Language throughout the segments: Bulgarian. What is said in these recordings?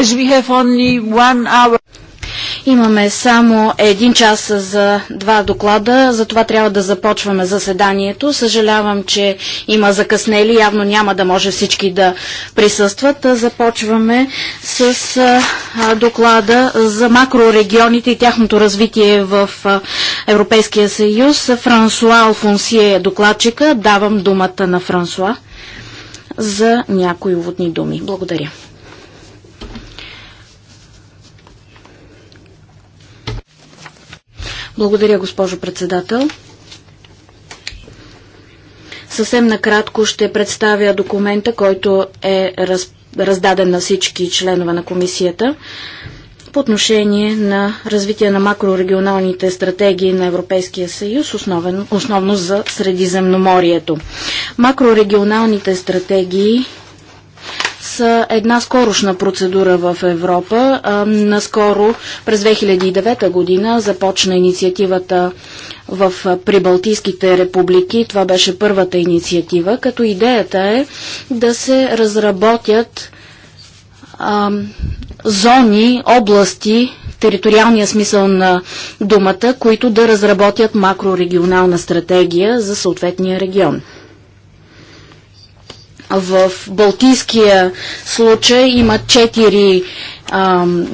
as we have only one hour. Имаме само един час за два доклада, затова трябва да започваме заседанието. Съжалявам, че има закъснели, явно няма да може всички да присъстват. Започваме с доклада за макрорегионите и тяхното развитие в Европейския съюз. Франсуа Алфонсие е докладчика. Давам думата на Франсуа за някои уводни думи. Благодаря. Благодаря, госпожо председател. Съвсем накратко ще представя документа, който е раз, раздаден на всички членове на комисията по отношение на развитие на макрорегионалните стратегии на Европейския съюз, основен, основно за Средиземноморието. Макрорегионалните стратегии са една скорошна процедура в Европа. Наскоро, през 2009 година, започна инициативата в Прибалтийските републики. Това беше първата инициатива, като идеята е да се разработят а, зони, области, териториалния смисъл на думата, които да разработят макрорегионална стратегия за съответния регион. В Балтийския случай има 4 ам,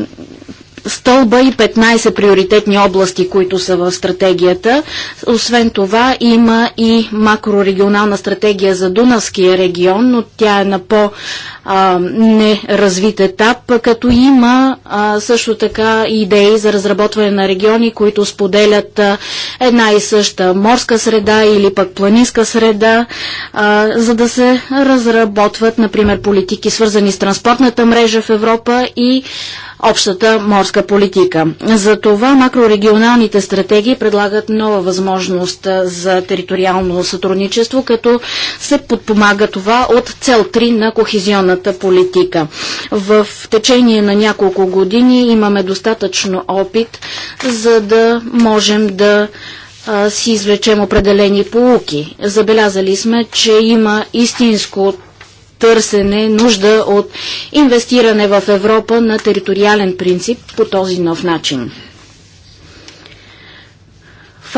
стълба и 15 приоритетни области, които са в стратегията. Освен това има и макрорегионална стратегия за Дунавския регион, но тя е на по- а, неразвит етап, като има а, също така идеи за разработване на региони, които споделят а, една и съща морска среда или пък планинска среда, а, за да се разработват, например, политики свързани с транспортната мрежа в Европа и общата морска политика. Затова макрорегионалните стратегии предлагат нова възможност за териториално сътрудничество, като се подпомага това от цел 3 на кохезионната кохезионната политика. В течение на няколко години имаме достатъчно опит, за да можем да си извлечем определени полуки. Забелязали сме, че има истинско търсене, нужда от инвестиране в Европа на териториален принцип по този нов начин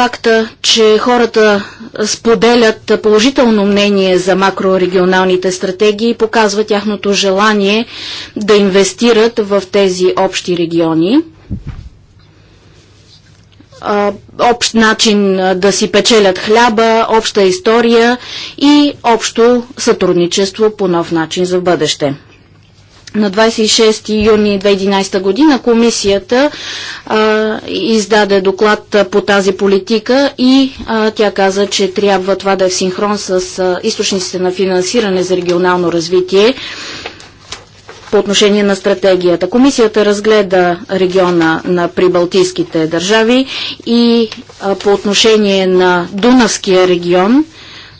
факта, че хората споделят положително мнение за макрорегионалните стратегии показва тяхното желание да инвестират в тези общи региони. Общ начин да си печелят хляба, обща история и общо сътрудничество по нов начин за бъдеще на 26 юни 2011 година комисията а, издаде доклад по тази политика и а, тя каза, че трябва това да е в синхрон с а, източниците на финансиране за регионално развитие по отношение на стратегията. Комисията разгледа региона на прибалтийските държави и а, по отношение на Дунавския регион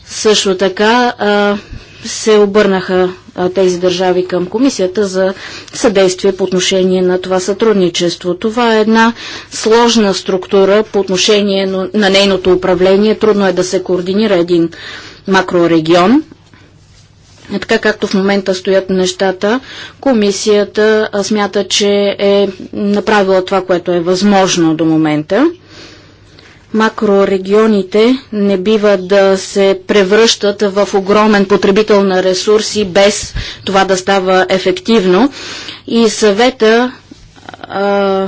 също така а, се обърнаха а, тези държави към комисията за съдействие по отношение на това сътрудничество. Това е една сложна структура по отношение на, на нейното управление. Трудно е да се координира един макрорегион. Е, така както в момента стоят нещата, комисията смята, че е направила това, което е възможно до момента макрорегионите не бива да се превръщат в огромен потребител на ресурси без това да става ефективно. И съвета а,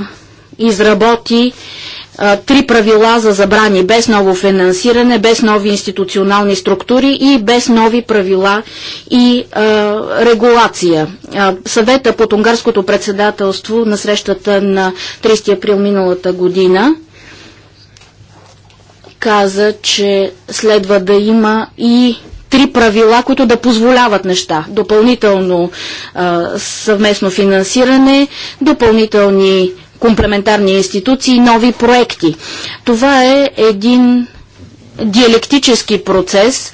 изработи а, три правила за забрани без ново финансиране, без нови институционални структури и без нови правила и а, регулация. А, съвета под унгарското председателство на срещата на 30 април миналата година каза, че следва да има и три правила, които да позволяват неща. Допълнително а, съвместно финансиране, допълнителни комплементарни институции, нови проекти. Това е един диалектически процес,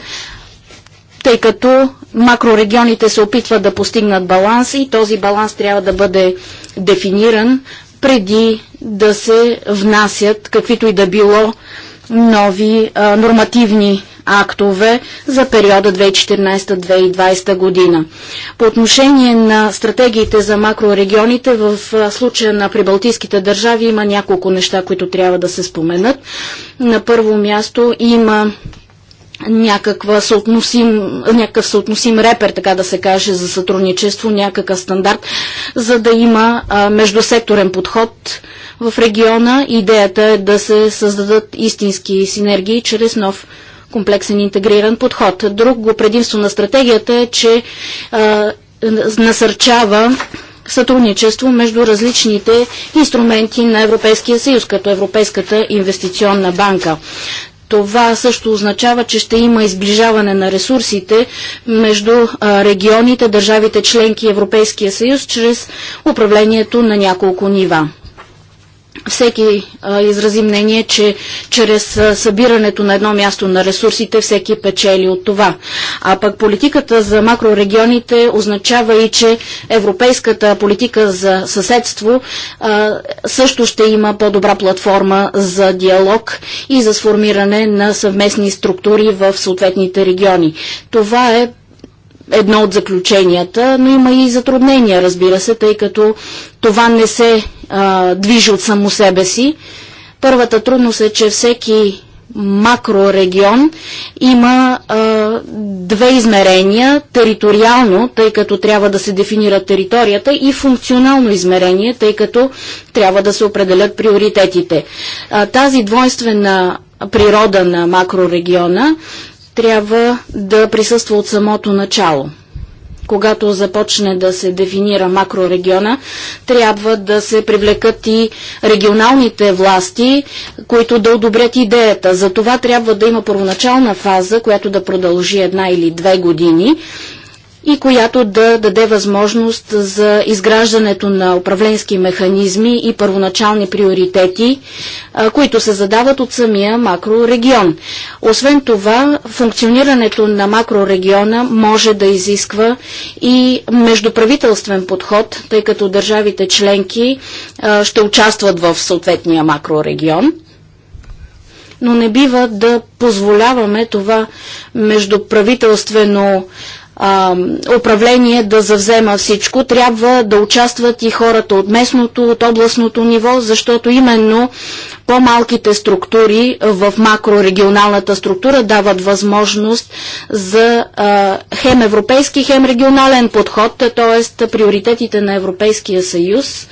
тъй като макрорегионите се опитват да постигнат баланс и този баланс трябва да бъде дефиниран преди да се внасят каквито и да било нови а, нормативни актове за периода 2014-2020 година. По отношение на стратегиите за макрорегионите, в случая на прибалтийските държави има няколко неща, които трябва да се споменат. На първо място има някаква съотносим, някакъв съотносим репер, така да се каже, за сътрудничество, някакъв стандарт, за да има а, междусекторен подход в региона. Идеята е да се създадат истински синергии чрез нов комплексен интегриран подход. Друго предимство на стратегията е, че а, насърчава сътрудничество между различните инструменти на Европейския съюз, като Европейската инвестиционна банка. Това също означава, че ще има изближаване на ресурсите между регионите, държавите членки Европейския съюз чрез управлението на няколко нива всеки а, изрази мнение, че чрез а, събирането на едно място на ресурсите всеки печели от това. А пък политиката за макрорегионите означава и, че европейската политика за съседство а, също ще има по-добра платформа за диалог и за сформиране на съвместни структури в съответните региони. Това е едно от заключенията, но има и затруднения, разбира се, тъй като това не се а, движи от само себе си. Първата трудност е, че всеки макрорегион има а, две измерения териториално, тъй като трябва да се дефинира територията и функционално измерение, тъй като трябва да се определят приоритетите. А, тази двойствена природа на макрорегиона трябва да присъства от самото начало когато започне да се дефинира макрорегиона, трябва да се привлекат и регионалните власти, които да одобрят идеята. За това трябва да има първоначална фаза, която да продължи една или две години и която да даде възможност за изграждането на управленски механизми и първоначални приоритети, които се задават от самия макрорегион. Освен това, функционирането на макрорегиона може да изисква и междуправителствен подход, тъй като държавите членки ще участват в съответния макрорегион но не бива да позволяваме това междуправителствено а, управление да завзема всичко. Трябва да участват и хората от местното, от областното ниво, защото именно по-малките структури в макрорегионалната структура дават възможност за а, хем европейски, хем регионален подход, т.е. приоритетите на Европейския съюз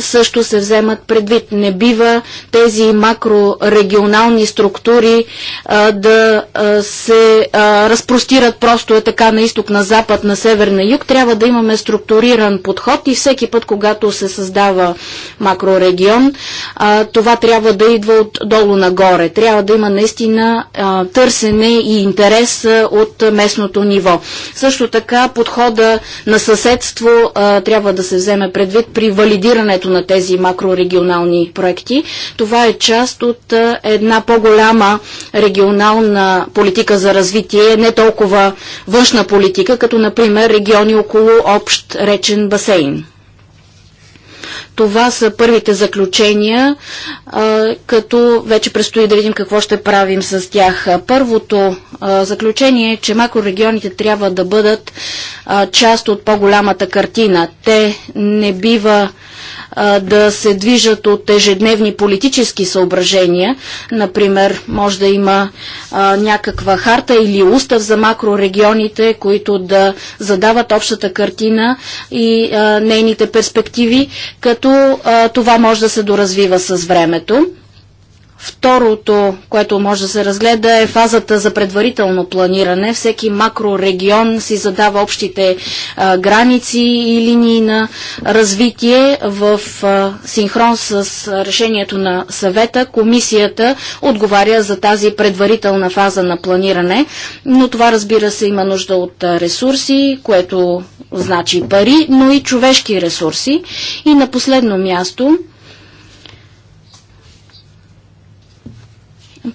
също се вземат предвид. Не бива тези макрорегионални структури а, да а, се а, разпростират просто е така на изток, на запад, на север, на юг. Трябва да имаме структуриран подход и всеки път, когато се създава макрорегион, а, това трябва да идва от долу нагоре. Трябва да има наистина а, търсене и интерес а, от местното ниво. Също така подхода на съседство а, трябва да се вземе предвид при валидирането изпълнението на тези макрорегионални проекти. Това е част от една по-голяма регионална политика за развитие, не толкова външна политика, като например региони около общ речен басейн. Това са първите заключения, като вече предстои да видим какво ще правим с тях. Първото заключение е, че макрорегионите трябва да бъдат част от по-голямата картина. Те не бива да се движат от ежедневни политически съображения. Например, може да има а, някаква харта или устав за макрорегионите, които да задават общата картина и а, нейните перспективи, като а, това може да се доразвива с времето. Второто, което може да се разгледа е фазата за предварително планиране. Всеки макрорегион си задава общите а, граници и линии на развитие в а, синхрон с решението на съвета. Комисията отговаря за тази предварителна фаза на планиране, но това разбира се има нужда от ресурси, което значи пари, но и човешки ресурси. И на последно място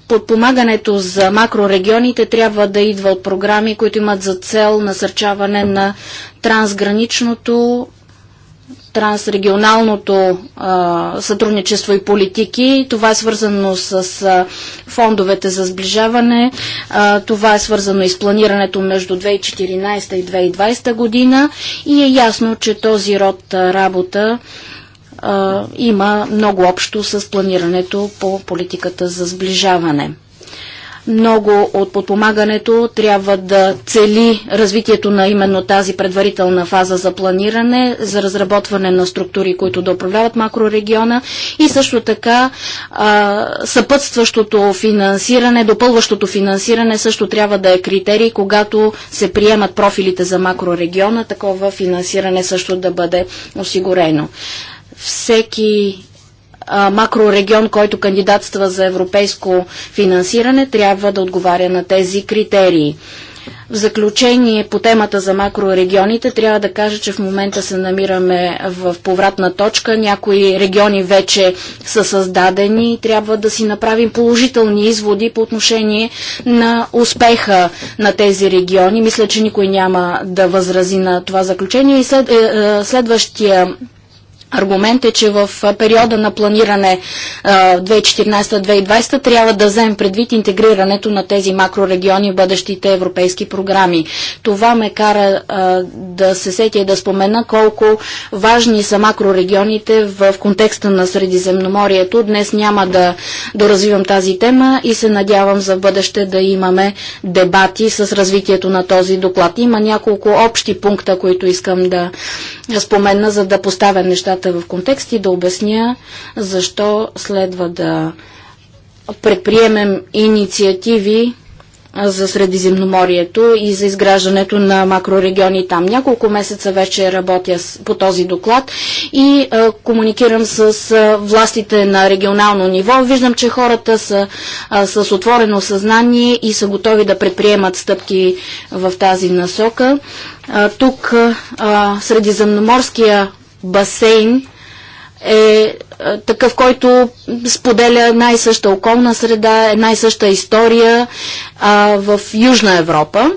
подпомагането за макрорегионите трябва да идва от програми, които имат за цел насърчаване на трансграничното трансрегионалното а, сътрудничество и политики. Това е свързано с а, фондовете за сближаване. А, това е свързано и с планирането между 2014 и 2020 година. И е ясно, че този род работа а, има много общо с планирането по политиката за сближаване. Много от подпомагането трябва да цели развитието на именно тази предварителна фаза за планиране, за разработване на структури, които да управляват макрорегиона и също така а, съпътстващото финансиране, допълващото финансиране също трябва да е критерий, когато се приемат профилите за макрорегиона, такова финансиране също да бъде осигурено всеки макрорегион, който кандидатства за европейско финансиране, трябва да отговаря на тези критерии. В заключение по темата за макрорегионите трябва да кажа, че в момента се намираме в повратна точка. Някои региони вече са създадени и трябва да си направим положителни изводи по отношение на успеха на тези региони. Мисля, че никой няма да възрази на това заключение. И след, е, е, следващия Аргумент е, че в периода на планиране 2014-2020 трябва да вземем предвид интегрирането на тези макрорегиони в бъдещите европейски програми. Това ме кара да се сетя и да спомена колко важни са макрорегионите в контекста на Средиземноморието. Днес няма да доразвивам тази тема и се надявам за бъдеще да имаме дебати с развитието на този доклад. Има няколко общи пункта, които искам да спомена, за да поставя нещата нещата в контекст и да обясня защо следва да предприемем инициативи за Средиземноморието и за изграждането на макрорегиони там. Няколко месеца вече работя по този доклад и а, комуникирам с а, властите на регионално ниво. Виждам, че хората са а, с отворено съзнание и са готови да предприемат стъпки в тази насока. А, тук а, Средиземноморския басейн е, е такъв, който споделя най съща околна среда, е най съща история а, в Южна Европа.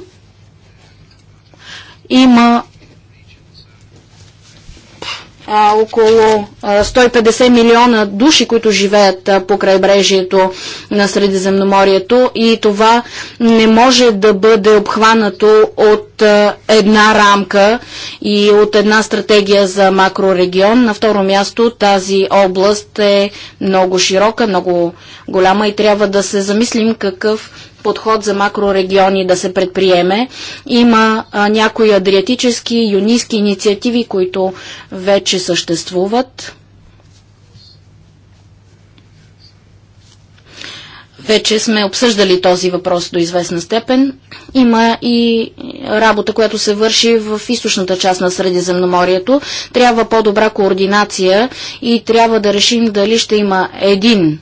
Има а, около а, 150 милиона души, които живеят а, по крайбрежието на Средиземноморието и това не може да бъде обхванато от а, една рамка и от една стратегия за макрорегион. На второ място тази област е много широка, много голяма и трябва да се замислим какъв подход за макрорегиони да се предприеме. Има а, някои адриатически, юниски инициативи, които вече съществуват. Вече сме обсъждали този въпрос до известна степен. Има и работа, която се върши в източната част на Средиземноморието. Трябва по-добра координация и трябва да решим дали ще има един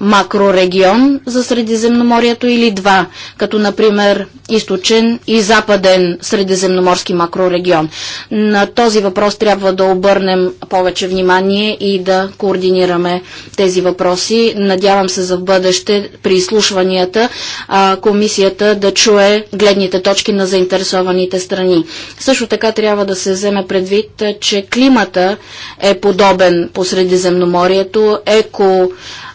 макрорегион за Средиземноморието или два, като например източен и западен средиземноморски макрорегион. На този въпрос трябва да обърнем повече внимание и да координираме тези въпроси. Надявам се за в бъдеще при изслушванията комисията да чуе гледните точки на заинтересованите страни. Също така трябва да се вземе предвид, че климата е подобен по Средиземноморието, еко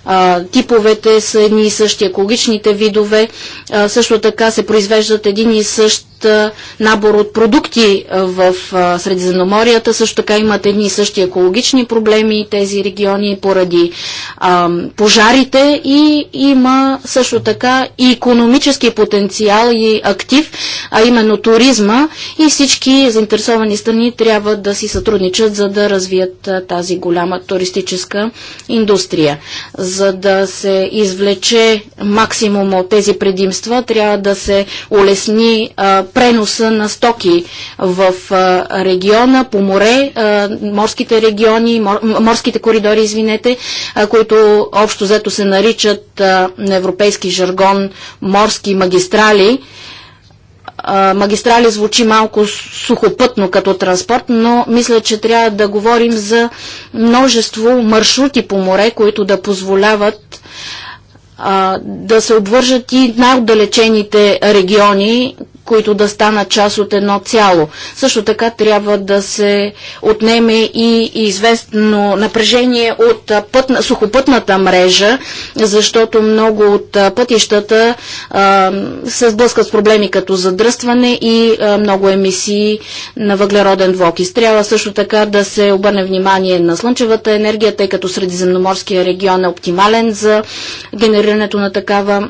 а, типовете са едни и същи, екологичните видове. А, също така се произвеждат един и същ набор от продукти в Средиземноморията. Също така имат едни и същи екологични проблеми тези региони поради а, пожарите и има също така и економически потенциал и актив, а именно туризма и всички заинтересовани страни трябва да си сътрудничат, за да развият тази голяма туристическа индустрия за да се извлече максимум от тези предимства, трябва да се улесни а, преноса на стоки в а, региона, по море, а, морските региони, мор, морските коридори, извинете, а, които общо взето се наричат а, на европейски жаргон морски магистрали магистрали звучи малко сухопътно като транспорт, но мисля, че трябва да говорим за множество маршрути по море, които да позволяват а, да се обвържат и най-отдалечените региони, които да станат част от едно цяло. Също така трябва да се отнеме и известно напрежение от пътна, сухопътната мрежа, защото много от пътищата а, се сблъскат с проблеми като задръстване и а, много емисии на въглероден двокис. Трябва също така да се обърне внимание на слънчевата енергия, тъй като Средиземноморския регион е оптимален за генерирането на такава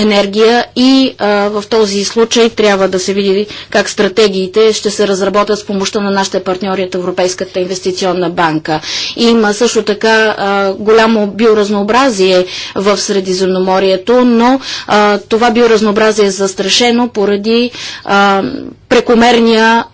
енергия и а, в този случай трябва да се види как стратегиите ще се разработят с помощта на нашите партньори от Европейската инвестиционна банка. Има също така а, голямо биоразнообразие в Средиземноморието, но а, това биоразнообразие е застрашено поради а, прекомерния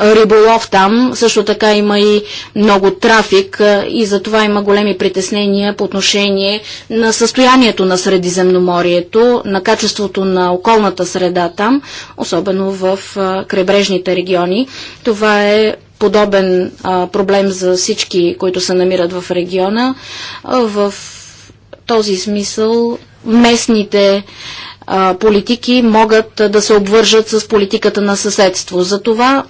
риболов там. Също така има и много трафик и за това има големи притеснения по отношение на състоянието на Средиземноморието, на качеството на околната среда там, особено в крайбрежните региони. Това е подобен а, проблем за всички, които се намират в региона. В този смисъл местните а, политики могат да се обвържат с политиката на съседство. Затова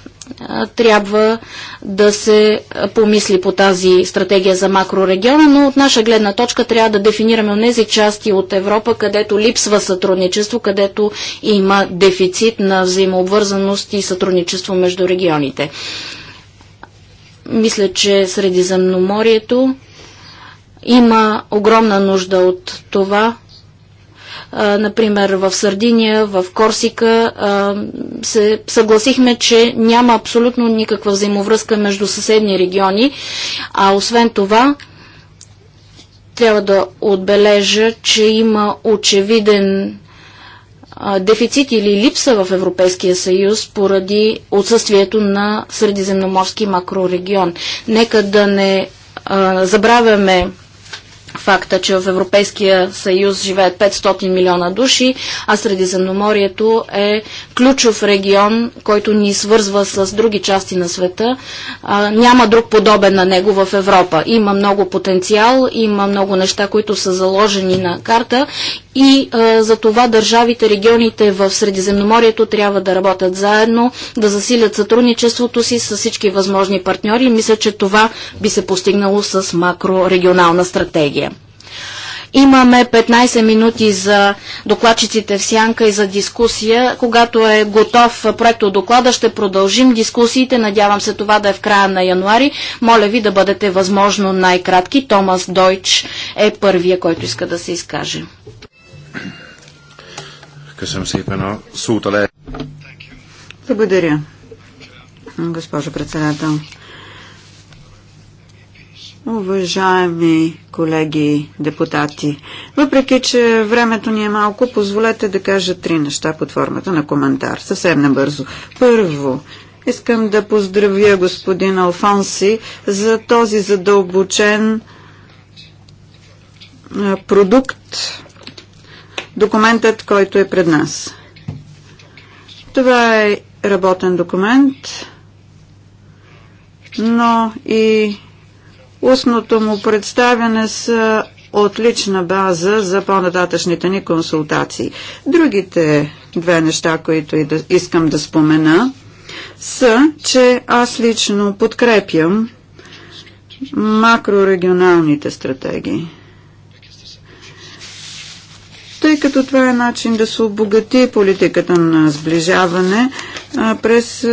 трябва да се помисли по тази стратегия за макрорегиона, но от наша гледна точка трябва да дефинираме тези части от Европа, където липсва сътрудничество, където има дефицит на взаимообвързаност и сътрудничество между регионите. Мисля, че Средиземноморието има огромна нужда от това Например, в Сардиния, в Корсика се съгласихме, че няма абсолютно никаква взаимовръзка между съседни региони, а освен това трябва да отбележа, че има очевиден дефицит или липса в Европейския съюз поради отсъствието на Средиземноморски макрорегион. Нека да не забравяме факта, че в Европейския съюз живеят 500 милиона души, а Средиземноморието е ключов регион, който ни свързва с други части на света. А, няма друг подобен на него в Европа. Има много потенциал, има много неща, които са заложени на карта и а, за това държавите, регионите в Средиземноморието трябва да работят заедно, да засилят сътрудничеството си с всички възможни партньори. Мисля, че това би се постигнало с макрорегионална стратегия. Имаме 15 минути за докладчиците в сянка и за дискусия. Когато е готов проект от доклада, ще продължим дискусиите. Надявам се това да е в края на януари. Моля ви да бъдете възможно най-кратки. Томас Дойч е първия, който иска да се изкаже. Благодаря, госпожо председател. Уважаеми колеги депутати, въпреки, че времето ни е малко, позволете да кажа три неща под формата на коментар. Съвсем набързо. Първо, искам да поздравя господин Алфонси за този задълбочен продукт, документът, който е пред нас. Това е работен документ, но и устното му представяне са отлична база за по-нататъчните ни консултации. Другите две неща, които и да, искам да спомена, са, че аз лично подкрепям макрорегионалните стратегии тъй като това е начин да се обогати политиката на сближаване през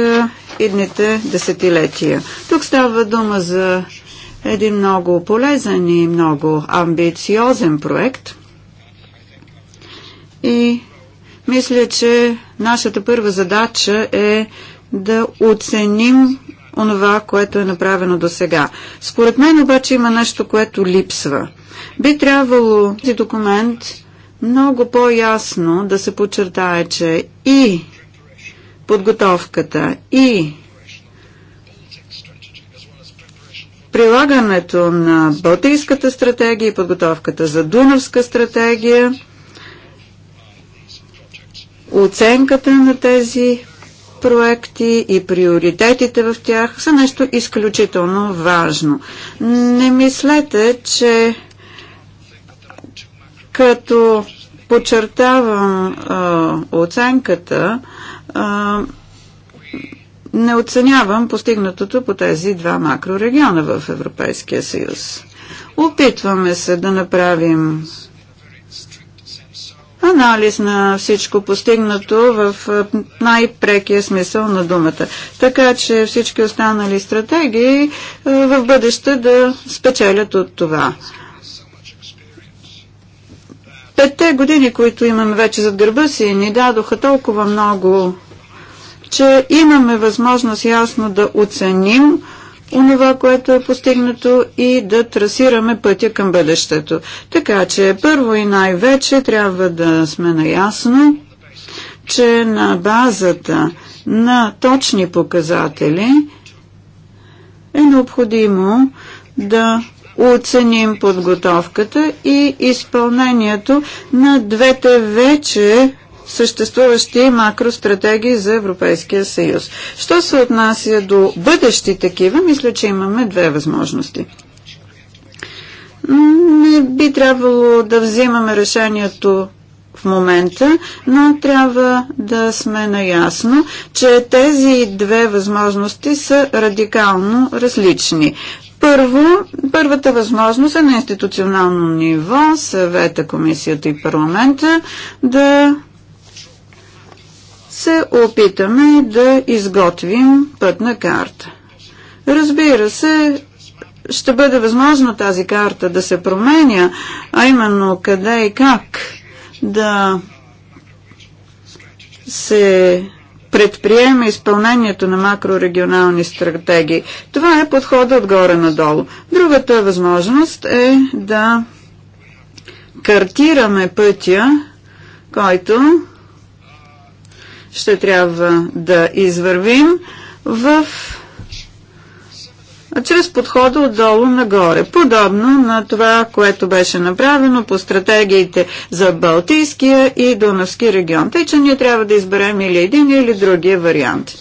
идните десетилетия. Тук става дума за един много полезен и много амбициозен проект. И мисля, че нашата първа задача е да оценим онова, което е направено до сега. Според мен обаче има нещо, което липсва. Би трябвало този документ много по-ясно да се подчертае, че и подготовката, и прилагането на Балтийската стратегия и подготовката за Дунавска стратегия, оценката на тези проекти и приоритетите в тях са нещо изключително важно. Не мислете, че като подчертавам а, оценката, а, не оценявам постигнатото по тези два макрорегиона в Европейския съюз. Опитваме се да направим анализ на всичко постигнато в най-прекия смисъл на думата. Така че всички останали стратегии в бъдеще да спечелят от това. Петте години, които имаме вече зад гърба си, ни дадоха толкова много, че имаме възможност ясно да оценим онова, което е постигнато и да трасираме пътя към бъдещето. Така че първо и най-вече трябва да сме наясно, че на базата на точни показатели е необходимо да оценим подготовката и изпълнението на двете вече съществуващи макростратегии за Европейския съюз. Що се отнася до бъдещи такива, мисля, че имаме две възможности. Не би трябвало да взимаме решението в момента, но трябва да сме наясно, че тези две възможности са радикално различни. Първо, първата възможност е на институционално ниво, съвета, комисията и парламента да се опитаме да изготвим пътна карта. Разбира се, ще бъде възможно тази карта да се променя, а именно къде и как да се предприеме изпълнението на макрорегионални стратегии. Това е подхода отгоре надолу. Другата възможност е да картираме пътя, който ще трябва да извървим в чрез подхода отдолу нагоре. Подобно на това, което беше направено по стратегиите за Балтийския и Дунавски регион. Тъй, че ние трябва да изберем или един или другия вариант.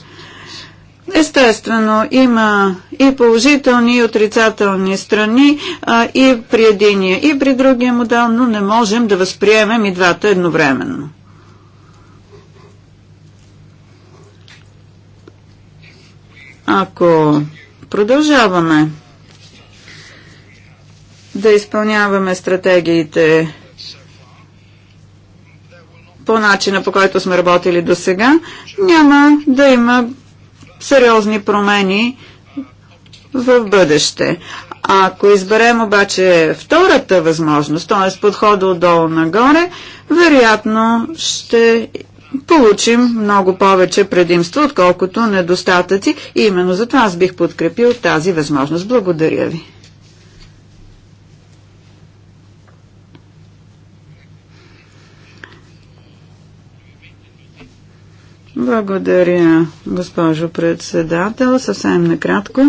Естествено, има и положителни, и отрицателни страни а, и при единия, и при другия модел, но не можем да възприемем и двата едновременно. Ако Продължаваме да изпълняваме стратегиите по начина по който сме работили до сега, няма да има сериозни промени в бъдеще. Ако изберем обаче втората възможност, т.е. подхода отдолу нагоре, вероятно ще получим много повече предимства, отколкото недостатъци. И именно това аз бих подкрепил тази възможност. Благодаря ви. Благодаря, госпожо председател. Съвсем накратко.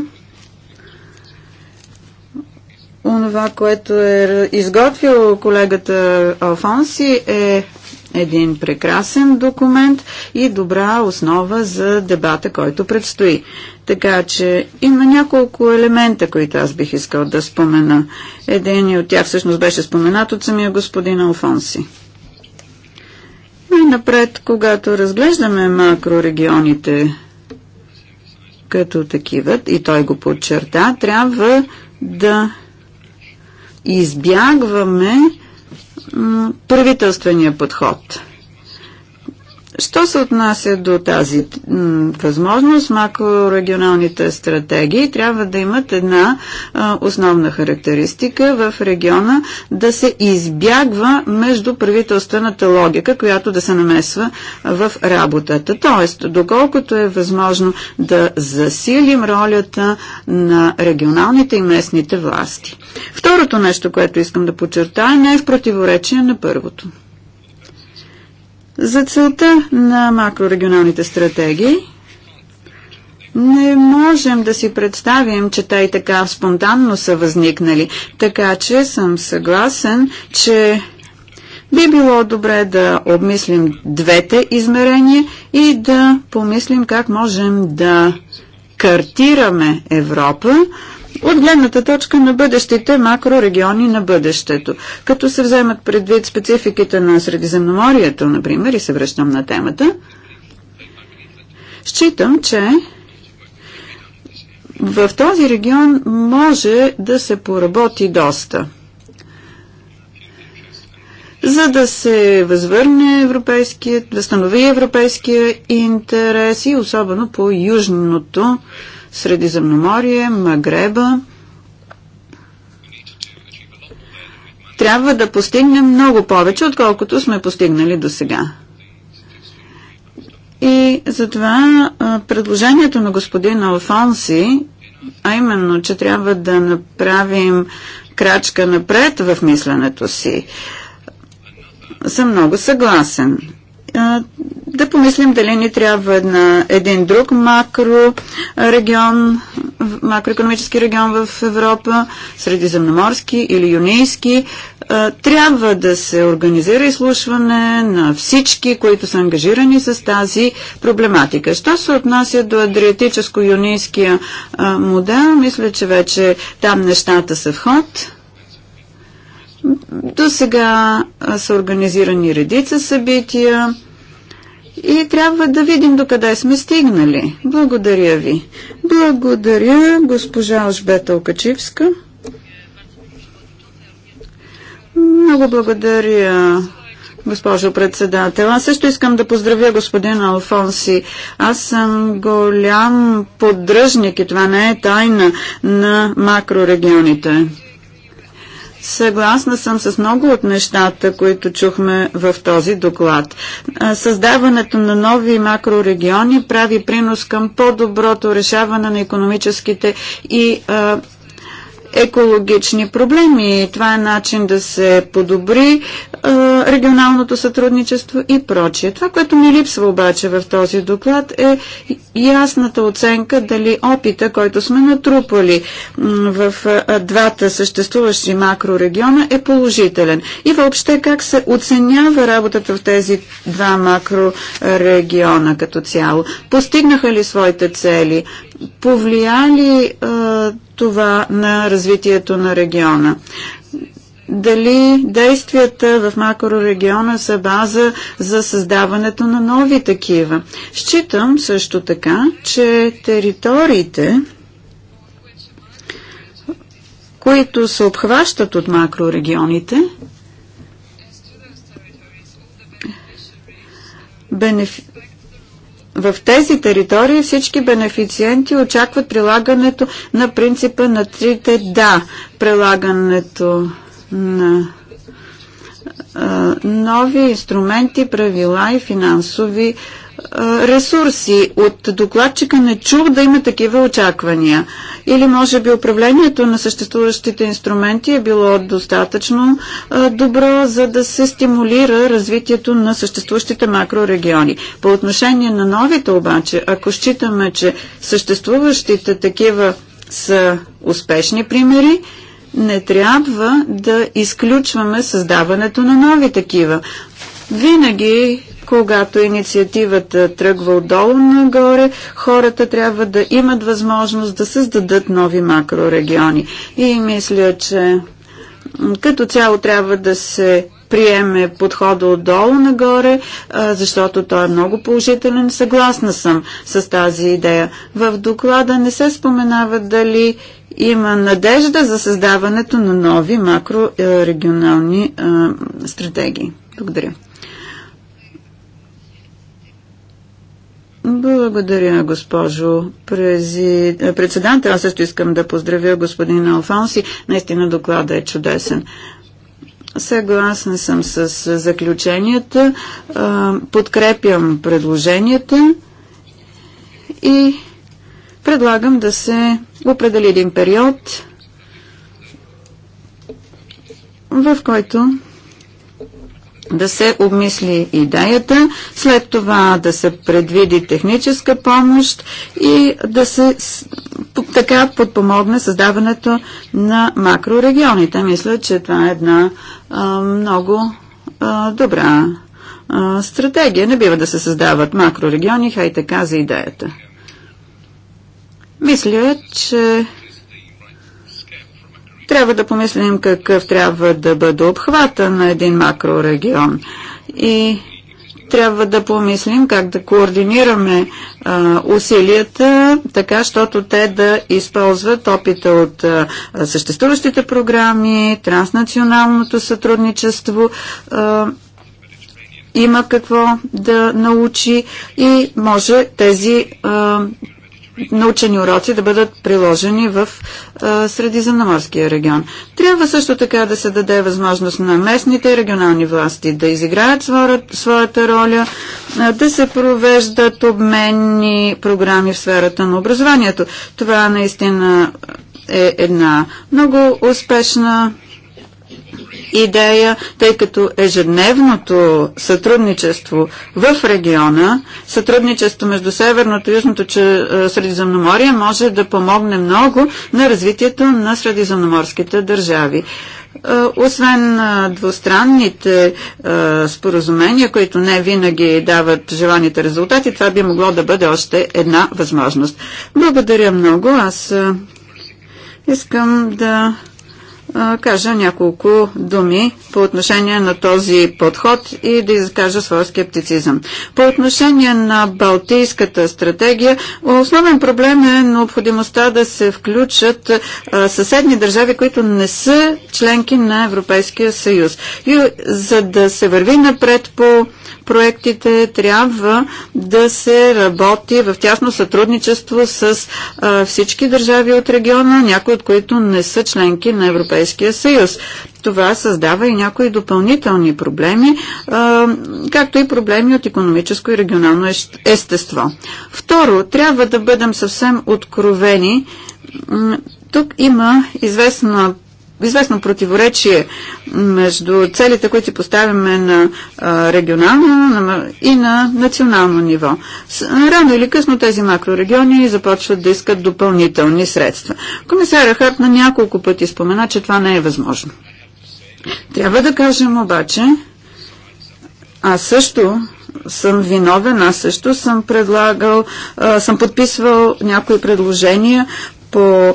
Онова, което е изготвил колегата Алфонси е един прекрасен документ и добра основа за дебата, който предстои. Така че има няколко елемента, които аз бих искал да спомена. Един от тях всъщност беше споменат от самия господин Алфонси. Най-напред, когато разглеждаме макрорегионите като такива, и той го подчерта, трябва да избягваме правителствения подход. Що се отнася до тази възможност, макрорегионалните стратегии трябва да имат една а, основна характеристика в региона да се избягва между правителствената логика, която да се намесва в работата. Тоест, доколкото е възможно да засилим ролята на регионалните и местните власти. Второто нещо, което искам да подчертая, не е в противоречие на първото. За целта на макрорегионалните стратегии не можем да си представим, че те и така спонтанно са възникнали. Така че съм съгласен, че би било добре да обмислим двете измерения и да помислим как можем да картираме Европа от гледната точка на бъдещите макрорегиони на бъдещето. Като се вземат предвид спецификите на Средиземноморието, например, и се връщам на темата, считам, че в този регион може да се поработи доста за да се възвърне европейският, възстанови европейския интерес и особено по южното Средиземноморие, Магреба. Трябва да постигнем много повече, отколкото сме постигнали до сега. И затова предложението на господин Алфонси, а именно, че трябва да направим крачка напред в мисленето си, съм много съгласен да помислим дали ни трябва на един друг макро регион, макроекономически регион в Европа, средиземноморски или юнийски. Трябва да се организира изслушване на всички, които са ангажирани с тази проблематика. Що се отнася до адриатическо-юнийския модел, мисля, че вече там нещата са в ход до сега са организирани редица събития и трябва да видим до къде сме стигнали. Благодаря ви. Благодаря госпожа Ожбета Окачивска. Много благодаря госпожо председател. Аз също искам да поздравя господин Алфонси. Аз съм голям поддръжник и това не е тайна на макрорегионите. Съгласна съм с много от нещата, които чухме в този доклад. Създаването на нови макрорегиони прави принос към по-доброто решаване на економическите и а, екологични проблеми. Това е начин да се подобри е, регионалното сътрудничество и прочие. Това, което ми липсва обаче в този доклад е ясната оценка дали опита, който сме натрупали в двата съществуващи макрорегиона е положителен. И въобще как се оценява работата в тези два макрорегиона като цяло. Постигнаха ли своите цели? Повлияли това на развитието на региона. Дали действията в макрорегиона са база за създаването на нови такива? Считам също така, че териториите, които се обхващат от макрорегионите, бенефи в тези територии всички бенефициенти очакват прилагането на принципа на трите да. Прилагането на нови инструменти, правила и финансови ресурси. От докладчика не чух да има такива очаквания. Или може би управлението на съществуващите инструменти е било достатъчно добро, за да се стимулира развитието на съществуващите макрорегиони. По отношение на новите обаче, ако считаме, че съществуващите такива са успешни примери, не трябва да изключваме създаването на нови такива. Винаги когато инициативата тръгва отдолу нагоре, хората трябва да имат възможност да създадат нови макрорегиони. И мисля, че като цяло трябва да се приеме подхода отдолу нагоре, защото той е много положителен. Съгласна съм с тази идея. В доклада не се споменава дали има надежда за създаването на нови макрорегионални стратегии. Благодаря. Благодаря, госпожо Прези... Е, председател. Аз също искам да поздравя господин Алфонси. Наистина доклада е чудесен. Съгласна съм с заключенията. Е, подкрепям предложенията и предлагам да се определи един период, в който да се обмисли идеята, след това да се предвиди техническа помощ и да се така подпомогне създаването на макрорегионите. Мисля, че това е една а, много а, добра а, стратегия. Не бива да се създават макрорегиони, хай така за идеята. Мисля, че трябва да помислим какъв трябва да бъде обхвата на един макрорегион. И трябва да помислим как да координираме а, усилията, така, щото те да използват опита от а, съществуващите програми, транснационалното сътрудничество. А, има какво да научи и може тези а, научени уроци да бъдат приложени в Средиземноморския регион. Трябва също така да се даде възможност на местните и регионални власти да изиграят своята роля, да се провеждат обменни програми в сферата на образованието. Това наистина е една много успешна идея, тъй като ежедневното сътрудничество в региона, сътрудничество между Северното и Южното е, Средиземноморие може да помогне много на развитието на средиземноморските държави. Е, освен е, двустранните споразумения, които не винаги дават желаните резултати, това би могло да бъде още една възможност. Благодаря много. Аз искам да кажа няколко думи по отношение на този подход и да изкажа своя скептицизъм. По отношение на Балтийската стратегия, основен проблем е необходимостта да се включат съседни държави, които не са членки на Европейския съюз. И за да се върви напред по проектите, трябва да се работи в тясно сътрудничество с а, всички държави от региона, някои от които не са членки на Европейския съюз. Това създава и някои допълнителни проблеми, а, както и проблеми от економическо и регионално естество. Второ, трябва да бъдем съвсем откровени. Тук има известна известно противоречие между целите, които си поставяме на регионално и на национално ниво. Рано или късно тези макрорегиони започват да искат допълнителни средства. Комисаря Харт на няколко пъти спомена, че това не е възможно. Трябва да кажем обаче, аз също съм виновен, аз също съм предлагал, съм подписвал някои предложения по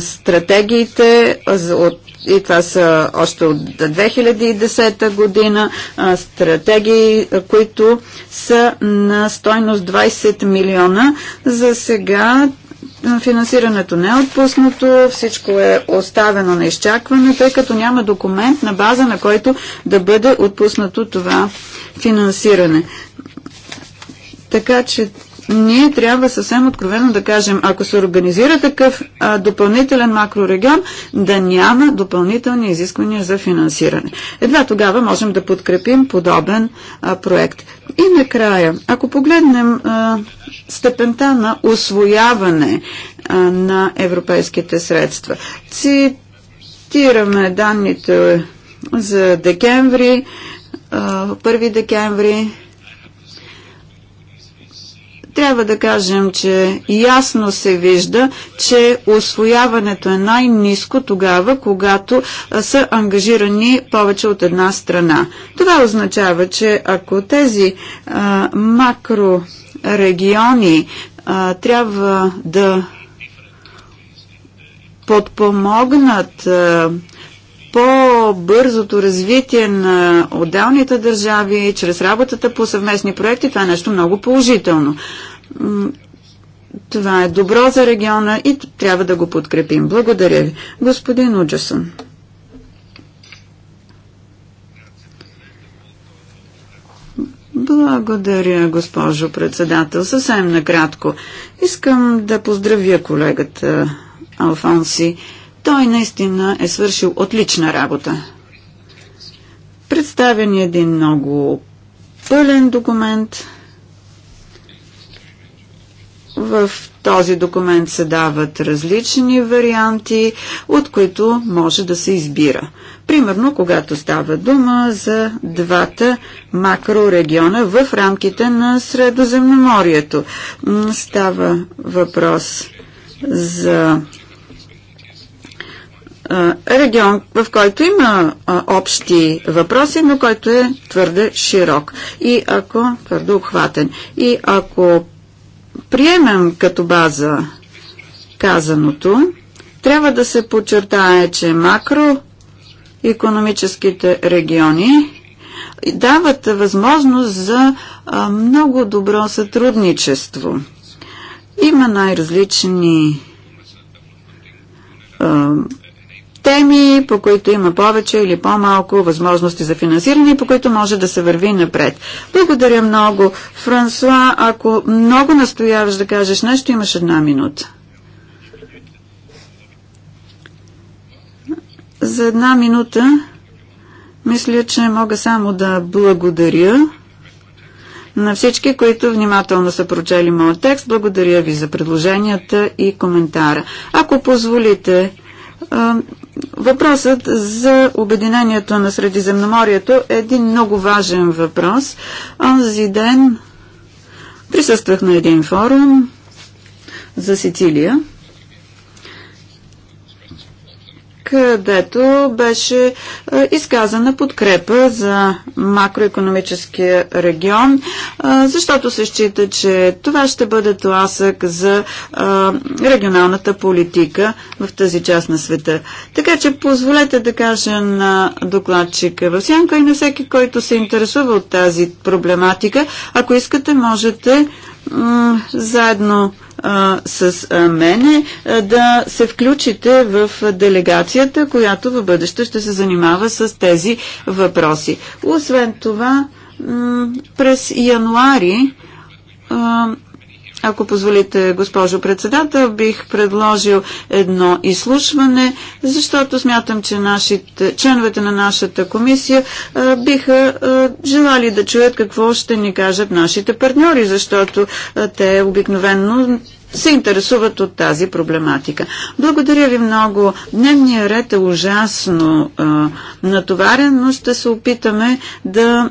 стратегиите от и това са още от 2010 година стратегии, които са на стойност 20 милиона. За сега финансирането не е отпуснато, всичко е оставено на изчакване, тъй като няма документ на база, на който да бъде отпуснато това финансиране. Така че ние трябва съвсем откровено да кажем, ако се организира такъв а, допълнителен макрорегион, да няма допълнителни изисквания за финансиране. Едва тогава можем да подкрепим подобен а, проект. И накрая, ако погледнем а, степента на освояване а, на европейските средства, цитираме данните за декември, 1 декември трябва да кажем, че ясно се вижда, че освояването е най-низко тогава, когато са ангажирани повече от една страна. Това означава, че ако тези а, макрорегиони а, трябва да подпомогнат а, по-бързото развитие на отделните държави, чрез работата по съвместни проекти, това е нещо много положително. Това е добро за региона и трябва да го подкрепим. Благодаря ви. Господин Уджасон. Благодаря, госпожо председател. Съвсем накратко. Искам да поздравя колегата Алфонси той наистина е свършил отлична работа. Представен е един много пълен документ. В този документ се дават различни варианти, от които може да се избира. Примерно, когато става дума за двата макрорегиона в рамките на Средоземноморието. Става въпрос за регион, в който има общи въпроси, но който е твърде широк и ако твърде обхватен. И ако приемем като база казаното, трябва да се подчертае, че макроекономическите региони дават възможност за много добро сътрудничество. Има най-различни теми, по които има повече или по-малко възможности за финансиране, по които може да се върви напред. Благодаря много. Франсуа, ако много настояваш да кажеш нещо, имаш една минута. За една минута мисля, че мога само да благодаря на всички, които внимателно са прочели моят текст. Благодаря ви за предложенията и коментара. Ако позволите, Въпросът за обединението на Средиземноморието е един много важен въпрос. Онзи ден присъствах на един форум за Сицилия. където беше изказана подкрепа за макроекономическия регион, защото се счита, че това ще бъде тласък за регионалната политика в тази част на света. Така че позволете да кажа на докладчика в сянка и на всеки, който се интересува от тази проблематика, ако искате, можете заедно а, с а, мене а, да се включите в делегацията, която в бъдеще ще се занимава с тези въпроси. Освен това, през януари а, ако позволите, госпожо председател, бих предложил едно изслушване, защото смятам, че нашите, членовете на нашата комисия а, биха а, желали да чуят какво ще ни кажат нашите партньори, защото а, те обикновенно се интересуват от тази проблематика. Благодаря ви много. Дневният ред е ужасно а, натоварен, но ще се опитаме да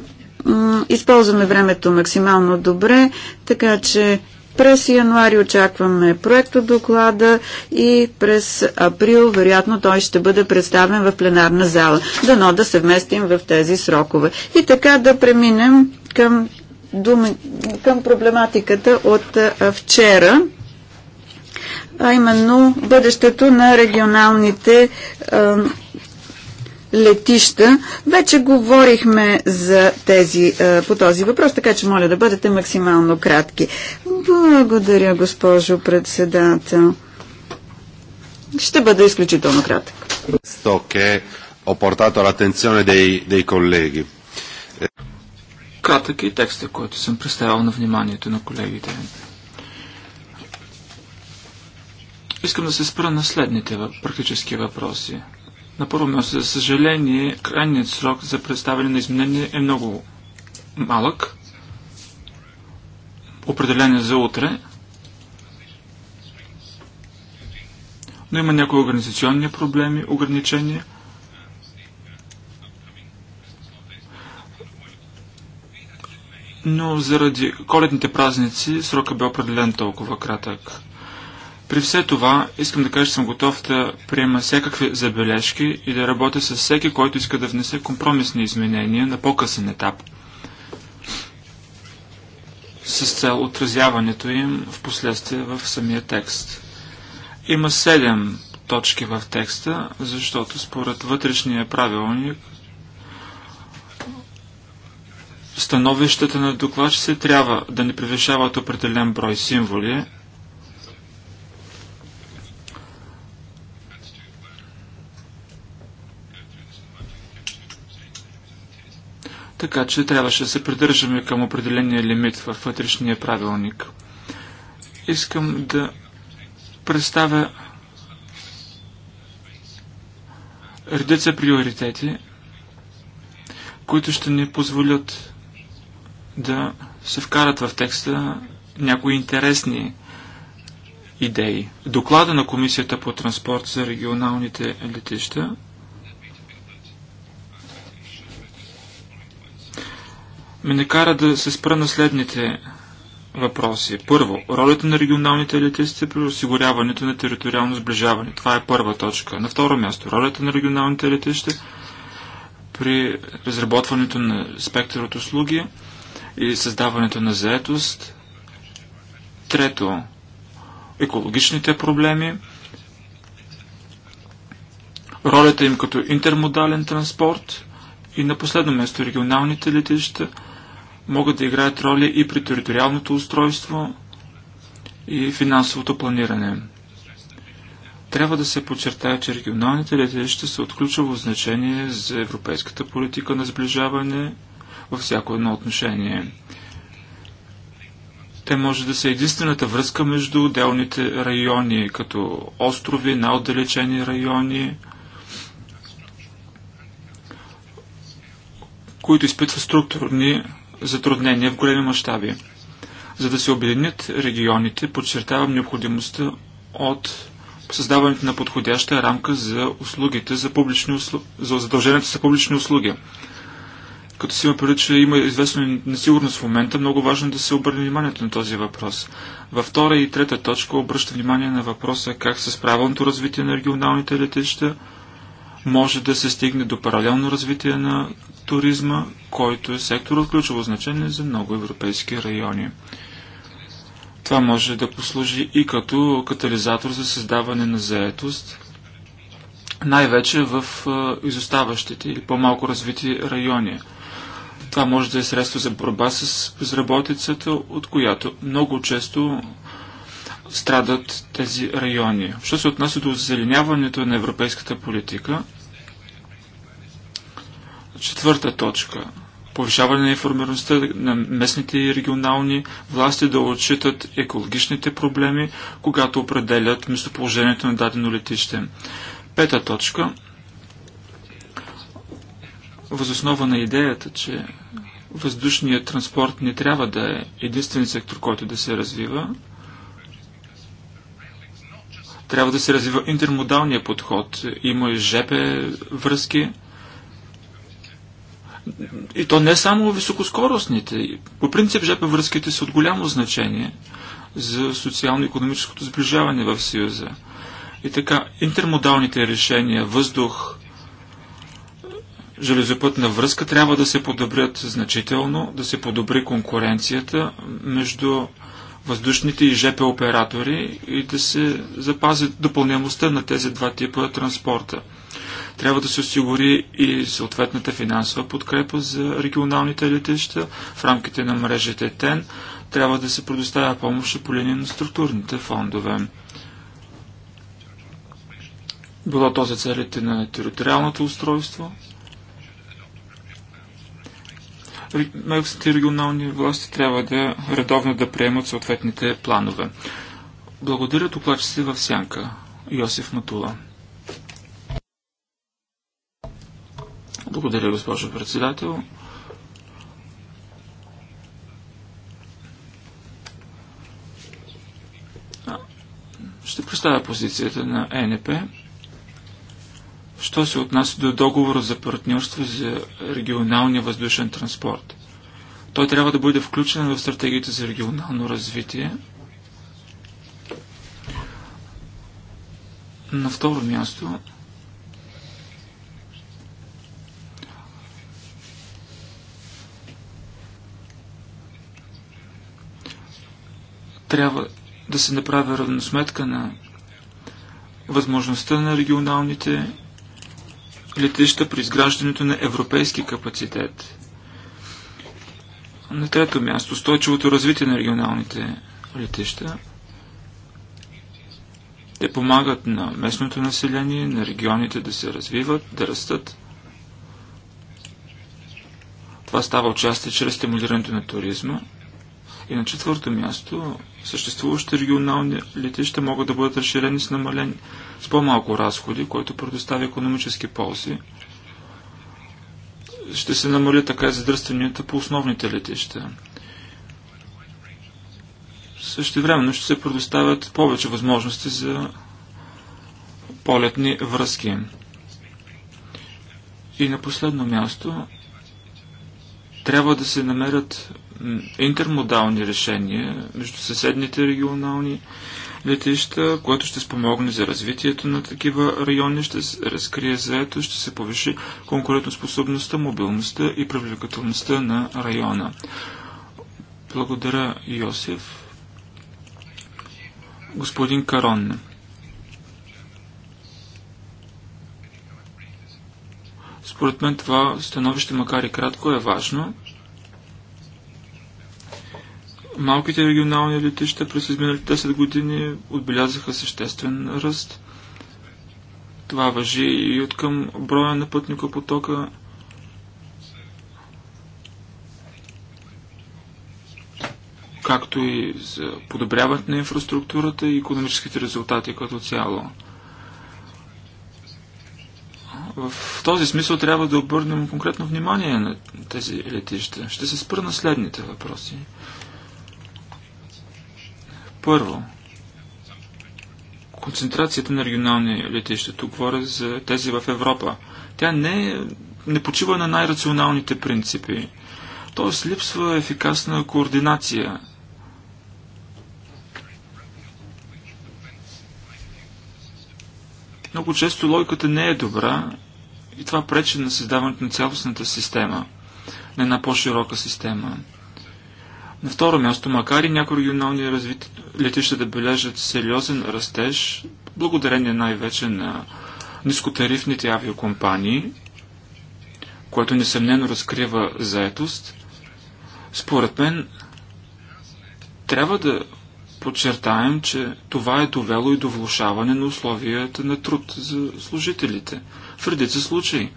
използваме времето максимално добре, така че през януари очакваме проекто доклада и през април вероятно той ще бъде представен в пленарна зала. Дано да се вместим в тези срокове. И така да преминем към, думи, към проблематиката от а, вчера а именно бъдещето на регионалните а, летища. Вече говорихме за тези, е, по този въпрос, така че моля да бъдете максимално кратки. Благодаря, госпожо председател. Ще бъда изключително кратък. Стоке, Кратък е текста, който съм представил на вниманието на колегите. Искам да се спра на следните практически въпроси. На първо място, за съжаление, крайният срок за представяне на изменение е много малък. Определен е за утре. Но има някои организационни проблеми, ограничения. Но заради коледните празници срока бе определен толкова кратък. При все това, искам да кажа, че съм готов да приема всякакви забележки и да работя с всеки, който иска да внесе компромисни изменения на по-късен етап, с цел отразяването им в последствие в самия текст. Има седем точки в текста, защото според вътрешния правилник становищата на докладчици трябва да не превишават определен брой символи, Така че трябваше да се придържаме към определения лимит във вътрешния правилник. Искам да представя редица приоритети, които ще ни позволят да се вкарат в текста някои интересни идеи. Доклада на Комисията по транспорт за регионалните летища ме накара да се спра на следните въпроси. Първо, ролята на регионалните елитисти при осигуряването на териториално сближаване. Това е първа точка. На второ място, ролята на регионалните елитисти при разработването на спектър от услуги и създаването на заетост. Трето, екологичните проблеми. Ролята им като интермодален транспорт. И на последно място, регионалните летища – могат да играят роли и при териториалното устройство и финансовото планиране. Трябва да се подчертая, че регионалните летища са от ключово значение за европейската политика на сближаване във всяко едно отношение. Те може да са единствената връзка между отделните райони, като острови, най-отдалечени райони, които изпитват структурни затруднения в големи мащаби. За да се обединят регионите, подчертавам необходимостта от създаването на подходяща рамка за услугите, за, публични услу... за задълженията за публични услуги. Като си има преди, че има известна несигурност в момента, много важно е да се обърне вниманието на този въпрос. Във втора и трета точка обръща внимание на въпроса как с правилното развитие на регионалните летища може да се стигне до паралелно развитие на туризма, който е сектор от ключово значение за много европейски райони. Това може да послужи и като катализатор за създаване на заетост, най-вече в изоставащите или по-малко развити райони. Това може да е средство за борба с безработицата, от която много често страдат тези райони. Що се отнася до озеленяването на европейската политика, Четвърта точка. Повишаване на информираността на местните и регионални власти да отчитат екологичните проблеми, когато определят местоположението на дадено летище. Пета точка. Възоснова на идеята, че въздушният транспорт не трябва да е единствен сектор, който да се развива, трябва да се развива интермодалния подход. Има и ЖП връзки, и то не само високоскоростните. По принцип ЖП връзките са от голямо значение за социално-економическото сближаване в Съюза. И така, интермодалните решения, въздух, железопътна връзка трябва да се подобрят значително, да се подобри конкуренцията между въздушните и ЖП оператори и да се запази допълнямостта на тези два типа транспорта. Трябва да се осигури и съответната финансова подкрепа за регионалните летища в рамките на мрежите ТЕН. Трябва да се предоставя помощ по линия на структурните фондове. Било то за целите на териториалното устройство. Местните регионални власти трябва да редовно да приемат съответните планове. Благодаря се в сянка. Йосиф Матула. Благодаря, госпожо председател. Ще представя позицията на ЕНП. Що се отнася до договора за партньорство за регионалния въздушен транспорт? Той трябва да бъде включен в стратегията за регионално развитие. На второ място, Трябва да се направи равносметка на възможността на регионалните летища при изграждането на европейски капацитет. На трето място, устойчивото развитие на регионалните летища. Те помагат на местното население, на регионите да се развиват, да растат. Това става участие чрез стимулирането на туризма. И на четвърто място, съществуващите регионални летища могат да бъдат разширени с намален с по-малко разходи, което предоставя економически ползи. Ще се намали така и задръстванията по основните летища. Същевременно ще се предоставят повече възможности за полетни връзки. И на последно място трябва да се намерят интермодални решения между съседните регионални летища, което ще спомогне за развитието на такива райони, ще се разкрие заето, ще се повиши конкурентоспособността, мобилността и привлекателността на района. Благодаря, Йосиф. Господин Карон. Според мен това становище, макар и кратко, е важно. Малките регионални летища през изминалите 10 години отбелязаха съществен ръст. Това въжи и от към броя на пътника потока. както и за подобряването на инфраструктурата и економическите резултати като цяло. В този смисъл трябва да обърнем конкретно внимание на тези летища. Ще се спра на следните въпроси. Първо, концентрацията на регионални летища. Тук говоря за тези в Европа. Тя не, не почива на най-рационалните принципи. Тоест липсва ефикасна координация. Много често логиката не е добра и това пречи на създаването на цялостната система, на една по-широка система. На второ място, макар и някои регионални развити... летища да бележат сериозен растеж, благодарение най-вече на нискотарифните авиокомпании, което несъмнено разкрива заетост, според мен трябва да подчертаем, че това е довело и до влушаване на условията на труд за служителите. В редица случаи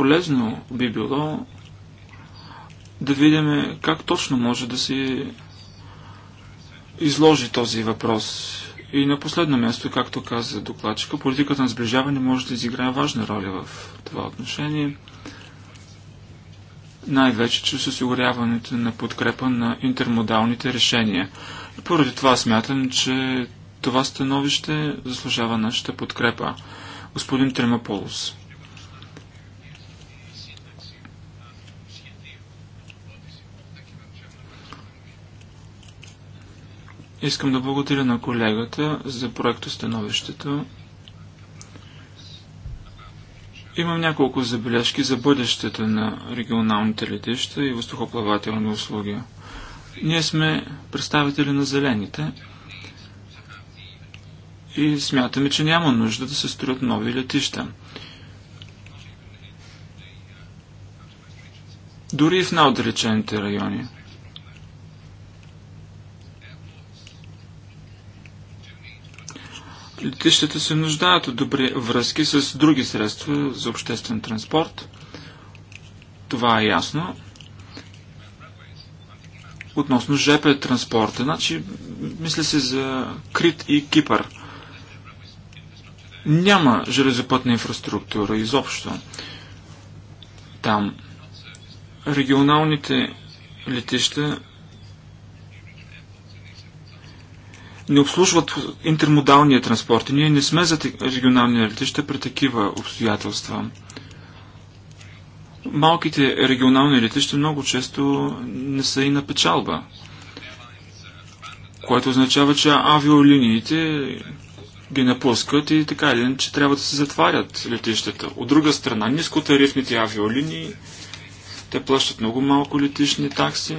Полезно би било да видим как точно може да се изложи този въпрос. И на последно място, както каза докладчика, политиката на сближаване може да изиграе важна роля в това отношение. Най-вече чрез осигуряването на подкрепа на интермодалните решения. И поради това смятам, че това становище заслужава нашата подкрепа. Господин Тремополос. Искам да благодаря на колегата за проектостановището. Имам няколко забележки за бъдещето на регионалните летища и въздухоплавателни услуги. Ние сме представители на зелените и смятаме, че няма нужда да се строят нови летища. Дори и в най-отдалечените райони – Летищата се нуждаят от добри връзки с други средства за обществен транспорт. Това е ясно. Относно ЖП транспорта, значи, мисля се за Крит и Кипър. Няма железопътна инфраструктура изобщо. Там регионалните летища не обслужват интермодалния транспорт и ние не сме за регионални летища при такива обстоятелства. Малките регионални летища много често не са и на печалба, което означава, че авиолиниите ги напускат и така или че трябва да се затварят летищата. От друга страна, нискотарифните авиолинии, те плащат много малко летищни такси,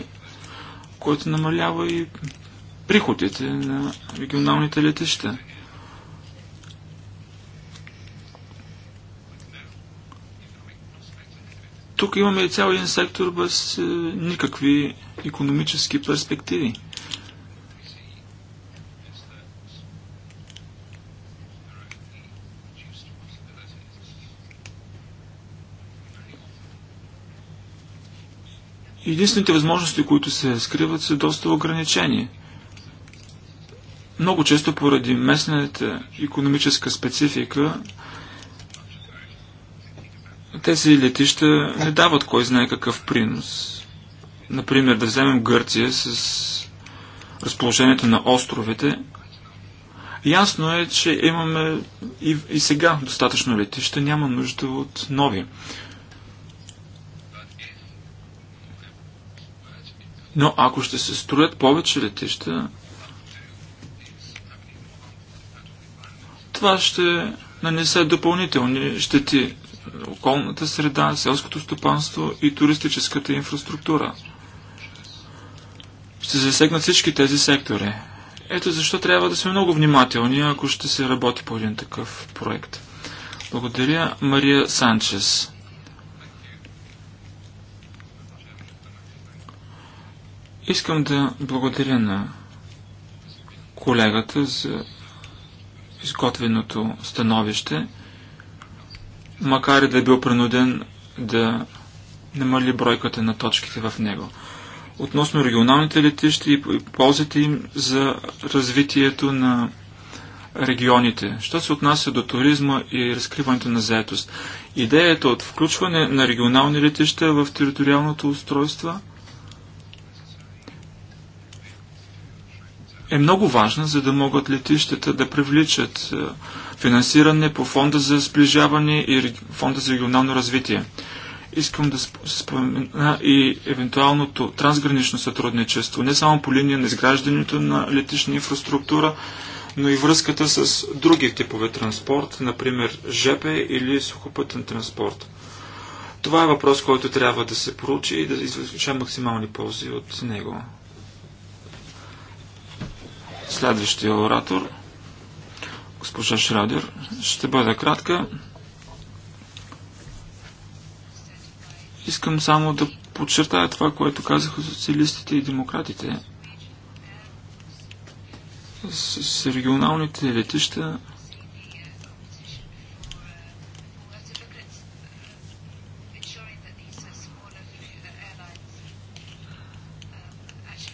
което намалява и приходите на регионалните летища. Тук имаме и цял един сектор без е, никакви економически перспективи. Единствените възможности, които се скриват, са доста ограничени. Много често поради местната економическа специфика тези летища не дават кой знае какъв принос. Например, да вземем Гърция с разположението на островите. Ясно е, че имаме и, и сега достатъчно летища, няма нужда от нови. Но ако ще се строят повече летища, Това ще нанесе допълнителни щети околната среда, селското стопанство и туристическата инфраструктура. Ще засегнат всички тези сектори. Ето защо трябва да сме много внимателни, ако ще се работи по един такъв проект. Благодаря, Мария Санчес. Искам да благодаря на колегата за изготвеното становище, макар и да е бил принуден да намали бройката на точките в него. Относно регионалните летища и ползите им за развитието на регионите. Що се отнася до туризма и разкриването на заетост? Идеята от включване на регионални летища в териториалното устройство – е много важна, за да могат летищата да привличат е, финансиране по фонда за сближаване и фонда за регионално развитие. Искам да спомена и евентуалното трансгранично сътрудничество, не само по линия на изграждането на летищна инфраструктура, но и връзката с други типове транспорт, например ЖП или сухопътен транспорт. Това е въпрос, който трябва да се проучи и да извлечем максимални ползи от него. Следващия оратор, госпожа Шрадер, ще бъда кратка. Искам само да подчертая това, което казаха социалистите и демократите. С, с регионалните летища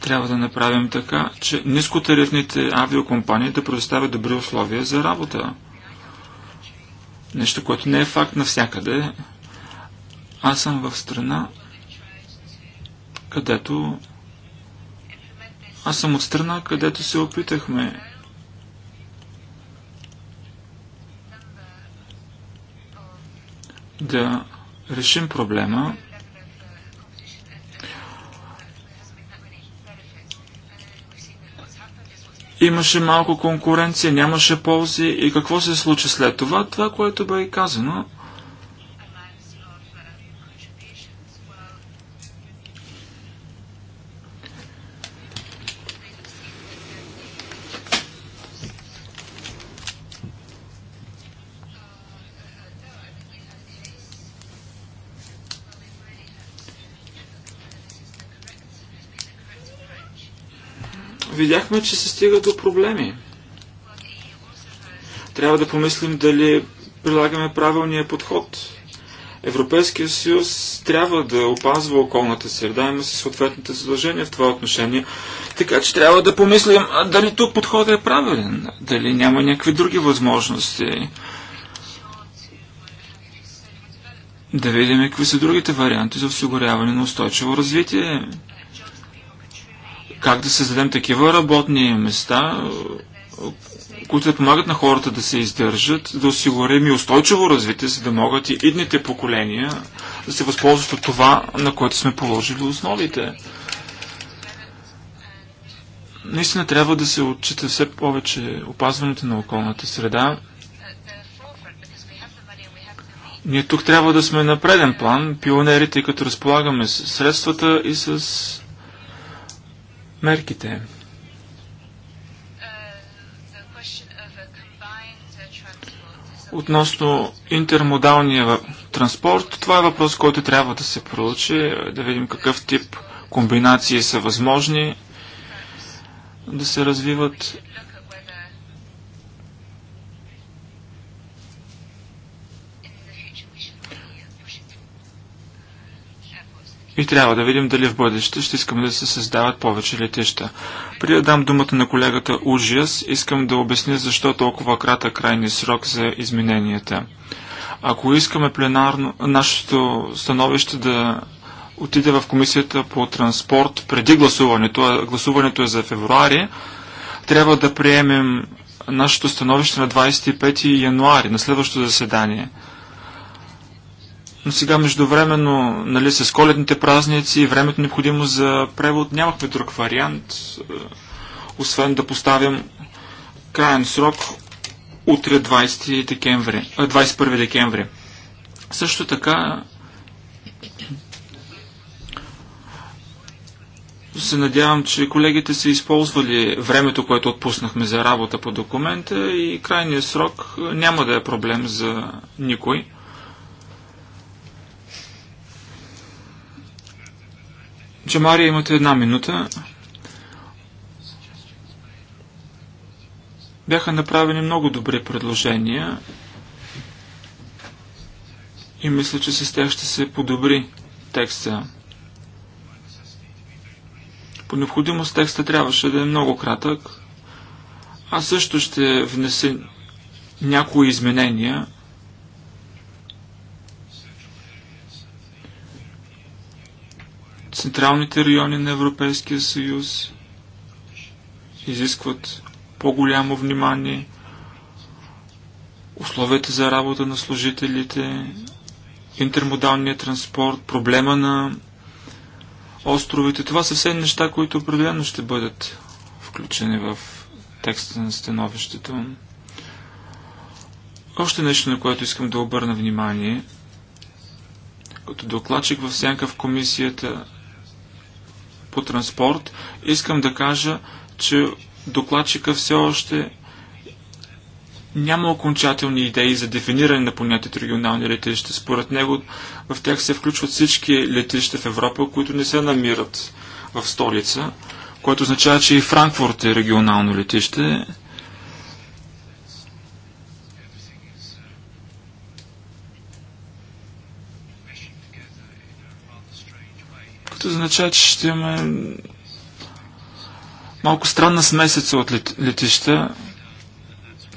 Трябва да направим така, че нискотарифните авиокомпании да предоставят добри условия за работа. Нещо, което не е факт навсякъде. Аз съм в страна, където... Аз съм от страна, където се опитахме да решим проблема имаше малко конкуренция, нямаше ползи и какво се случи след това? Това, което бе казано, видяхме, че се стига до проблеми. Трябва да помислим дали прилагаме правилния подход. Европейския съюз трябва да опазва околната среда, има си съответните задължения в това отношение. Така че трябва да помислим дали тук подходът е правилен, дали няма някакви други възможности. Да видим какви са другите варианти за осигуряване на устойчиво развитие как да създадем такива работни места, които да помагат на хората да се издържат, да осигурим и устойчиво развитие, за да могат и идните поколения да се възползват от това, на което сме положили основите. Наистина трябва да се отчита все повече опазването на околната среда. Ние тук трябва да сме на преден план, пионерите, като разполагаме с средствата и с мерките. Относно интермодалния транспорт, това е въпрос, който трябва да се проучи, да видим какъв тип комбинации са възможни да се развиват И трябва да видим дали в бъдеще ще искаме да се създават повече летища. При да дам думата на колегата Ужиас, искам да обясня защо толкова кратък крайни срок за измененията. Ако искаме пленарно, нашето становище да отиде в комисията по транспорт преди гласуването, а гласуването е за февруари, трябва да приемем нашето становище на 25 януари, на следващото заседание – но сега междувременно, нали, с коледните празници и времето необходимо за превод, нямахме друг вариант, е, освен да поставим крайен срок утре 20 декември, 21 е, декември. Също така се надявам, че колегите са използвали времето, което отпуснахме за работа по документа и крайният срок е, няма да е проблем за никой. Джамария, имате една минута. Бяха направени много добри предложения и мисля, че с тях ще се подобри текста. По необходимост текста трябваше да е много кратък. Аз също ще внеса някои изменения, Централните райони на Европейския съюз изискват по-голямо внимание, условията за работа на служителите, интермодалния транспорт, проблема на островите. Това са все неща, които определено ще бъдат включени в текста на становището. Още нещо, на което искам да обърна внимание. Като докладчик в сянка в комисията по транспорт, искам да кажа, че докладчика все още няма окончателни идеи за дефиниране на понятието регионални летища. Според него в тях се включват всички летища в Европа, които не се намират в столица, което означава, че и Франкфурт е регионално летище. което означава, че ще имаме малко странна смесеца от летища.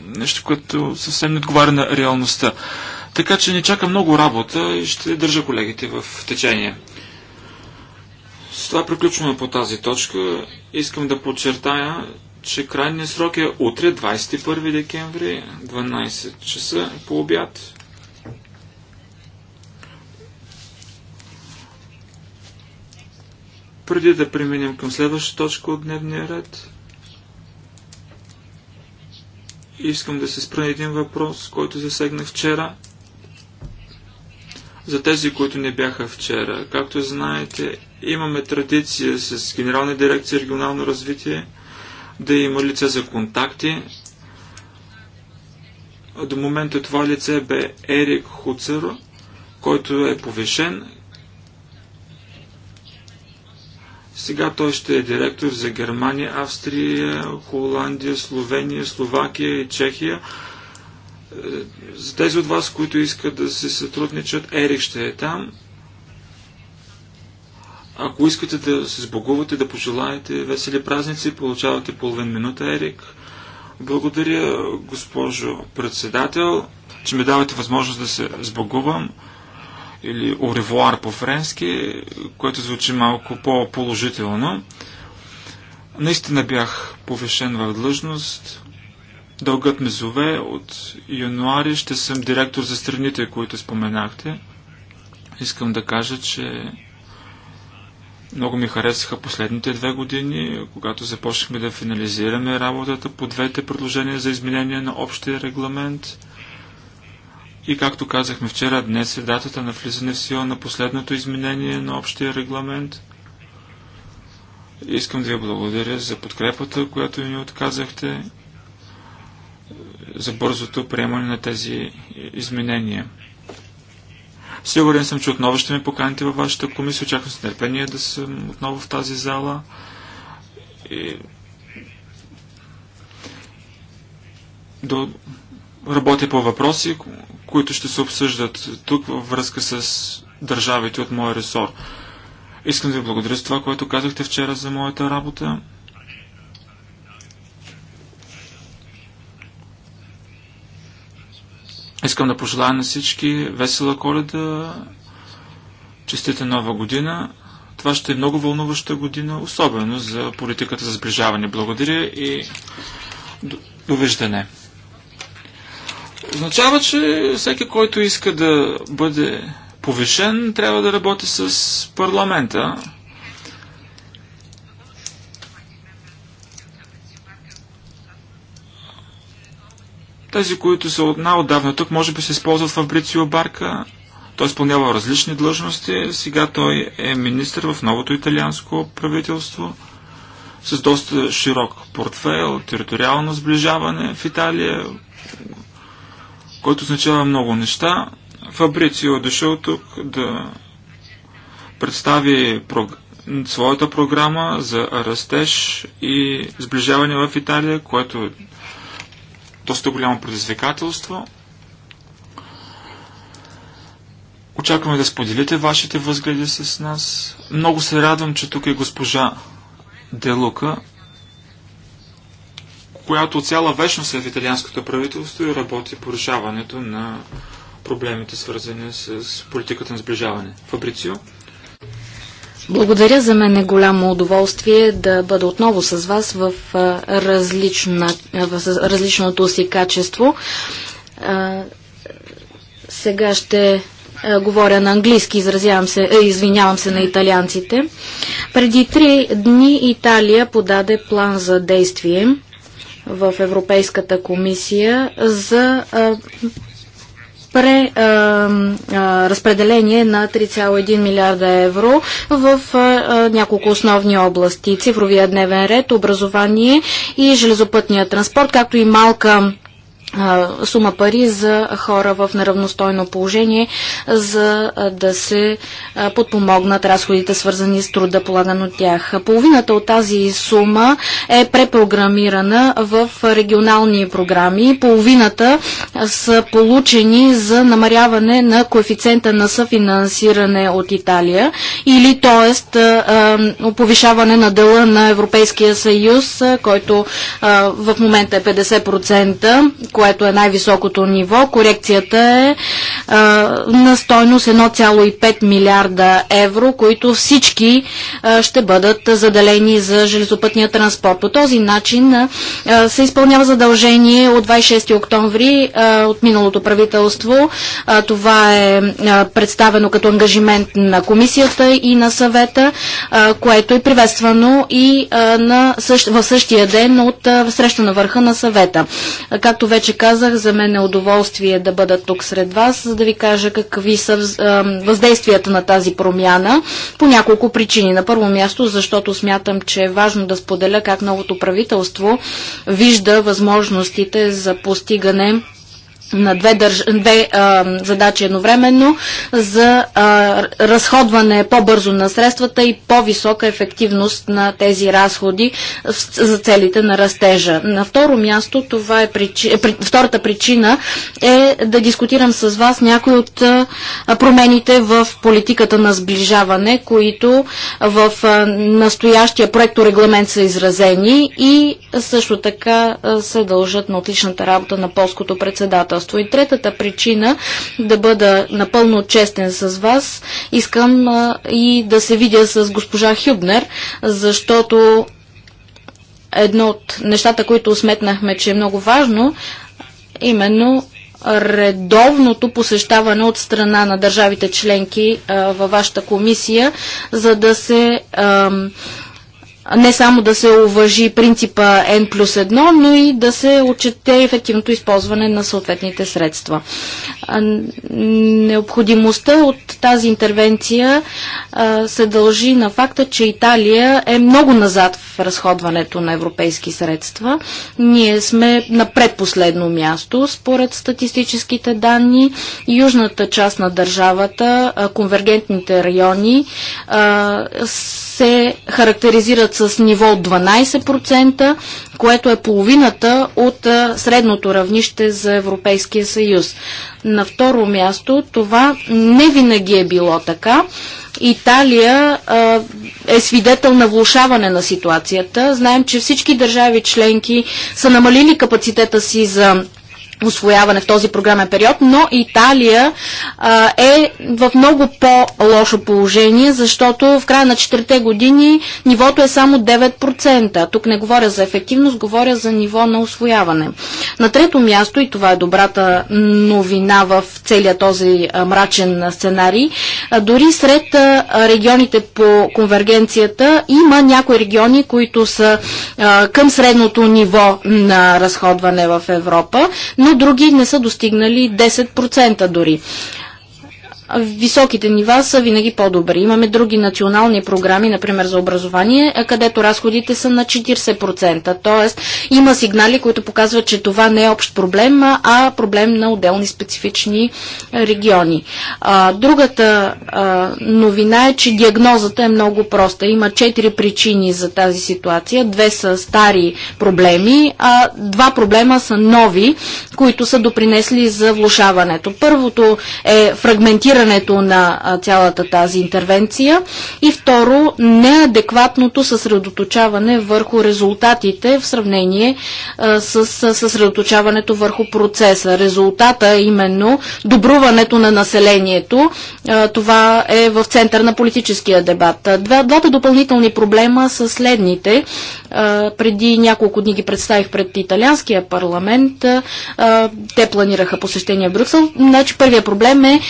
Нещо, което съвсем не отговаря на реалността. Така че ни чака много работа и ще държа колегите в течение. С това приключваме по тази точка. Искам да подчертая, че крайният срок е утре, 21 декември, 12 часа по обяд. Преди да преминем към следващата точка от дневния ред, искам да се спра един въпрос, който засегнах вчера. За тези, които не бяха вчера, както знаете, имаме традиция с Генерална дирекция регионално развитие да има лице за контакти. До момента това лице бе Ерик Хуцеро, който е повишен Сега той ще е директор за Германия, Австрия, Холандия, Словения, Словакия и Чехия. Е, за тези от вас, които искат да се сътрудничат, Ерик ще е там. Ако искате да се сбогувате, да пожелаете весели празници, получавате половин минута, Ерик. Благодаря, госпожо председател, че ми давате възможност да се сбогувам или оревуар по френски, което звучи малко по-положително. Наистина бях повишен в длъжност. Дългът ме зове. От януари ще съм директор за страните, които споменахте. Искам да кажа, че много ми харесаха последните две години, когато започнахме да финализираме работата по двете предложения за изменение на общия регламент. И както казахме вчера, днес е датата на влизане в сила на последното изменение на общия регламент. Искам да ви благодаря за подкрепата, която ни отказахте, за бързото приемане на тези изменения. Сигурен съм, че отново ще ме поканите във вашата комисия. Очаквам с нетърпение да съм отново в тази зала. И... До... работя по въпроси, които ще се обсъждат тук във връзка с държавите от моя ресор. Искам да ви благодаря за това, което казахте вчера за моята работа. Искам да пожелая на всички весела коледа, честите нова година. Това ще е много вълнуваща година, особено за политиката за сближаване. Благодаря и довиждане означава, че всеки, който иска да бъде повишен, трябва да работи с парламента. Тези, които са от най-отдавна тук, може би се използват Фабрицио Барка. Той е изпълнява различни длъжности. Сега той е министр в новото италианско правителство с доста широк портфейл, териториално сближаване в Италия, който означава много неща. Фабрицио е дошъл тук да представи прог... своята програма за растеж и сближаване в Италия, което е доста голямо предизвикателство. Очакваме да споделите вашите възгледи с нас. Много се радвам, че тук е госпожа Делука, която цяла вечност е в италианското правителство и работи по решаването на проблемите, свързани с политиката на сближаване. Фабрицио? Благодаря за мен е голямо удоволствие да бъда отново с вас в, различна, в различното си качество. Сега ще говоря на английски, изразявам се, е, извинявам се на италианците. Преди три дни Италия подаде план за действие в Европейската комисия за преразпределение на 3,1 милиарда евро в няколко основни области. Цифровия дневен ред, образование и железопътния транспорт, както и малка сума пари за хора в неравностойно положение, за да се подпомогнат разходите, свързани с труда, полаган от тях. Половината от тази сума е препрограмирана в регионални програми. Половината са получени за намаряване на коефициента на съфинансиране от Италия или т.е. повишаване на дела на Европейския съюз, който в момента е 50%, което е най-високото ниво. Корекцията е а, на стойност 1,5 милиарда евро, които всички а, ще бъдат заделени за железопътния транспорт. По този начин а, се изпълнява задължение от 26 октомври а, от миналото правителство. А, това е а, представено като ангажимент на комисията и на съвета, а, което е приветствано и а, на същ, в същия ден от а, среща на върха на съвета. А, както вече че казах, за мен е удоволствие да бъда тук сред вас, за да ви кажа какви са въздействията на тази промяна по няколко причини. На първо място, защото смятам, че е важно да споделя как новото правителство вижда възможностите за постигане на две, държ... две а, задачи едновременно за а, разходване по-бързо на средствата и по-висока ефективност на тези разходи за целите на растежа. На второ място, това е прич... Е, втората причина е да дискутирам с вас някои от промените в политиката на сближаване, които в настоящия проект регламент са изразени и също така се дължат на отличната работа на полското председателство законодателство. И третата причина, да бъда напълно честен с вас, искам а, и да се видя с госпожа Хюбнер, защото едно от нещата, които сметнахме, че е много важно, именно редовното посещаване от страна на държавите членки а, във вашата комисия, за да се а, не само да се уважи принципа N плюс 1, но и да се отчете ефективното използване на съответните средства. Необходимостта от тази интервенция се дължи на факта, че Италия е много назад в разходването на европейски средства. Ние сме на предпоследно място. Според статистическите данни, южната част на държавата, конвергентните райони, се характеризират с ниво 12%, което е половината от средното равнище за Европейския съюз. На второ място, това не винаги е било така. Италия а, е свидетел на влушаване на ситуацията. Знаем, че всички държави членки са намалили капацитета си за освояване в този програмен период, но Италия а, е в много по-лошо положение, защото в края на 4 те години нивото е само 9%. Тук не говоря за ефективност, говоря за ниво на освояване. На трето място, и това е добрата новина в целия този а, мрачен сценарий, а, дори сред а, регионите по конвергенцията има някои региони, които са а, към средното ниво на разходване в Европа, но но други не са достигнали 10% дори високите нива са винаги по-добри. Имаме други национални програми, например за образование, където разходите са на 40%. Тоест има сигнали, които показват, че това не е общ проблем, а проблем на отделни специфични региони. другата новина е, че диагнозата е много проста. Има 4 причини за тази ситуация. Две са стари проблеми, а два проблема са нови, които са допринесли за влушаването. Първото е фрагментиране спирането на цялата тази интервенция и второ неадекватното съсредоточаване върху резултатите в сравнение с съсредоточаването върху процеса. Резултата е именно добруването на населението. това е в център на политическия дебат. двата допълнителни проблема са следните. преди няколко дни ги представих пред италианския парламент. Те планираха посещение в Брюксел. Значи първият проблем е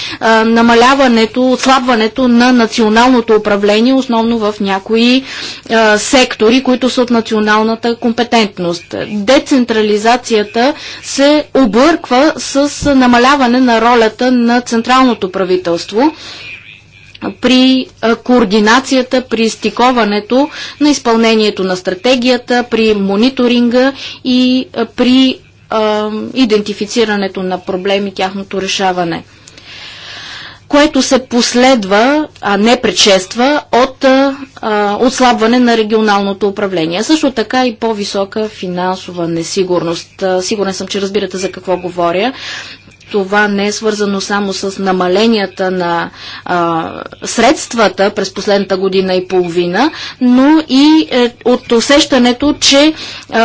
на намаляването, отслабването на националното управление, основно в някои а, е, сектори, които са от националната компетентност. Децентрализацията се обърква с намаляване на ролята на централното правителство при е, координацията, при стиковането на изпълнението на стратегията, при мониторинга и е, при идентифицирането на проблеми, тяхното решаване което се последва, а не предшества, от а, отслабване на регионалното управление. Също така и по-висока финансова несигурност. Сигурен съм, че разбирате за какво говоря това не е свързано само с намаленията на а, средствата през последната година и половина, но и е, от усещането, че а,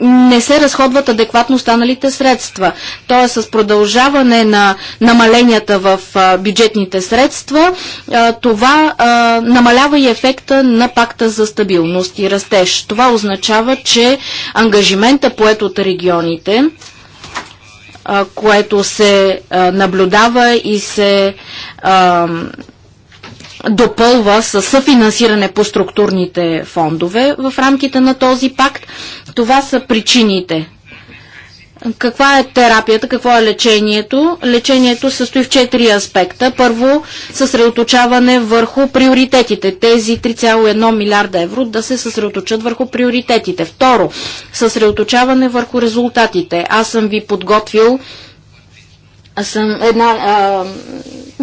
не се разходват адекватно останалите средства. Тоест с продължаване на намаленията в а, бюджетните средства, а, това а, намалява и ефекта на пакта за стабилност и растеж. Това означава, че ангажимента поет от регионите, което се наблюдава и се допълва с съфинансиране по структурните фондове в рамките на този пакт. Това са причините каква е терапията, какво е лечението? Лечението състои в четири аспекта. Първо, съсредоточаване върху приоритетите. Тези 3,1 милиарда евро да се съсредоточат върху приоритетите. Второ, съсредоточаване върху резултатите. Аз съм ви подготвил съм една а,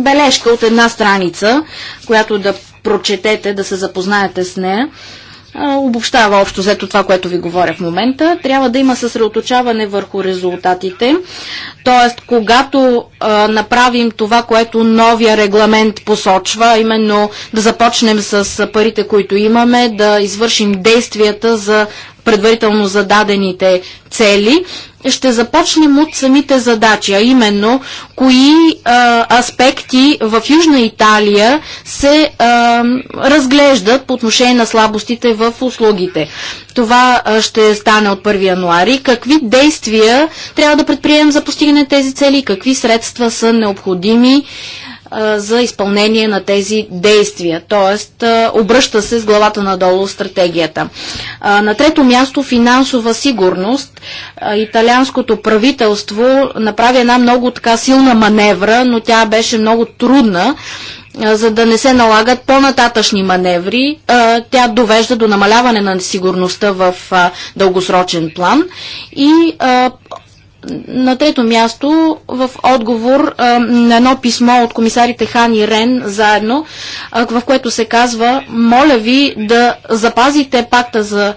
бележка от една страница, която да прочетете, да се запознаете с нея обобщава общо взето това, което ви говоря в момента. Трябва да има съсредоточаване върху резултатите. Тоест, когато а, направим това, което новия регламент посочва, именно да започнем с парите, които имаме, да извършим действията за предварително зададените цели, ще започнем от самите задачи, а именно кои а, аспекти в Южна Италия се а, разглеждат по отношение на слабостите в услугите. Това ще стане от 1 януари. Какви действия трябва да предприемем за постигане тези цели, какви средства са необходими за изпълнение на тези действия. Тоест, обръща се с главата надолу стратегията. На трето място финансова сигурност. Италианското правителство направи една много така силна маневра, но тя беше много трудна за да не се налагат по-нататъчни маневри. Тя довежда до намаляване на сигурността в дългосрочен план и на трето място, в отговор на едно писмо от комисарите Хан и Рен заедно, в което се казва, моля ви да запазите пакта за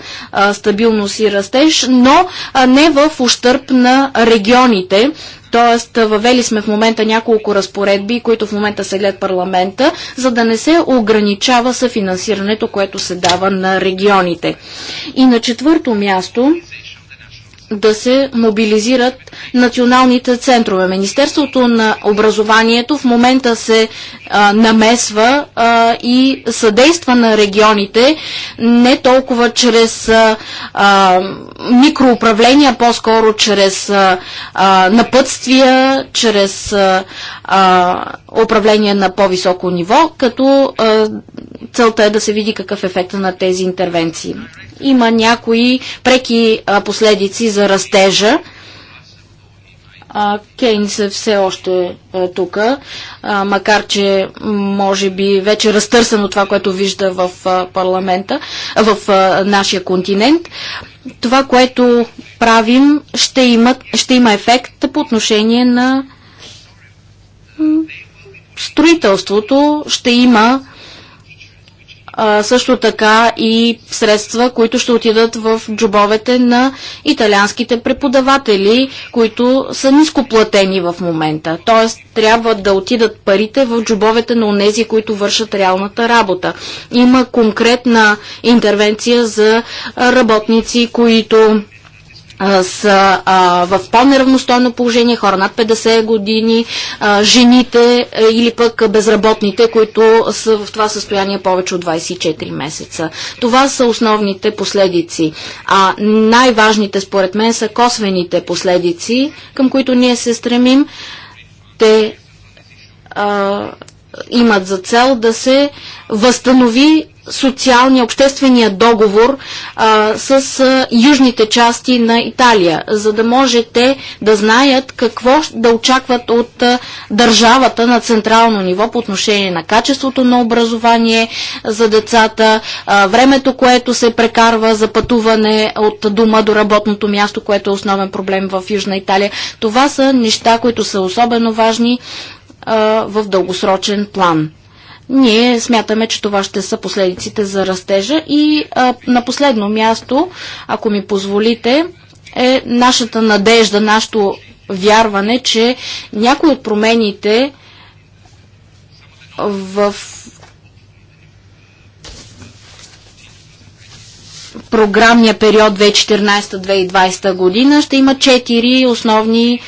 стабилност и растеж, но не в ущърп на регионите. Тоест, въвели сме в момента няколко разпоредби, които в момента се гледат парламента, за да не се ограничава съфинансирането, което се дава на регионите. И на четвърто място, да се мобилизират националните центрове. Министерството на образованието в момента се а, намесва а, и съдейства на регионите не толкова чрез а, а, микроуправления, по-скоро чрез а, а, напътствия, чрез а, а, управление на по-високо ниво, като а, целта е да се види какъв е ефекта на тези интервенции. Има някои преки а, последици за растежа. Кейнс е все още тук, макар че може би вече е разтърсено това, което вижда в парламента, в нашия континент. Това, което правим, ще има, ще има ефект по отношение на строителството ще има а, също така и средства, които ще отидат в джобовете на италианските преподаватели, които са нископлатени в момента. Тоест, трябва да отидат парите в джобовете на онези, които вършат реалната работа. Има конкретна интервенция за работници, които са а, в по-неравностойно положение, хора над 50 години, а, жените а, или пък безработните, които са в това състояние повече от 24 месеца. Това са основните последици. А най-важните според мен са косвените последици, към които ние се стремим. Те а, имат за цел да се възстанови социалния, обществения договор а, с а, южните части на Италия, за да можете да знаят какво да очакват от а, държавата на централно ниво по отношение на качеството на образование за децата, а, времето, което се прекарва за пътуване от дома до работното място, което е основен проблем в Южна Италия. Това са неща, които са особено важни а, в дългосрочен план. Ние смятаме, че това ще са последиците за растежа. И а, на последно място, ако ми позволите, е нашата надежда, нашето вярване, че някои от промените в програмния период 2014-2020 година ще има четири основни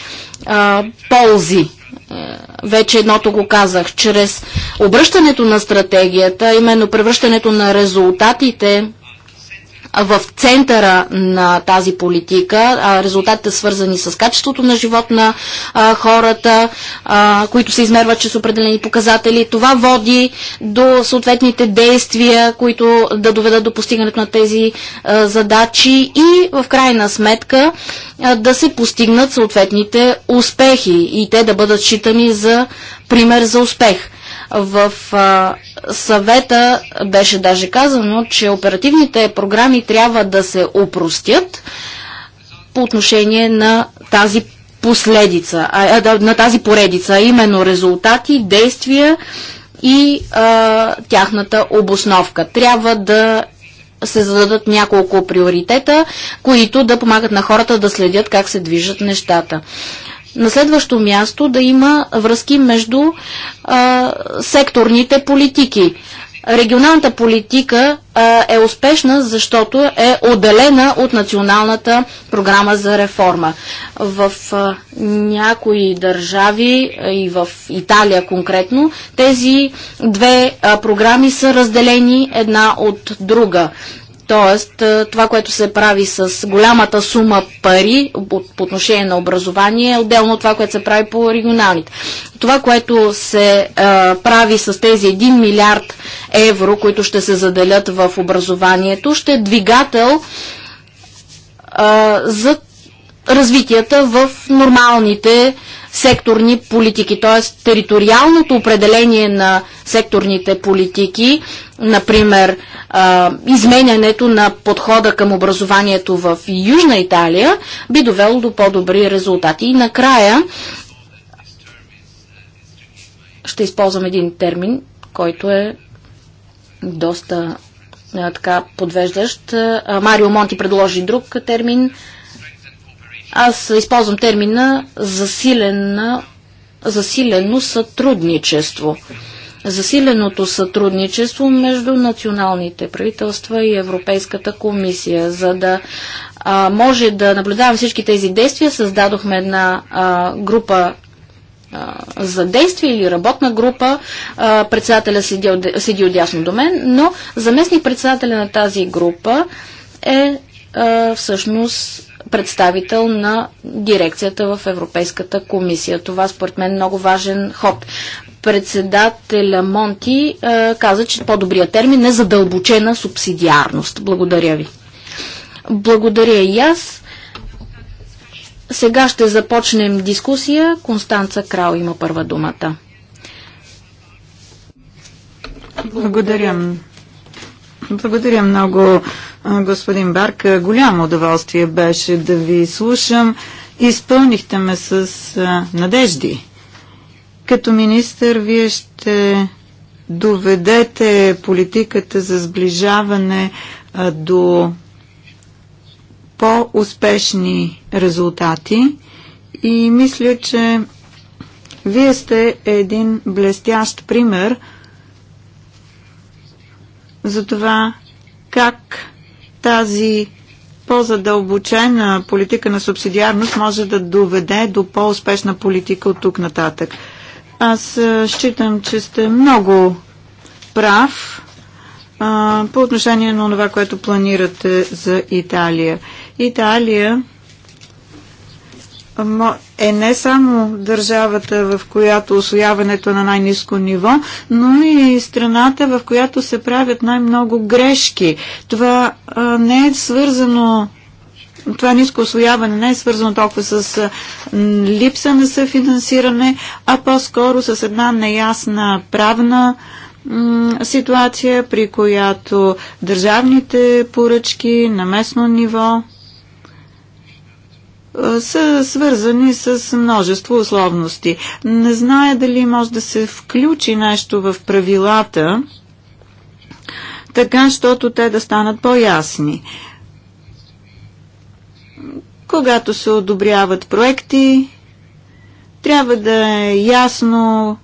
а, ползи вече едното го казах, чрез обръщането на стратегията, именно превръщането на резултатите в центъра на тази политика, резултатите свързани с качеството на живот на хората, които се измерват чрез определени показатели. Това води до съответните действия, които да доведат до постигането на тези задачи и в крайна сметка да се постигнат съответните успехи и те да бъдат считани за пример за успех. В а, съвета беше даже казано, че оперативните програми трябва да се опростят по отношение на тази последица, а, а, на тази поредица, именно резултати, действия и а, тяхната обосновка. Трябва да се зададат няколко приоритета, които да помагат на хората да следят как се движат нещата. На следващо място да има връзки между а, секторните политики. Регионалната политика а, е успешна, защото е отделена от националната програма за реформа. В а, някои държави а, и в Италия конкретно тези две а, програми са разделени една от друга. Тоест, е, това, което се прави с голямата сума пари по отношение на образование, е отделно от това, което се прави по регионалните. Това, което се е, прави с тези 1 милиард евро, които ще се заделят в образованието, ще е двигател е, за развитията в нормалните секторни политики, т.е. териториалното определение на секторните политики, например изменянето на подхода към образованието в Южна Италия, би довело до по-добри резултати. И накрая ще използвам един термин, който е доста така подвеждащ. Марио Монти предложи друг термин аз използвам термина засилена, засилено сътрудничество. Засиленото сътрудничество между националните правителства и Европейската комисия, за да а, може да наблюдавам всички тези действия, създадохме една а, група за действие или работна група. Председателя седи отясно до мен, но заместник председателя на тази група е всъщност представител на дирекцията в Европейската комисия. Това според мен е много важен ход. Председателя Монти е, каза, че по-добрият термин е задълбочена субсидиарност. Благодаря ви. Благодаря и аз. Сега ще започнем дискусия. Констанца Крал има първа думата. Благодаря. Благодаря много, господин Барк. Голямо удоволствие беше да ви слушам. Изпълнихте ме с надежди. Като министър, вие ще доведете политиката за сближаване до по-успешни резултати и мисля, че вие сте един блестящ пример – за това как тази по-задълбочена политика на субсидиарност може да доведе до по-успешна политика от тук нататък. Аз считам, че сте много прав а, по отношение на това, което планирате за Италия. Италия е не само държавата, в която освояването е на най-низко ниво, но и страната, в която се правят най-много грешки. Това не е свързано това ниско освояване не е свързано толкова с липса на съфинансиране, а по-скоро с една неясна правна ситуация, при която държавните поръчки на местно ниво са свързани с множество условности. Не зная дали може да се включи нещо в правилата, така, щото те да станат по-ясни. Когато се одобряват проекти, трябва да е ясно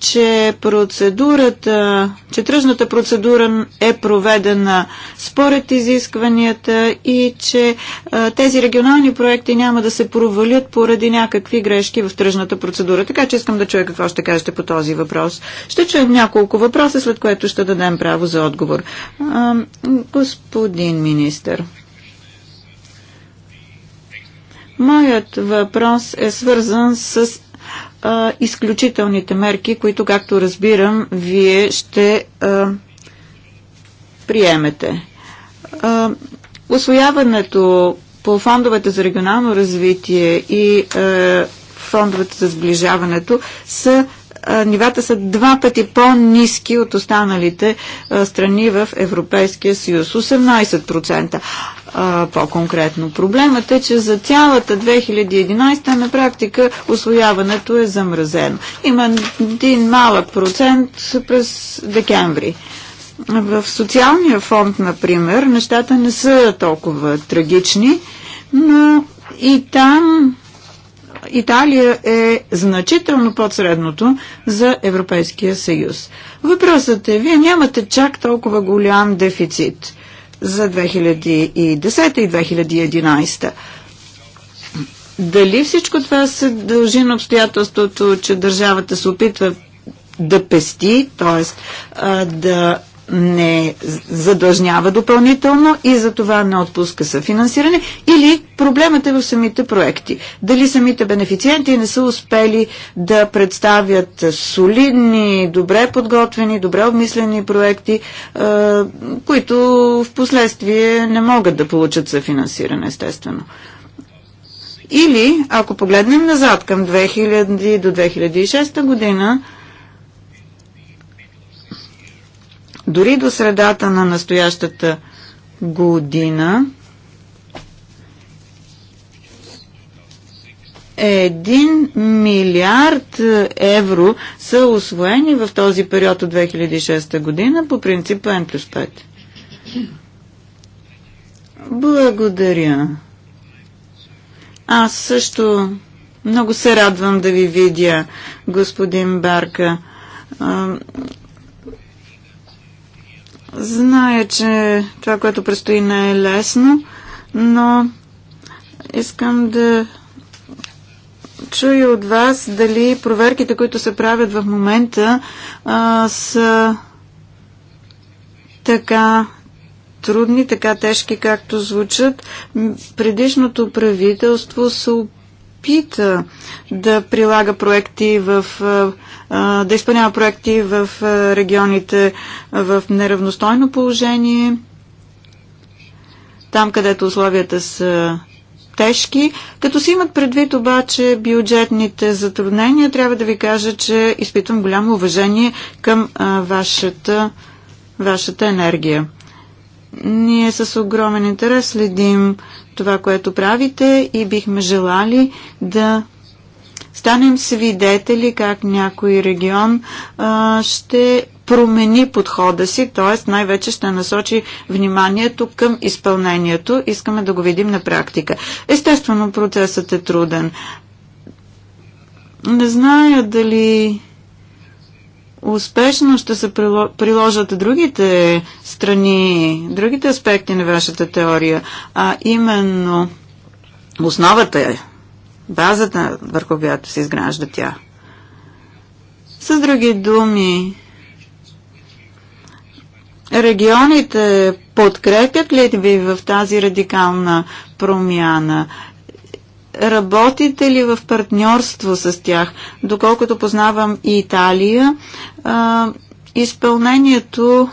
че процедурата, че тръжната процедура е проведена според изискванията и че а, тези регионални проекти няма да се провалят поради някакви грешки в тръжната процедура. Така че искам да чуя какво ще кажете по този въпрос. Ще чуем няколко въпроса, след което ще дадем право за отговор. А, господин министър. Моят въпрос е свързан с а, изключителните мерки, които, както разбирам, вие ще а, приемете. А, освояването по фондовете за регионално развитие и а, фондовете за сближаването са нивата са два пъти по-низки от останалите а, страни в Европейския съюз. 18% по-конкретно. Проблемът е, че за цялата 2011 на практика освояването е замразено. Има един малък процент през декември. В социалния фонд, например, нещата не са толкова трагични, но и там Италия е значително под средното за Европейския съюз. Въпросът е, вие нямате чак толкова голям дефицит за 2010 и 2011. Дали всичко това се дължи на обстоятелството, че държавата се опитва да пести, т.е. да не задължнява допълнително и за това не отпуска съфинансиране или проблемът е в самите проекти. Дали самите бенефициенти не са успели да представят солидни, добре подготвени, добре обмислени проекти, е, които в последствие не могат да получат съфинансиране, естествено. Или, ако погледнем назад към 2000 до 2006 година, дори до средата на настоящата година Един милиард евро са освоени в този период от 2006 година по принципа N плюс 5. Благодаря. Аз също много се радвам да ви видя, господин Барка. Зная, че това, което предстои не е лесно, но искам да чуя от вас дали проверките, които се правят в момента, а, са така трудни, така тежки, както звучат. Предишното правителство се опитва опита да прилага проекти в, да изпълнява проекти в регионите в неравностойно положение, там където условията са тежки. Като си имат предвид обаче бюджетните затруднения, трябва да ви кажа, че изпитвам голямо уважение към вашата, вашата енергия. Ние с огромен интерес следим това, което правите и бихме желали да станем свидетели как някой регион а, ще промени подхода си, т.е. най-вече ще насочи вниманието към изпълнението. Искаме да го видим на практика. Естествено, процесът е труден. Не зная дали успешно ще се приложат другите страни, другите аспекти на вашата теория, а именно основата е, базата, върху която се изгражда тя. С други думи, регионите подкрепят ли ви в тази радикална промяна? Работите ли в партньорство с тях? Доколкото познавам и Италия, а, изпълнението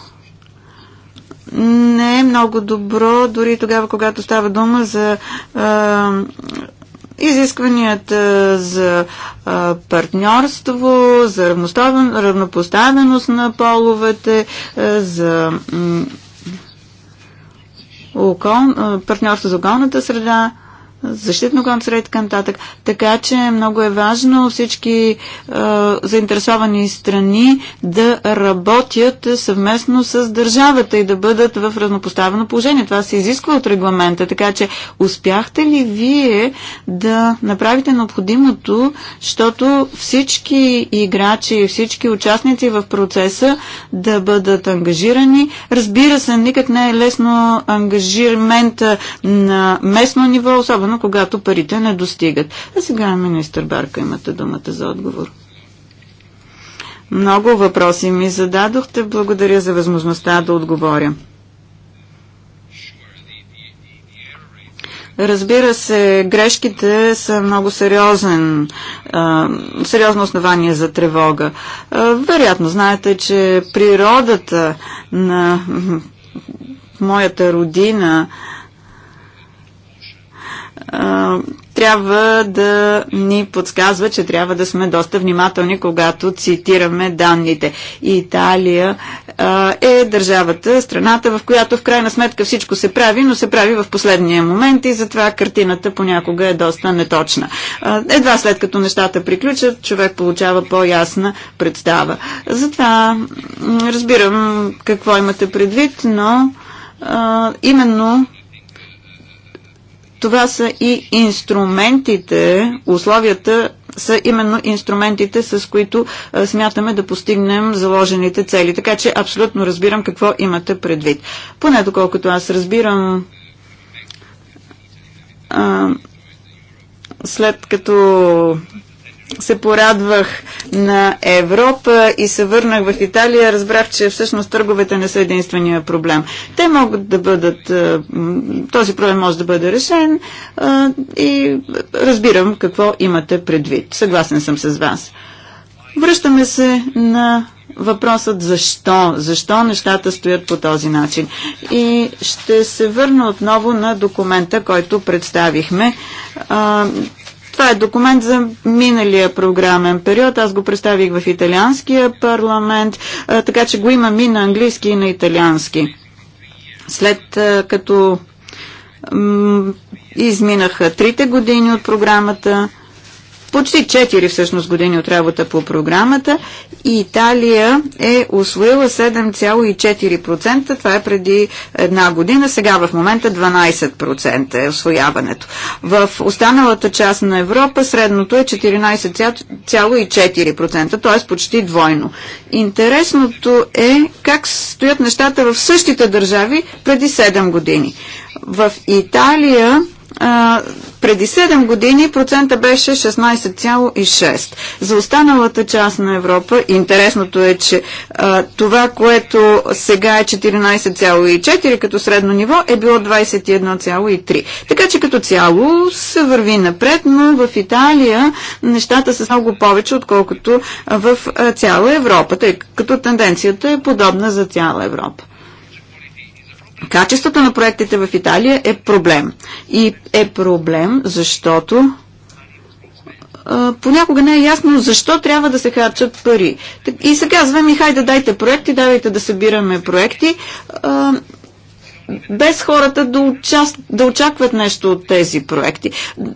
не е много добро, дори тогава, когато става дума за а, изискванията за а, партньорство, за равнопоставеност на половете, а, за окол, партньорство за околната среда защитно концерт и така нататък. Така че много е важно всички а, е, заинтересовани страни да работят съвместно с държавата и да бъдат в равнопоставено положение. Това се изисква от регламента. Така че успяхте ли вие да направите необходимото, защото всички играчи и всички участници в процеса да бъдат ангажирани? Разбира се, никак не е лесно ангажирамента на местно ниво, особено особено когато парите не достигат. А сега, министър Барка, имате думата за отговор. Много въпроси ми зададохте. Благодаря за възможността да отговоря. Разбира се, грешките са много сериозен, сериозно основание за тревога. вероятно, знаете, че природата на моята родина трябва да ни подсказва, че трябва да сме доста внимателни, когато цитираме данните. И Италия а, е държавата, страната, в която в крайна сметка всичко се прави, но се прави в последния момент и затова картината понякога е доста неточна. А, едва след като нещата приключат, човек получава по-ясна представа. Затова разбирам какво имате предвид, но а, именно това са и инструментите, условията са именно инструментите, с които а, смятаме да постигнем заложените цели. Така че абсолютно разбирам какво имате предвид. Поне доколкото аз разбирам, а, след като се порадвах на Европа и се върнах в Италия, разбрах, че всъщност търговете не са единствения проблем. Те могат да бъдат, е, този проблем може да бъде решен е, и разбирам какво имате предвид. Съгласен съм с вас. Връщаме се на въпросът защо, защо нещата стоят по този начин. И ще се върна отново на документа, който представихме. Това е документ за миналия програмен период. Аз го представих в италианския парламент, така че го имам и на английски, и на италиански. След като изминаха трите години от програмата, почти 4 всъщност години от работа по програмата и Италия е освоила 7,4%. Това е преди една година. Сега в момента 12% е освояването. В останалата част на Европа средното е 14,4%, т.е. почти двойно. Интересното е как стоят нещата в същите държави преди 7 години. В Италия преди 7 години процента беше 16,6. За останалата част на Европа, интересното е, че а, това, което сега е 14,4 като средно ниво, е било 21,3. Така че като цяло се върви напред, но в Италия нещата са много повече, отколкото в цяла Европа, тъй като тенденцията е подобна за цяла Европа. Качеството на проектите в Италия е проблем. И е проблем, защото понякога не е ясно защо трябва да се харчат пари. И се казваме ми, хайде дайте проекти, давайте да събираме проекти без хората да, участ... да очакват нещо от тези проекти.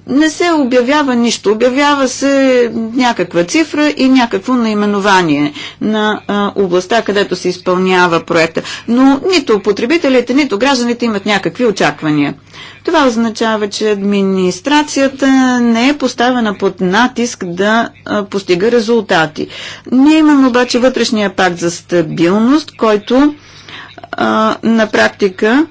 Не се обявява нищо, обявява се някаква цифра и някакво наименование на а, областта, където се изпълнява проекта. Но нито потребителите, нито гражданите имат някакви очаквания. Това означава, че администрацията не е поставена под натиск да а, постига резултати. Ние имаме обаче вътрешния пакт за стабилност, който а, на практика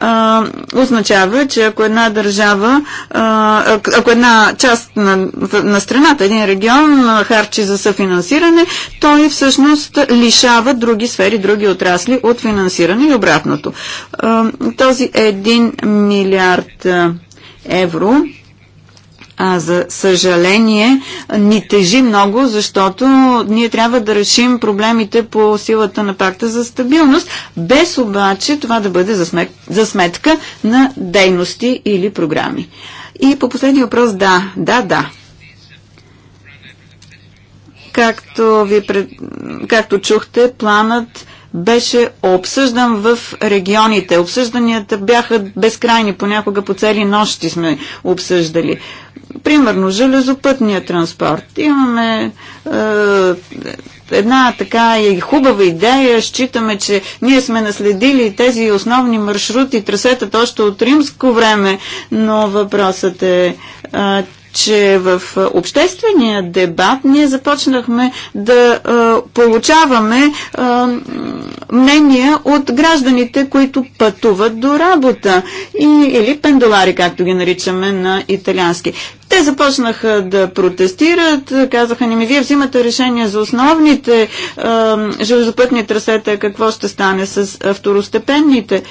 а, означава, че ако една държава, а, ако една част на, на страната, един регион харчи за съфинансиране, той всъщност лишава други сфери, други отрасли от финансиране и обратното. А, този 1 милиард евро а, за съжаление, ни тежи много, защото ние трябва да решим проблемите по силата на пакта за стабилност, без обаче това да бъде за, смет, за сметка на дейности или програми. И по последния въпрос, да, да, да. Както, ви пред... както чухте, планът беше обсъждан в регионите. Обсъжданията бяха безкрайни, понякога по цели нощи сме обсъждали примерно железопътния транспорт. Имаме е, една така и хубава идея. Считаме, че ние сме наследили тези основни маршрути, трасета още от римско време, но въпросът е, е че в обществения дебат ние започнахме да а, получаваме а, мнения от гражданите, които пътуват до работа и, или пендолари, както ги наричаме на италиански. Те започнаха да протестират, казаха ни ми, вие взимате решение за основните а, железопътни трасета, какво ще стане с второстепенните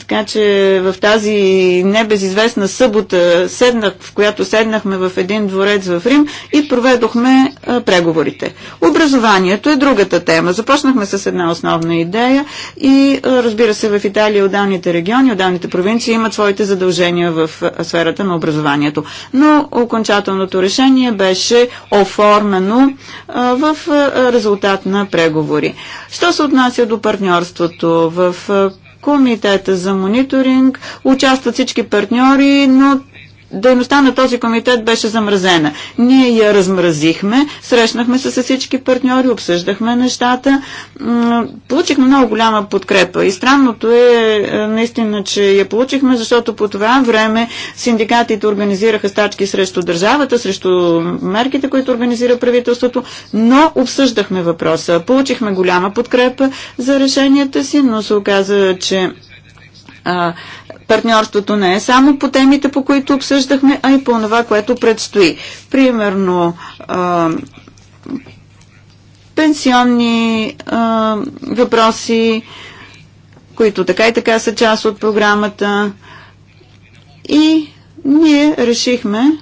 така че в тази небезизвестна събота, седнах, в която седнахме в един дворец в Рим и проведохме преговорите. Образованието е другата тема. Започнахме с една основна идея и разбира се в Италия отдалните региони, отдалните провинции имат своите задължения в сферата на образованието. Но окончателното решение беше оформено в резултат на преговори. Що се отнася до партньорството в комитета за мониторинг, участват всички партньори, но дейността на този комитет беше замразена. Ние я размразихме, срещнахме се с всички партньори, обсъждахме нещата, получихме много голяма подкрепа и странното е, е наистина, че я получихме, защото по това време синдикатите организираха стачки срещу държавата, срещу мерките, които организира правителството, но обсъждахме въпроса. Получихме голяма подкрепа за решенията си, но се оказа, че партньорството не е само по темите, по които обсъждахме, а и по това, което предстои. Примерно, а, пенсионни а, въпроси, които така и така са част от програмата. И ние решихме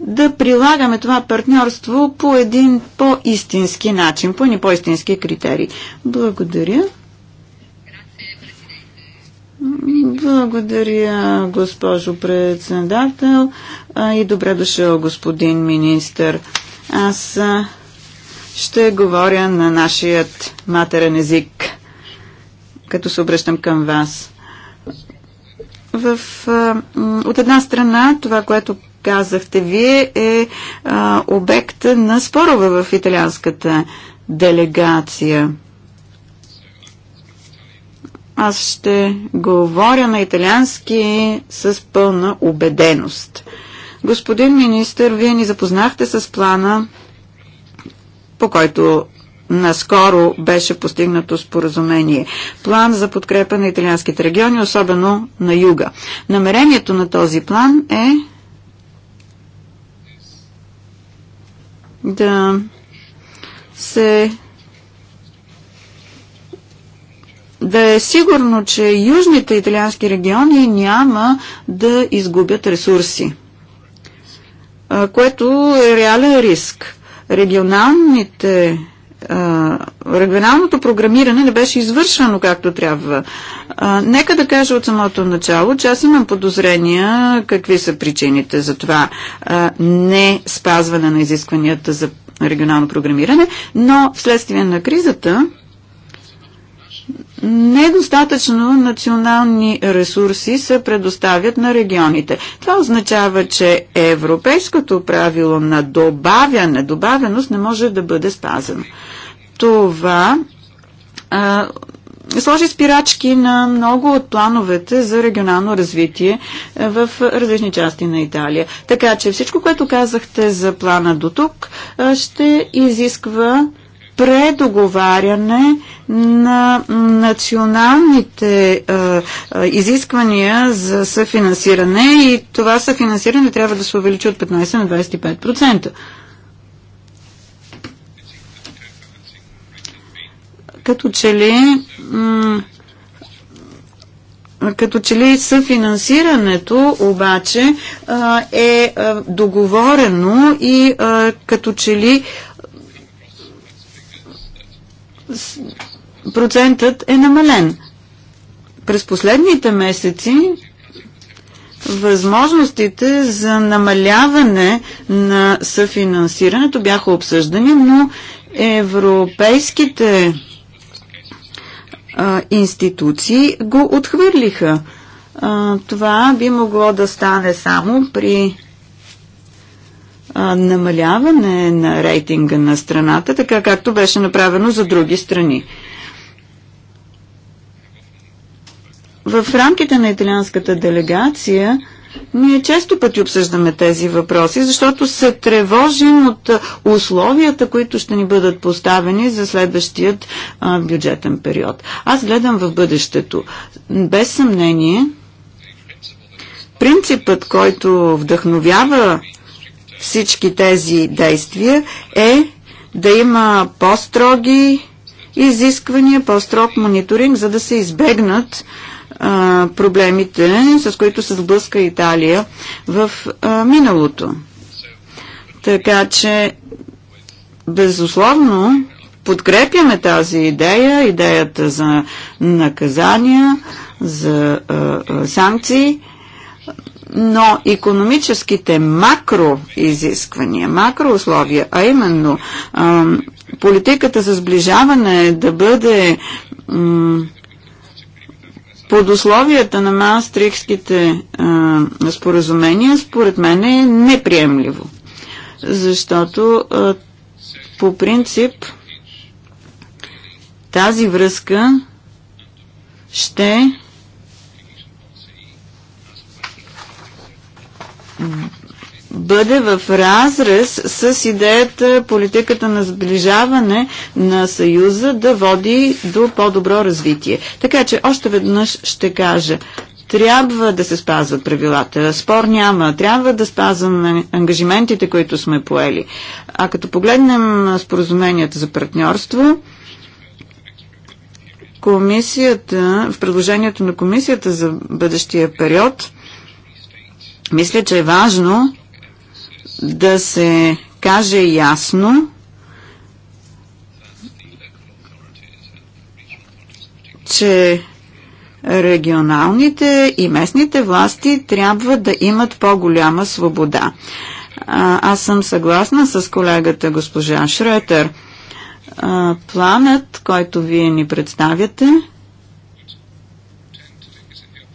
да прилагаме това партньорство по един по-истински начин, по ни по-истински критерии. Благодаря. Благодаря, госпожо председател и добре дошъл, господин министър. Аз ще говоря на нашият матерен език, като се обръщам към вас. В, от една страна, това, което казахте вие, е обект на спорове в италианската делегация. Аз ще говоря на италиански с пълна убеденост. Господин министр, вие ни запознахте с плана, по който наскоро беше постигнато споразумение. План за подкрепа на италианските региони, особено на юга. Намерението на този план е да се да е сигурно, че южните италиански региони няма да изгубят ресурси, което е реален риск. Регионалните регионалното програмиране не беше извършвано както трябва. нека да кажа от самото начало, че аз имам подозрения какви са причините за това не спазване на изискванията за регионално програмиране, но вследствие на кризата недостатъчно национални ресурси се предоставят на регионите. Това означава, че европейското правило на добавяне, добавеност не може да бъде спазено. Това а, сложи спирачки на много от плановете за регионално развитие в различни части на Италия. Така че всичко, което казахте за плана до тук, ще изисква предоговаряне на националните а, а, изисквания за съфинансиране и това съфинансиране трябва да се увеличи от 15 на 25%. Като че ли като че ли съфинансирането обаче е договорено и като че ли процентът е намален. През последните месеци възможностите за намаляване на съфинансирането бяха обсъждани, но европейските а, институции го отхвърлиха. А, това би могло да стане само при намаляване на рейтинга на страната, така както беше направено за други страни. В рамките на италианската делегация ние често пъти обсъждаме тези въпроси, защото се тревожим от условията, които ще ни бъдат поставени за следващият а, бюджетен период. Аз гледам в бъдещето. Без съмнение, принципът, който вдъхновява всички тези действия е да има по-строги изисквания, по-строг мониторинг, за да се избегнат а, проблемите, с които се сблъска Италия в а, миналото. Така че, безусловно, подкрепяме тази идея, идеята за наказания, за а, санкции но економическите макроизисквания, макроусловия, а именно политиката за сближаване да бъде под условията на Маастрихските споразумения, според мен е неприемливо. Защото по принцип тази връзка ще бъде в разрез с идеята политиката на сближаване на Съюза да води до по-добро развитие. Така че още веднъж ще кажа, трябва да се спазват правилата. Спор няма. Трябва да спазваме ангажиментите, които сме поели. А като погледнем споразуменията за партньорство, комисията, в предложението на комисията за бъдещия период, мисля, че е важно да се каже ясно, че регионалните и местните власти трябва да имат по-голяма свобода. А, аз съм съгласна с колегата госпожа Шретер. А, планът, който вие ни представяте,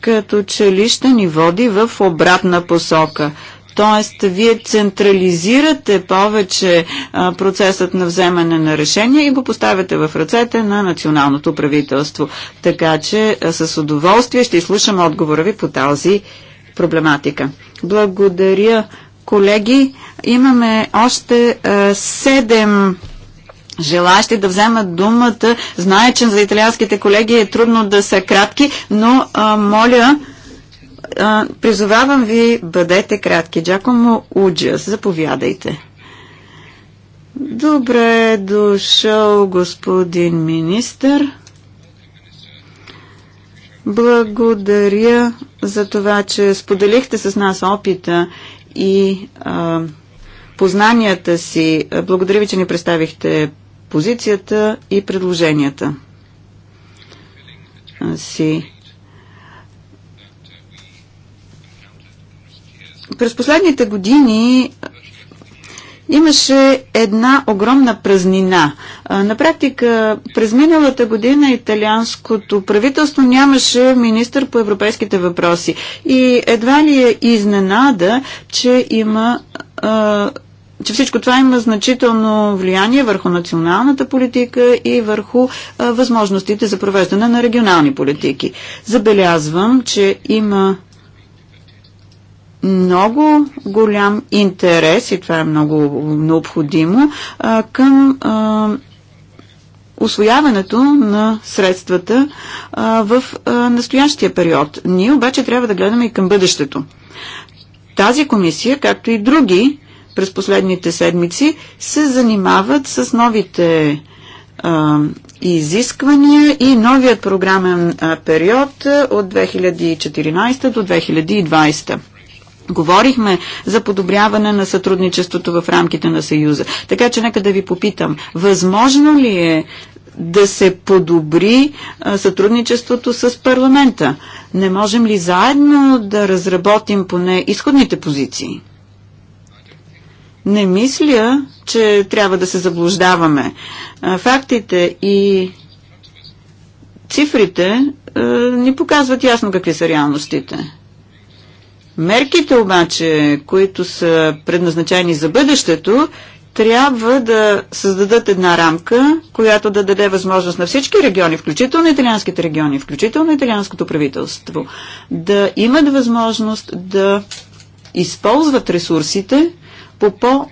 като че ли ще ни води в обратна посока. Тоест, вие централизирате повече а, процесът на вземане на решения и го поставяте в ръцете на националното правителство. Така че а, с удоволствие ще изслушам отговора ви по тази проблематика. Благодаря, колеги. Имаме още а, седем. 7 желащи да вземат думата. Знае, че за италианските колеги е трудно да са кратки, но а, моля, а, призовавам ви, бъдете кратки. Джакомо Уджас, заповядайте. Добре е дошъл, господин министър. Благодаря за това, че споделихте с нас опита и а, познанията си. Благодаря ви, че ни представихте позицията и предложенията си. През последните години имаше една огромна празнина. На практика през миналата година италианското правителство нямаше министър по европейските въпроси и едва ли е изненада, че има че всичко това има значително влияние върху националната политика и върху а, възможностите за провеждане на регионални политики. Забелязвам, че има много голям интерес, и това е много необходимо, а, към а, освояването на средствата а, в а, настоящия период. Ние обаче трябва да гледаме и към бъдещето. Тази комисия, както и други, през последните седмици се занимават с новите а, изисквания и новият програмен а, период от 2014 до 2020. Говорихме за подобряване на сътрудничеството в рамките на Съюза. Така че нека да ви попитам, възможно ли е да се подобри сътрудничеството с парламента? Не можем ли заедно да разработим поне изходните позиции? Не мисля, че трябва да се заблуждаваме. Фактите и цифрите ни показват ясно какви са реалностите. Мерките обаче, които са предназначени за бъдещето, трябва да създадат една рамка, която да даде възможност на всички региони, включително италианските региони, включително италианското правителство, да имат възможност да използват ресурсите, по по-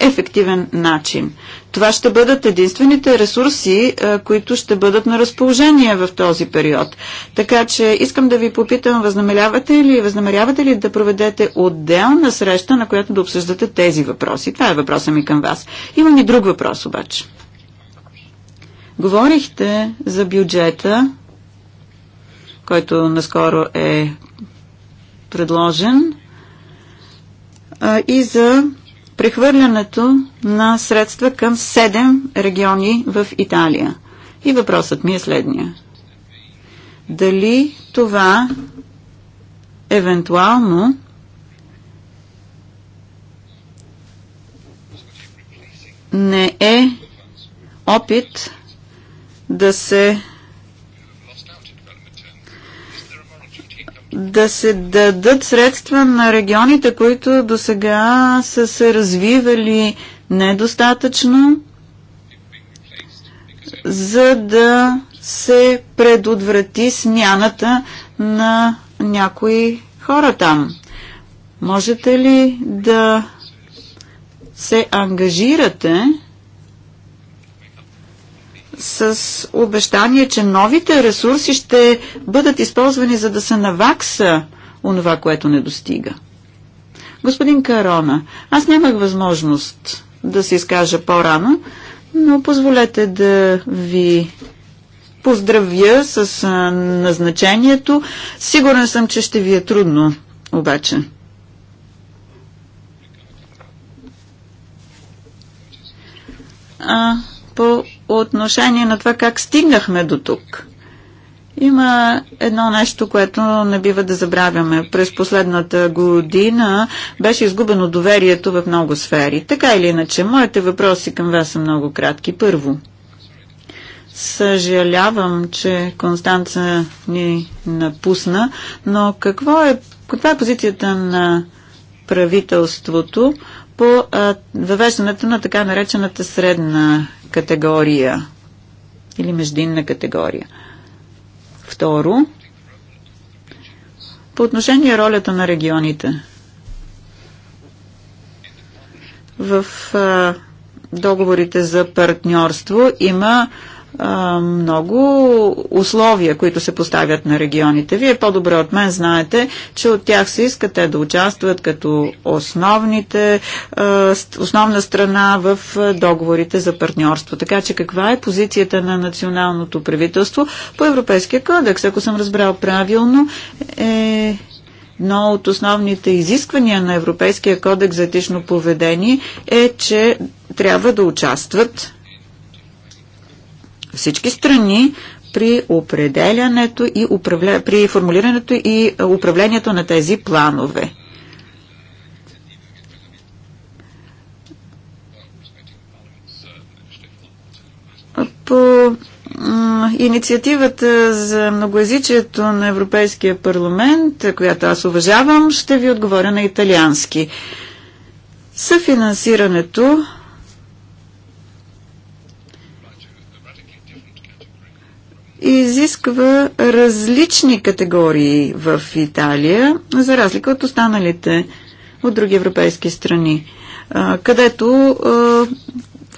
ефективен начин. Това ще бъдат единствените ресурси, е, които ще бъдат на разположение в този период. Така че искам да ви попитам, възнамерявате ли, възнамерявате ли да проведете отделна среща, на която да обсъждате тези въпроси? Това е въпросът ми към вас. Имам и друг въпрос обаче. Говорихте за бюджета, който наскоро е предложен, е, и за прехвърлянето на средства към 7 региони в Италия. И въпросът ми е следния. Дали това евентуално не е опит да се да се дадат средства на регионите, които до сега са се развивали недостатъчно, за да се предотврати смяната на някои хора там. Можете ли да се ангажирате с обещание, че новите ресурси ще бъдат използвани за да се навакса онова, което не достига. Господин Карона, аз нямах възможност да се изкажа по-рано, но позволете да ви поздравя с назначението. Сигурен съм, че ще ви е трудно, обаче. А, по отношение на това как стигнахме до тук. Има едно нещо, което не бива да забравяме. През последната година беше изгубено доверието в много сфери. Така или иначе, моите въпроси към вас са много кратки. Първо, съжалявам, че Констанца ни напусна, но какво е, каква е позицията на правителството по въвеждането на така наречената средна категория или междинна категория. Второ, по отношение ролята на регионите. В а, договорите за партньорство има а, а, много условия, които се поставят на регионите. Вие по-добре от мен знаете, че от тях се искат те да участват като основните, а, основна страна в договорите за партньорство. Така че каква е позицията на националното правителство по Европейския кодекс? Ако съм разбрал правилно, е но от основните изисквания на Европейския кодекс за етично поведение е, че трябва да участват всички страни при определянето и управля... при формулирането и управлението на тези планове. По инициативата за многоязичието на Европейския парламент, която аз уважавам, ще ви отговоря на италиански. Съфинансирането и изисква различни категории в Италия, за разлика от останалите от други европейски страни, където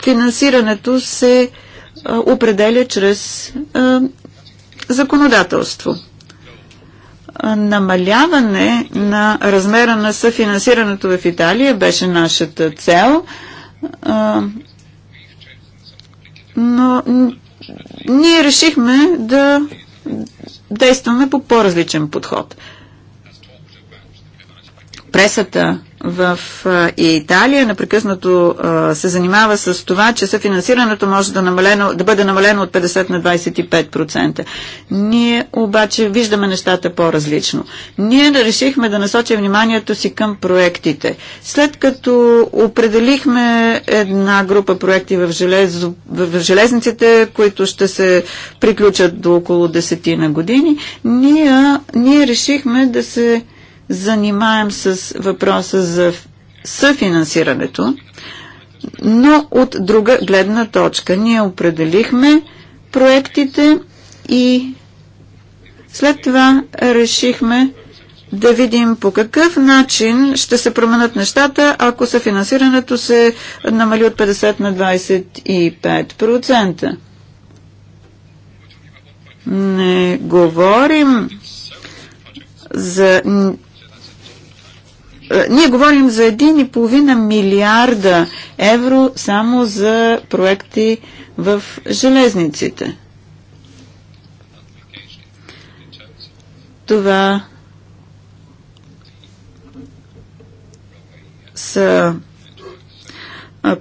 финансирането се определя чрез законодателство. Намаляване на размера на съфинансирането в Италия беше нашата цел, но ние решихме да действаме по по-различен подход пресата в Италия напрекъснато се занимава с това, че съфинансирането може да, намалено, да бъде намалено от 50 на 25%. Ние обаче виждаме нещата по-различно. Ние решихме да насочим вниманието си към проектите. След като определихме една група проекти в, желез, в железниците, които ще се приключат до около 10 на години, ние, ние решихме да се занимаем с въпроса за съфинансирането, но от друга гледна точка. Ние определихме проектите и след това решихме да видим по какъв начин ще се променят нещата, ако съфинансирането се намали от 50 на 25%. Не говорим за е, ние говорим за 1,5 милиарда евро само за проекти в железниците. Това са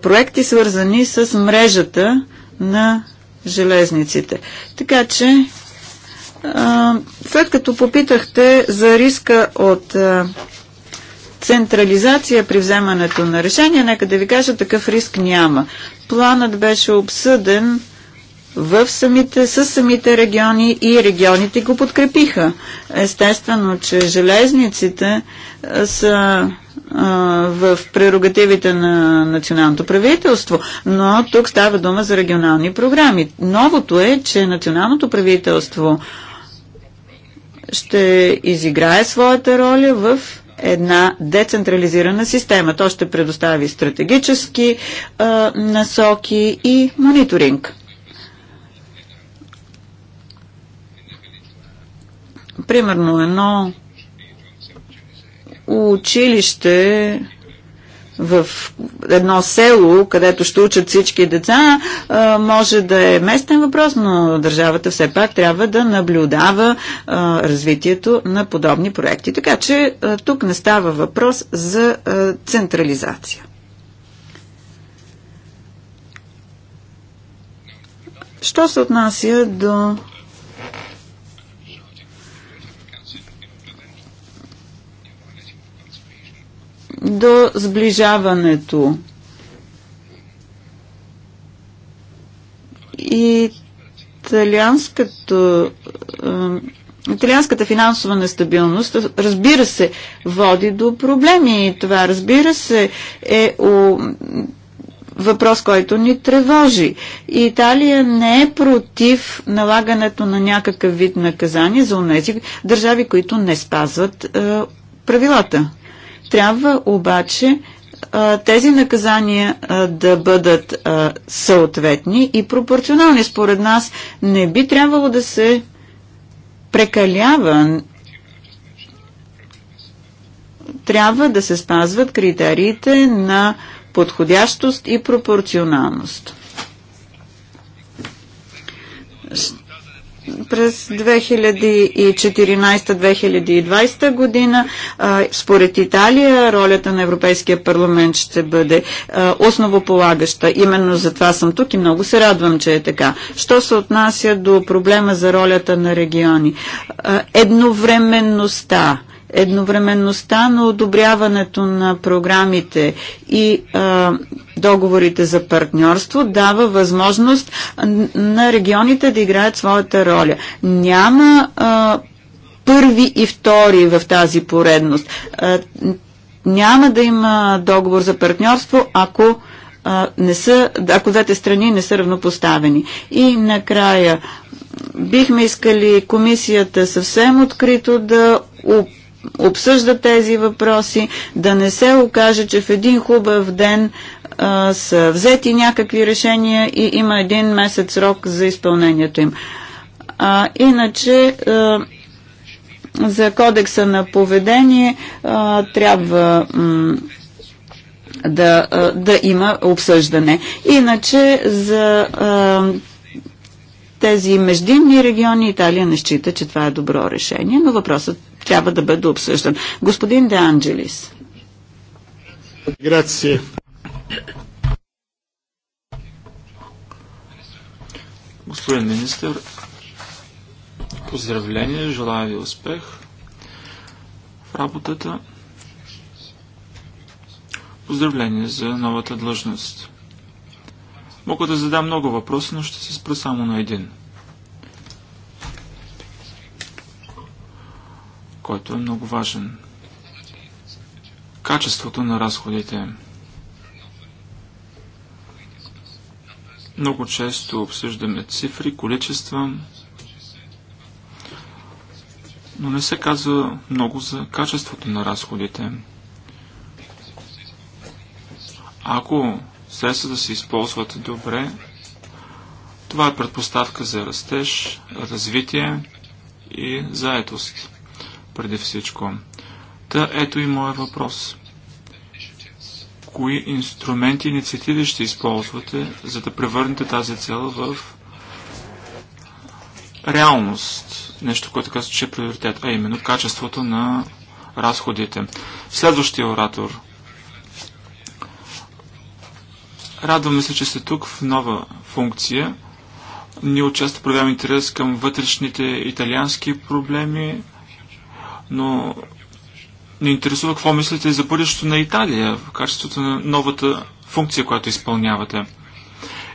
проекти свързани с мрежата на железниците. Така че, след като попитахте за риска от централизация при вземането на решения, нека да ви кажа, такъв риск няма. Планът беше обсъден в самите, с самите региони и регионите го подкрепиха. Естествено, че железниците са в прерогативите на националното правителство, но тук става дума за регионални програми. Новото е, че националното правителство ще изиграе своята роля в една децентрализирана система. То ще предостави стратегически а, насоки и мониторинг. Примерно едно училище в едно село, където ще учат всички деца, може да е местен въпрос, но държавата все пак трябва да наблюдава развитието на подобни проекти. Така че тук не става въпрос за централизация. Що се отнася до до сближаването. И Италианската финансова нестабилност, разбира се, води до проблеми и това, разбира се, е о, въпрос, който ни тревожи. И Италия не е против налагането на някакъв вид наказание за унези държави, които не спазват правилата. Трябва обаче тези наказания да бъдат съответни и пропорционални. Според нас не би трябвало да се прекалява. Трябва да се спазват критериите на подходящост и пропорционалност през 2014-2020 година. Според Италия ролята на Европейския парламент ще бъде основополагаща. Именно за това съм тук и много се радвам, че е така. Що се отнася до проблема за ролята на региони? Едновременността едновременността на одобряването на програмите и а, договорите за партньорство дава възможност на регионите да играят своята роля. Няма а, първи и втори в тази поредност. А, няма да има договор за партньорство, ако а, не са, ако двете страни не са равнопоставени. И накрая бихме искали комисията съвсем открито да Обсъжда тези въпроси, да не се окаже, че в един хубав ден а, са взети някакви решения и има един месец срок за изпълнението им. А, иначе а, за кодекса на поведение а, трябва да, а, да има обсъждане. Иначе за а, тези междинни региони Италия не счита, че това е добро решение, но въпросът трябва да бъде обсъждан. Господин Де Анджелис. Грация. Господин министр, поздравление, желая ви успех в работата. Поздравление за новата длъжност. Мога да задам много въпроси, но ще се спра само на един. който е много важен. Качеството на разходите. Много често обсъждаме цифри, количества, но не се казва много за качеството на разходите. Ако средствата се използват добре, това е предпоставка за растеж, развитие и заетост преди всичко. Та ето и моя въпрос. Кои инструменти и инициативи ще използвате, за да превърнете тази цел в реалност? Нещо, което казва, че е приоритет, а именно качеството на разходите. Следващия оратор. Радваме се, че сте тук в нова функция. Ние в програма интерес към вътрешните италиански проблеми, но не интересува какво мислите за бъдещето на Италия в качеството на новата функция, която изпълнявате.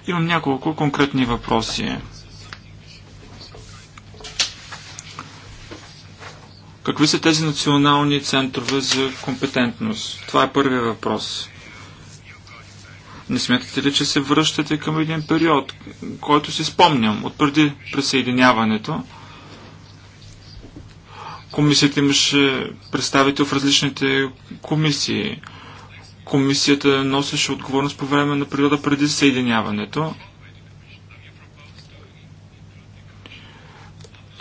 Имам няколко конкретни въпроси. Какви са тези национални центрове за компетентност? Това е първият въпрос. Не смятате ли, че се връщате към един период, който си спомням от преди присъединяването? Комисията имаше представител в различните комисии. Комисията носеше отговорност по време на природа преди съединяването.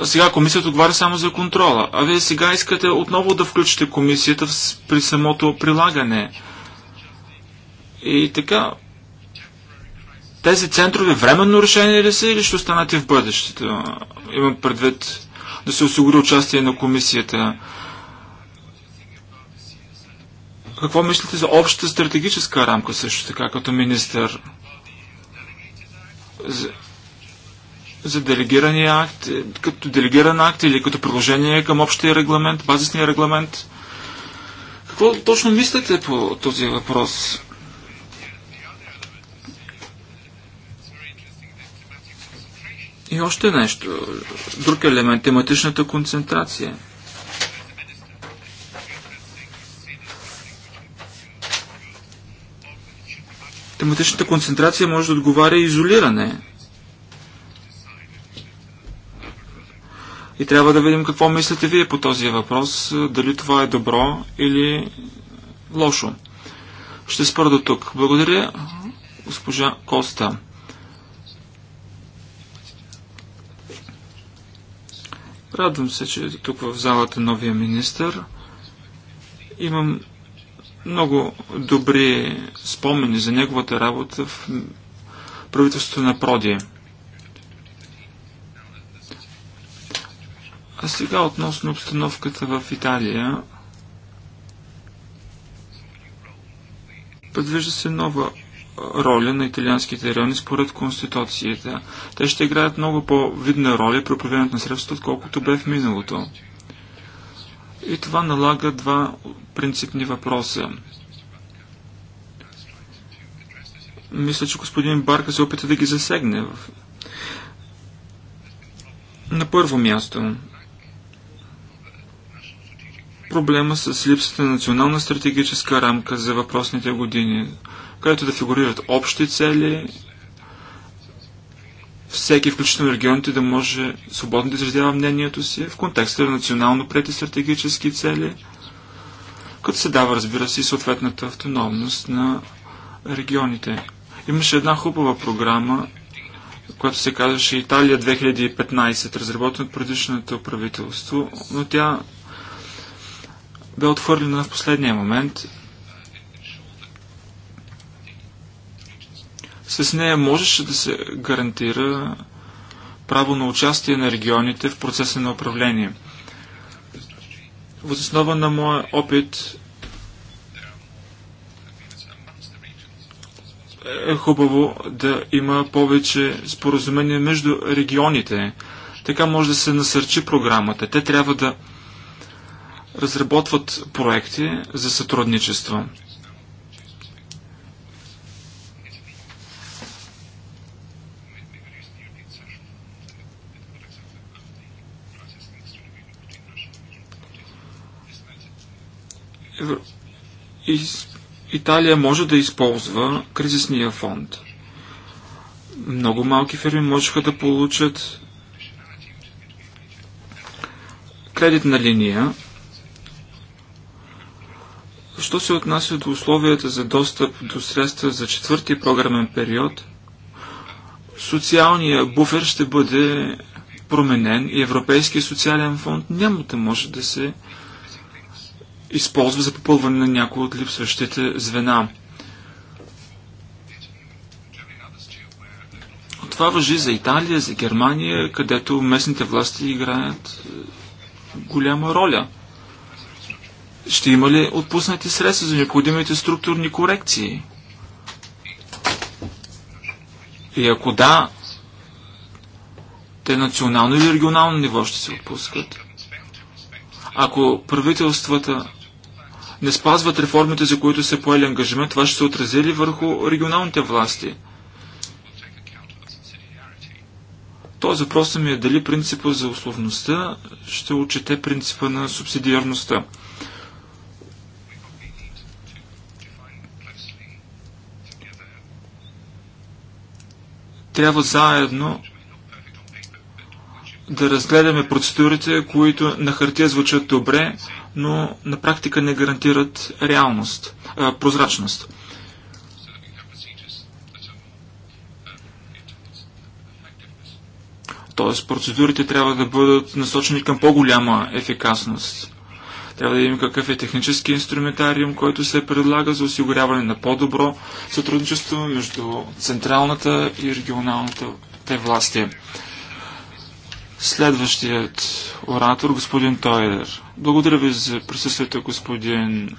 Сега комисията отговаря само за контрола, а вие сега искате отново да включите комисията при самото прилагане. И така, тези центрове временно решение ли са или ще останат и в бъдещето? Имам предвид да се осигури участие на комисията. Какво мислите за общата стратегическа рамка също така като министър? За, за делегирания акт, е, като делегиран акт или като приложение към общия регламент, базисния регламент? Какво точно мислите по този въпрос? И още нещо, друг елемент, тематичната концентрация. Тематичната концентрация може да отговаря изолиране. И трябва да видим какво мислите вие по този въпрос, дали това е добро или лошо. Ще спра до тук. Благодаря, госпожа Коста. Радвам се, че е тук в залата новия министр. Имам много добри спомени за неговата работа в правителството на Проди. А сега относно обстановката в Италия. Предвижда се нова роля на италианските райони според Конституцията. Те ще играят много по-видна роля при управлението на средството, отколкото бе в миналото. И това налага два принципни въпроса. Мисля, че господин Барка се опита да ги засегне. На първо място, проблема с липсата на национална стратегическа рамка за въпросните години където да фигурират общи цели, всеки, включително регионите, да може свободно да изразява мнението си в контекста на национално прети стратегически цели, като се дава, разбира се, и съответната автономност на регионите. Имаше една хубава програма, която се казваше Италия 2015, разработена от предишното правителство, но тя бе отхвърлена в последния момент С нея можеше да се гарантира право на участие на регионите в процеса на управление. Възоснова на моя опит е хубаво да има повече споразумение между регионите. Така може да се насърчи програмата. Те трябва да разработват проекти за сътрудничество. Италия може да използва кризисния фонд. Много малки фирми можеха да получат кредитна линия. Що се отнася до условията за достъп до средства за четвърти програмен период, социалният буфер ще бъде променен и Европейския социален фонд няма да може да се използва за попълване на някои от липсващите звена. Това въжи за Италия, за Германия, където местните власти играят е, голяма роля. Ще има ли отпуснати средства за необходимите структурни корекции? И ако да, те национално или регионално ниво ще се отпускат. Ако правителствата не спазват реформите, за които се поели ангажимент, това ще се отрази ли върху регионалните власти? Този въпрос ми е дали принципа за условността ще отчете принципа на субсидиарността. Трябва заедно да разгледаме процедурите, които на хартия звучат добре, но на практика не гарантират реалност, а, прозрачност. Тоест, процедурите трябва да бъдат насочени към по-голяма ефикасност. Трябва да видим какъв е технически инструментариум, който се предлага за осигуряване на по-добро сътрудничество между централната и регионалната те власти. Следващият оратор, господин Тойдер. Благодаря ви за присъствието, господин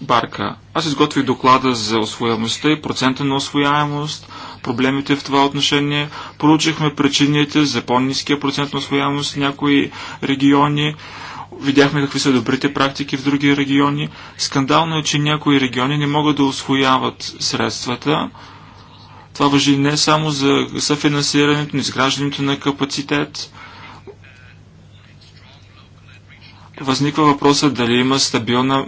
Барка. Аз изготвих доклада за освояемостта и процента на освояемост, проблемите в това отношение. Получихме причините за по-низкия процент на освояемост в някои региони. Видяхме какви са добрите практики в други региони. Скандално е, че някои региони не могат да освояват средствата, това въжи не само за съфинансирането, изграждането на капацитет. Възниква въпроса дали има стабилна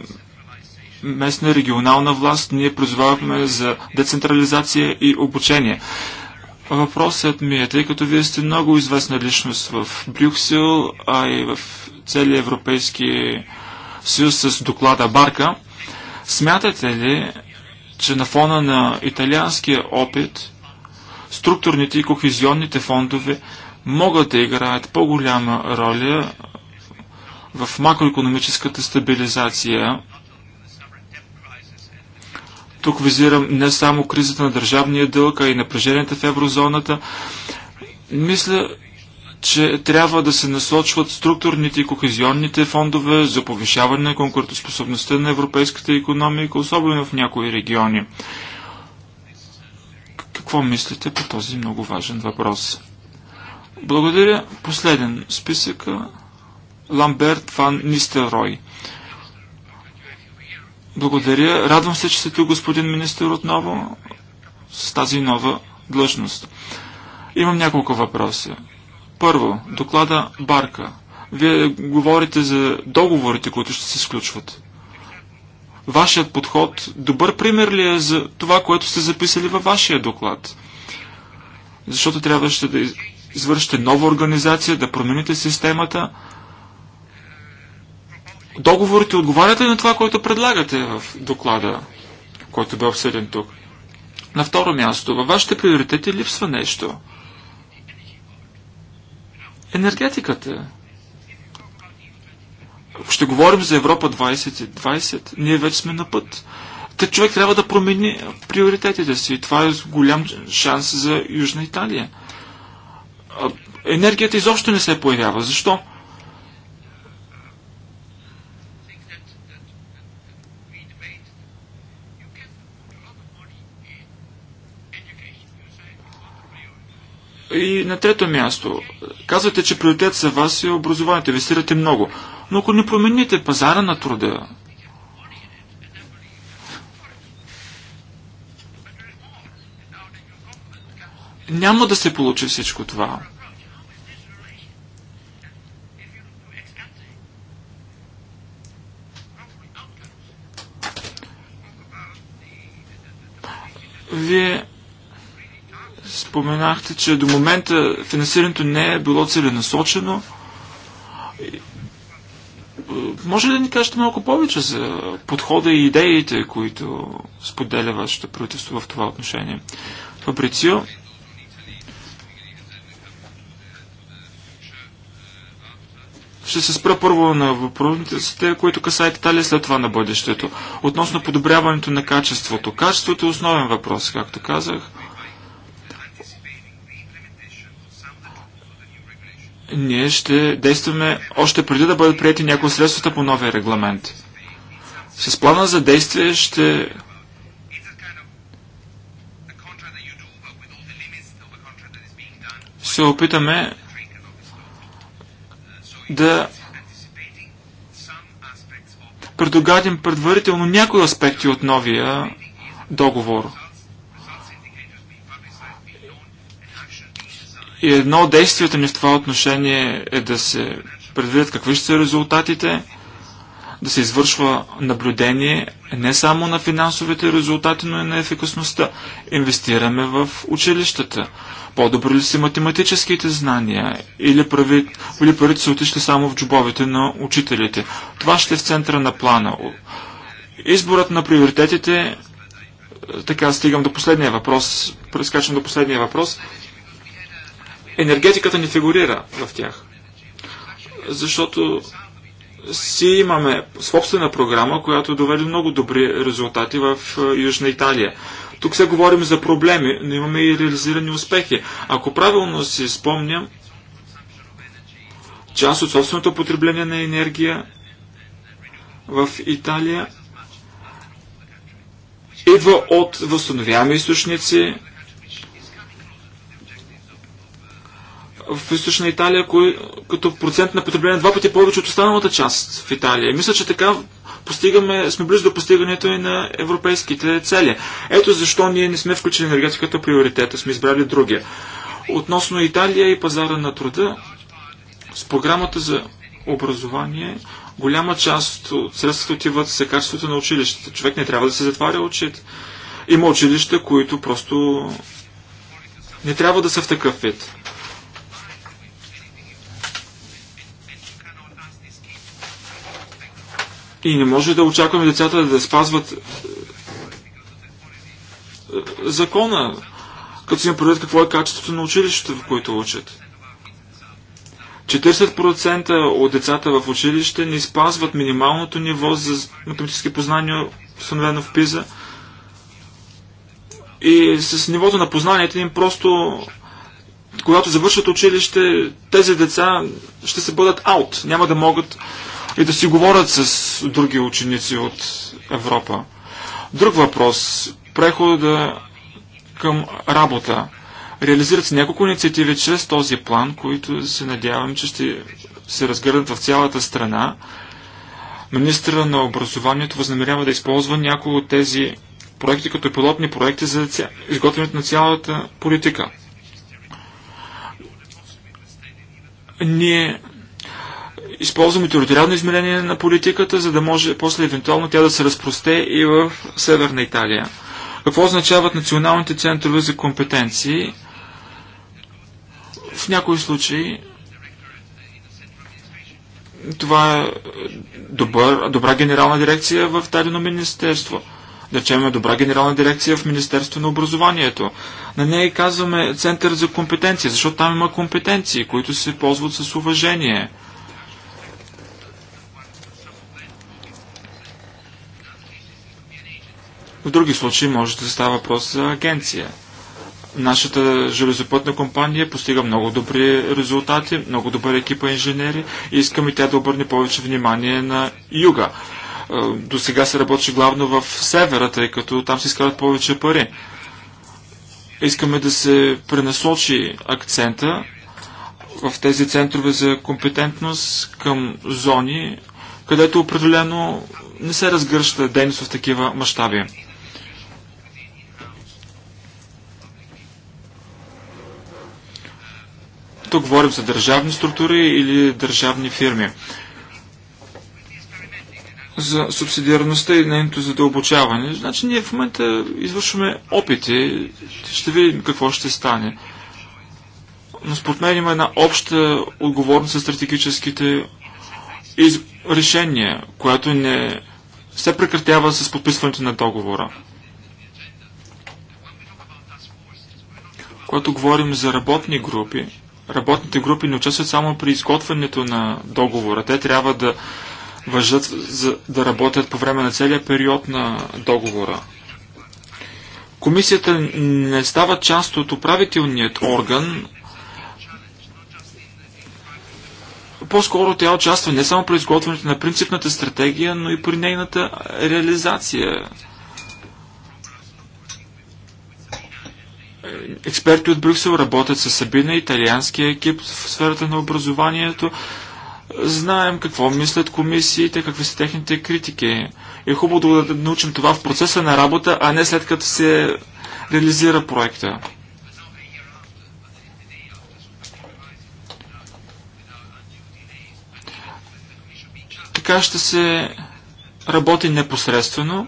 местна регионална власт. Ние призовавахме за децентрализация и обучение. Въпросът ми е, тъй като вие сте много известна личност в Брюксел, а и в целия Европейски съюз с доклада Барка, смятате ли, че на фона на италианския опит, структурните и кохезионните фондове могат да играят по-голяма роля в макроекономическата стабилизация. Тук визирам не само кризата на държавния дълг, а и напрежението в еврозоната. Мисля, че трябва да се насочват структурните и кохезионните фондове за повишаване на конкурентоспособността на европейската економика, особено в някои региони. Какво мислите по този много важен въпрос? Благодаря. Последен списък Ламберт Ван Нистелрой. Благодаря. Радвам се, че сте тук, господин министр, отново с тази нова длъжност. Имам няколко въпроса. Първо, доклада Барка. Вие говорите за договорите, които ще се сключват. Вашият подход добър пример ли е за това, което сте записали във вашия доклад? Защото трябваше да извършите нова организация, да промените системата. Договорите отговарят ли на това, което предлагате в доклада, който бе обсъден тук? На второ място, във вашите приоритети липсва нещо – енергетиката. Ако ще говорим за Европа 2020, 20, ние вече сме на път. Та човек трябва да промени приоритетите си. Това е голям шанс за Южна Италия. Енергията изобщо не се появява. Защо? И на трето място, казвате, че приоритет за вас е образованието, инвестирате много. Но ако не промените пазара на труда, няма да се получи всичко това. Вие Споменахте, че до момента финансирането не е било целенасочено. Може ли да ни кажете малко повече за подхода и идеите, които споделя вашето правителство в това отношение? Фабрицио, Ще се спра първо на въпросите, които касаят Италия, след това на бъдещето. Относно подобряването на качеството. Качеството е основен въпрос, както казах. ние ще действаме още преди да бъдат прияти някои средствата по новия регламент. С плана за действие ще се опитаме да предогадим предварително някои аспекти от новия договор. И едно от действията ни в това отношение е да се предвидят какви ще са резултатите, да се извършва наблюдение не само на финансовите резултати, но и на ефикасността. Инвестираме в училищата. По-добри ли са математическите знания или, прави, или парите са отишли само в джобовете на учителите. Това ще е в центъра на плана. Изборът на приоритетите, е, така стигам до последния въпрос, прескачам до последния въпрос, енергетиката не фигурира в тях. Защото си имаме собствена програма, която доведе много добри резултати в е, Южна Италия. Тук се говорим за проблеми, но имаме и реализирани успехи. Ако правилно си спомням, част от собственото потребление на енергия в Италия идва от възстановяеми източници, в източна Италия, кои, като процент на потребление два пъти повече от останалата част в Италия. Мисля, че така постигаме, сме близо до постигането и на европейските цели. Ето защо ние не сме включили енергетиката приоритета, сме избрали другия. Относно Италия и пазара на труда, с програмата за образование, голяма част от средствата отиват за качеството на училищата. Човек не трябва да се затваря очите. Има училища, които просто не трябва да са в такъв вид. И не може да очакваме децата да спазват е, е, закона, като си направят какво е качеството на училището, в което учат. 40% от децата в училище не спазват минималното ниво за математически познания, установено в ПИЗа. И с нивото на познанието им просто, когато завършат училище, тези деца ще се бъдат аут. Няма да могат и да си говорят с други ученици от Европа. Друг въпрос. Прехода към работа. Реализират се няколко инициативи чрез този план, които се надявам, че ще се разгърнат в цялата страна. Министра на образованието възнамерява да използва някои от тези проекти като пилотни проекти за изготвянето на цялата политика. Ние използваме териториално измерение на политиката, за да може после евентуално тя да се разпросте и в Северна Италия. Какво означават националните центрове за компетенции? В някои случаи това е добър, добра генерална дирекция в дадено министерство. Да речем добра генерална дирекция в Министерство на образованието. На нея казваме център за компетенции, защото там има компетенции, които се ползват с уважение – В други случаи може да става въпрос за агенция. Нашата железопътна компания постига много добри резултати, много добър екипа инженери и искаме тя да обърне повече внимание на юга. Е, до сега се работи главно в севера, тъй като там се изкарат повече пари. Искаме да се пренасочи акцента в тези центрове за компетентност към зони, където определено не се разгръща дейност в такива мащаби. тук говорим за държавни структури или държавни фирми. За субсидиарността и нейното задълбочаване. Значи ние в момента извършваме опити. Ще видим какво ще стане. Но според мен има една обща отговорност за стратегическите из... решения, която не се прекратява с подписването на договора. Когато говорим за работни групи, работните групи не участват само при изготвянето на договора. Те трябва да въжат за да работят по време на целия период на договора. Комисията не става част от управителният орган. По-скоро тя участва не само при изготвянето на принципната стратегия, но и при нейната реализация. експерти от Брюксел работят с Сабина, италианския екип в сферата на образованието. Знаем какво мислят комисиите, какви са техните критики. Е хубаво да научим това в процеса на работа, а не след като се реализира проекта. Така ще се работи непосредствено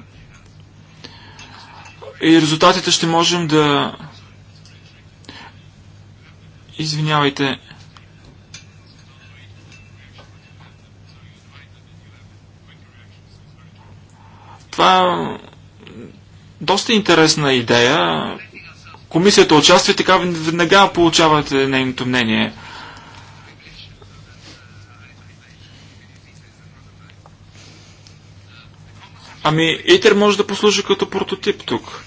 и резултатите ще можем да Извинявайте. Това е доста интересна идея. Комисията участва и така веднага получавате нейното мнение. Ами, ИТЕР може да послужи като прототип тук.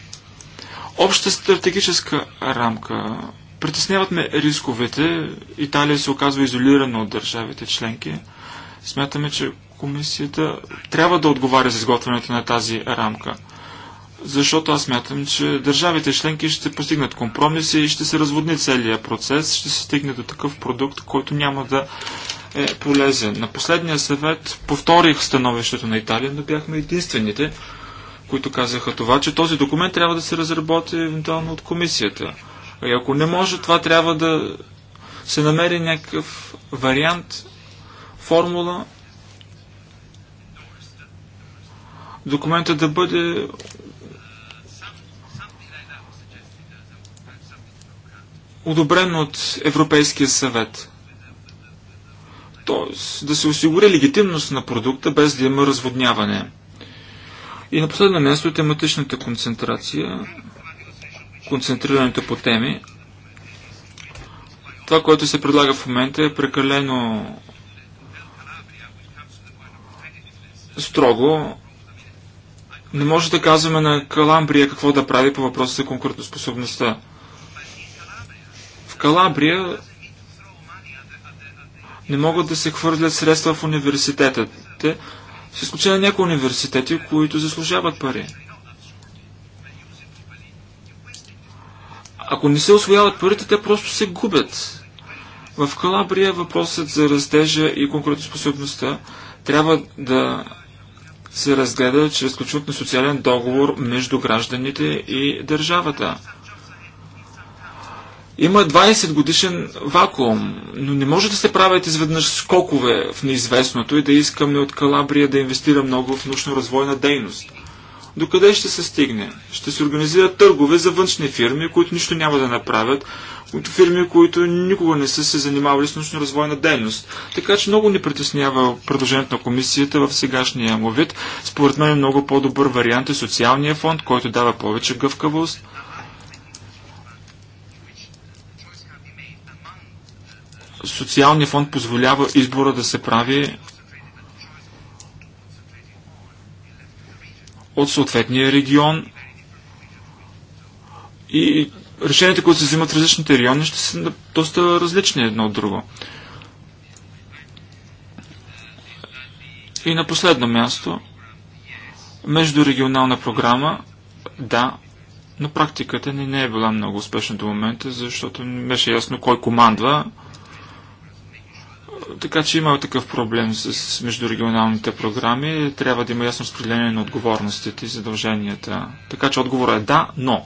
Обща стратегическа рамка Притесняват ме рисковете. Италия се оказва изолирана от държавите членки. Смятаме, че комисията трябва да отговаря за изготвянето на тази рамка. Защото аз смятам, че държавите членки ще постигнат компромиси и ще се разводни целият процес, ще се стигне до такъв продукт, който няма да е полезен. На последния съвет повторих становището на Италия, но бяхме единствените, които казаха това, че този документ трябва да се разработи евентуално от комисията. И ако не може, това трябва да се намери някакъв вариант, формула, документа да бъде одобрен от Европейския съвет. Тоест да се осигури легитимност на продукта без да има разводняване. И на последно място тематичната концентрация концентрирането по теми. Това, което се предлага в момента е прекалено строго. Не може да казваме на Каламбрия какво да прави по въпроса за конкурентоспособността. В Калабрия не могат да се хвърлят средства в университетите, с изключение на някои университети, които заслужават пари. Ако не се освояват парите, те просто се губят. В Калабрия въпросът за растежа и конкурентоспособността трябва да се разгледа чрез ключовът на социален договор между гражданите и държавата. Има 20 годишен вакуум, но не може да се правят изведнъж скокове в неизвестното и да искаме от Калабрия да инвестира много в научно-развойна дейност. Докъде ще се стигне? Ще се организират търгове за външни фирми, които нищо няма да направят, от фирми, които никога не са се занимавали с научно-развойна дейност. Така че много ни притеснява предложението на комисията в сегашния му вид. Според мен е много по-добър вариант е социалния фонд, който дава повече гъвкавост. Социалния фонд позволява избора да се прави от съответния регион и решенията, които се взимат в различните райони, ще са доста различни едно от друго. И на последно място, междурегионална програма, да, но практиката ни не е била много успешна до момента, защото не беше ясно кой командва така че има такъв проблем с междурегионалните програми. Трябва да има ясно спределение на отговорностите и задълженията. Така че отговорът е да, но.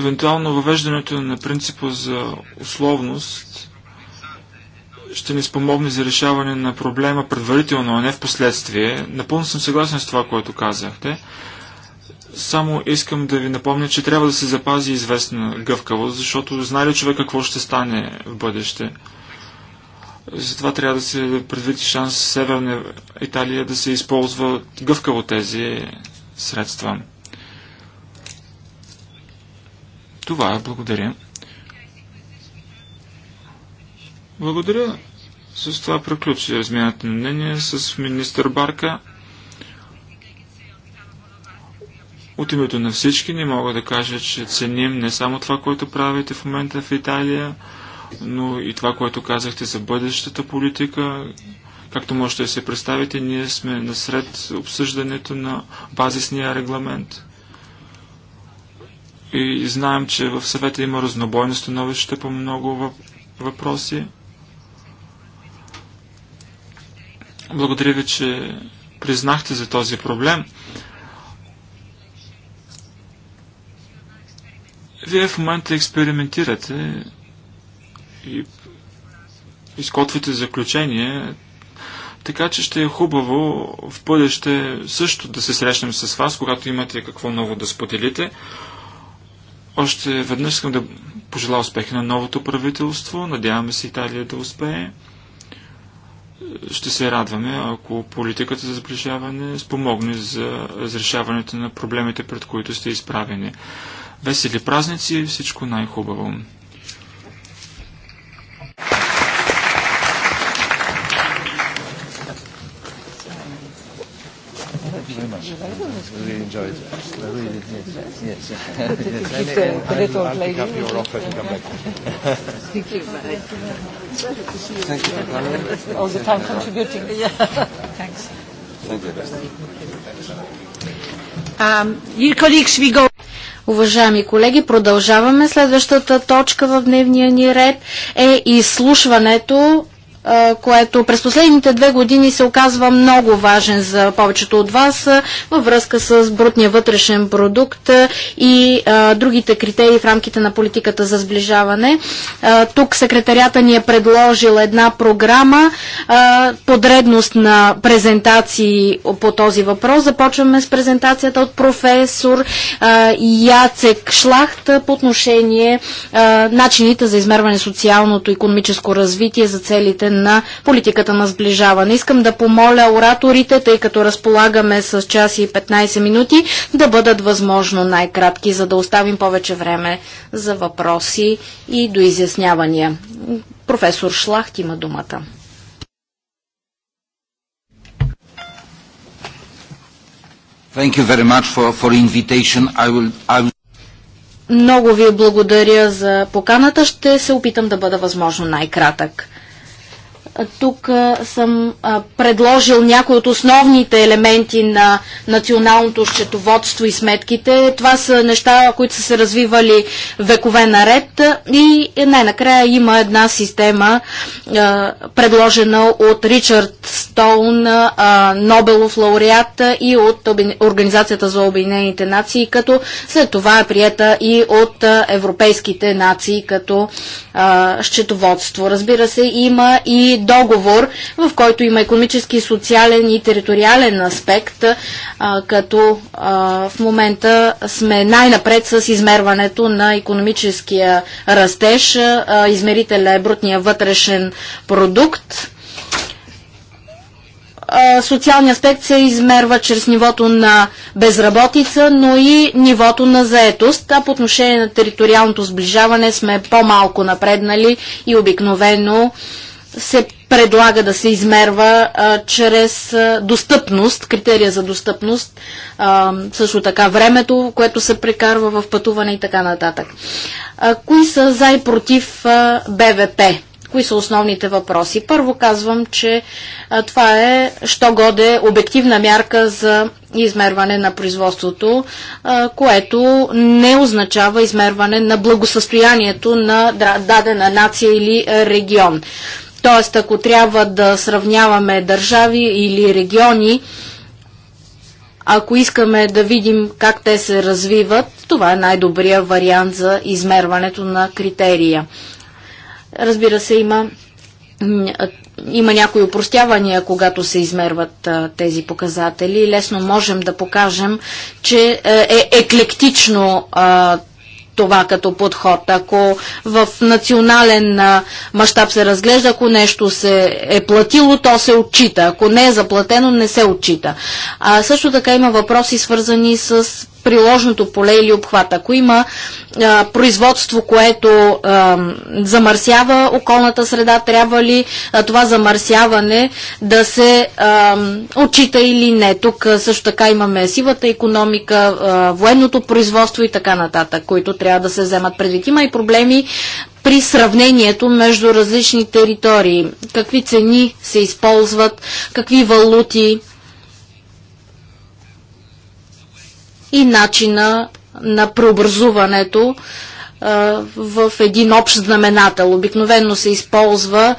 Евентуално въвеждането на принципа за условност ще ни спомогне за решаване на проблема предварително, а не в последствие. Напълно съм съгласен с това, което казахте. Само искам да ви напомня, че трябва да се запази известна гъвкавост, защото знае ли човек какво ще стане в бъдеще. Затова трябва да се предвиди шанс Северна Италия да се използва гъвкаво тези средства. Това е. Благодаря. Благодаря. С това приключи размяната на мнение с министър Барка. От името на всички ни мога да кажа, че ценим не само това, което правите в момента в Италия, но и това, което казахте за бъдещата политика. Както можете да се представите, ние сме насред обсъждането на базисния регламент. И знаем, че в съвета има разнобойно становище по много въпроси. Благодаря ви, че признахте за този проблем. Вие в момента експериментирате и изготвите заключение, така че ще е хубаво в бъдеще също да се срещнем с вас, когато имате какво ново да споделите. Още веднъж искам да пожелая успехи на новото правителство. Надяваме се Италия да успее. Ще се радваме, ако политиката за сближаване спомогне за разрешаването на проблемите, пред които сте изправени. Весели празници и всичко най-хубаво! very much. I really enjoyed it. I really did. Yes. yes. yes. And, uh, I'll, I'll pick up your offer and come back. Thank you. Thank you for coming. All the time contributing. Yeah. Thanks. Thank you. Um, dear colleagues, we go. Уважаеми колеги, продължаваме. Следващата точка в дневния ни ред е изслушването което през последните две години се оказва много важен за повечето от вас във връзка с брутния вътрешен продукт и а, другите критерии в рамките на политиката за сближаване. А, тук секретарята ни е предложил една програма а, подредност на презентации по този въпрос. Започваме с презентацията от професор Яцек Шлахт по отношение начините за измерване социалното и економическо развитие за целите рамките на политиката на сближаване. Искам да помоля ораторите, тъй като разполагаме с час и 15 минути, да бъдат възможно най-кратки, за да оставим повече време за въпроси и до изяснявания. Професор Шлахт има думата. Thank you very much for, for invitation. I will, I will... Много ви благодаря за поканата. Ще се опитам да бъда възможно най-кратък. Тук съм предложил някои от основните елементи на националното счетоводство и сметките. Това са неща, които са се развивали векове наред и най-накрая има една система, предложена от Ричард Стоун, Нобелов лауреат и от Организацията за Обединените нации, като след това е приета и от европейските нации като счетоводство. Разбира се, има и договор, в който има економически, социален и териториален аспект, като в момента сме най-напред с измерването на економическия растеж. А, измерителя е брутния вътрешен продукт социалния аспект се измерва чрез нивото на безработица, но и нивото на заетост, а по отношение на териториалното сближаване сме по-малко напреднали и обикновено се предлага да се измерва а, чрез а, достъпност, критерия за достъпност, а, също така времето, което се прекарва в пътуване и така нататък. А, кои са за и против а, БВП? Кои са основните въпроси? Първо казвам, че а, това е, що годе, обективна мярка за измерване на производството, а, което не означава измерване на благосъстоянието на дадена нация или регион. Тоест, ако трябва да сравняваме държави или региони, ако искаме да видим как те се развиват, това е най-добрият вариант за измерването на критерия. Разбира се, има, има някои упростявания, когато се измерват а, тези показатели. Лесно можем да покажем, че е, е еклектично а, това като подход. Ако в национален мащаб се разглежда, ако нещо се е платило, то се отчита. Ако не е заплатено, не се отчита. А също така има въпроси свързани с приложното поле или обхват. Ако има а, производство, което а, замърсява околната среда, трябва ли а, това замърсяване да се а, отчита или не? Тук а, също така имаме сивата економика, а, военното производство и така нататък, които трябва да се вземат предвид. Има и проблеми при сравнението между различни територии. Какви цени се използват, какви валути и начина на преобразуването в един общ знаменател. Обикновено се използва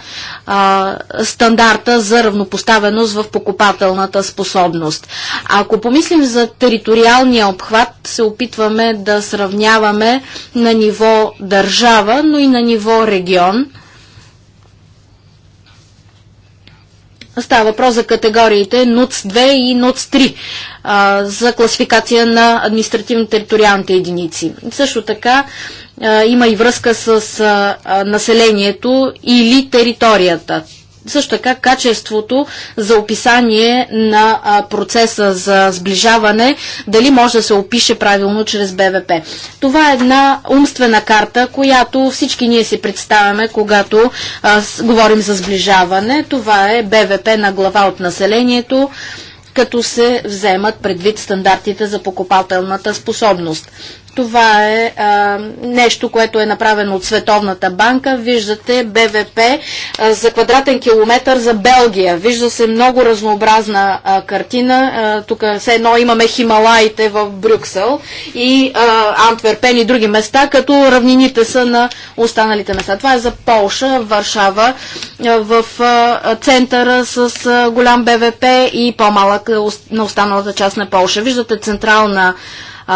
а, стандарта за равнопоставеност в покупателната способност. Ако помислим за териториалния обхват, се опитваме да сравняваме на ниво държава, но и на ниво регион – Става въпрос за категориите НУЦ-2 и НУЦ-3 за класификация на административно-териториалните единици. Също така има и връзка с населението или територията също така качеството за описание на процеса за сближаване, дали може да се опише правилно чрез БВП. Това е една умствена карта, която всички ние си представяме, когато а, с, говорим за сближаване. Това е БВП на глава от населението като се вземат предвид стандартите за покупателната способност. Това е а, нещо, което е направено от Световната банка. Виждате БВП а, за квадратен километър за Белгия. Вижда се много разнообразна а, картина. Тук все едно имаме Хималаите в Брюксел и а, Антверпен и други места, като равнините са на останалите места. Това е за Полша, Варшава, а, в а, центъра с а, голям БВП и по-малък на останалата част на Полша. Виждате централна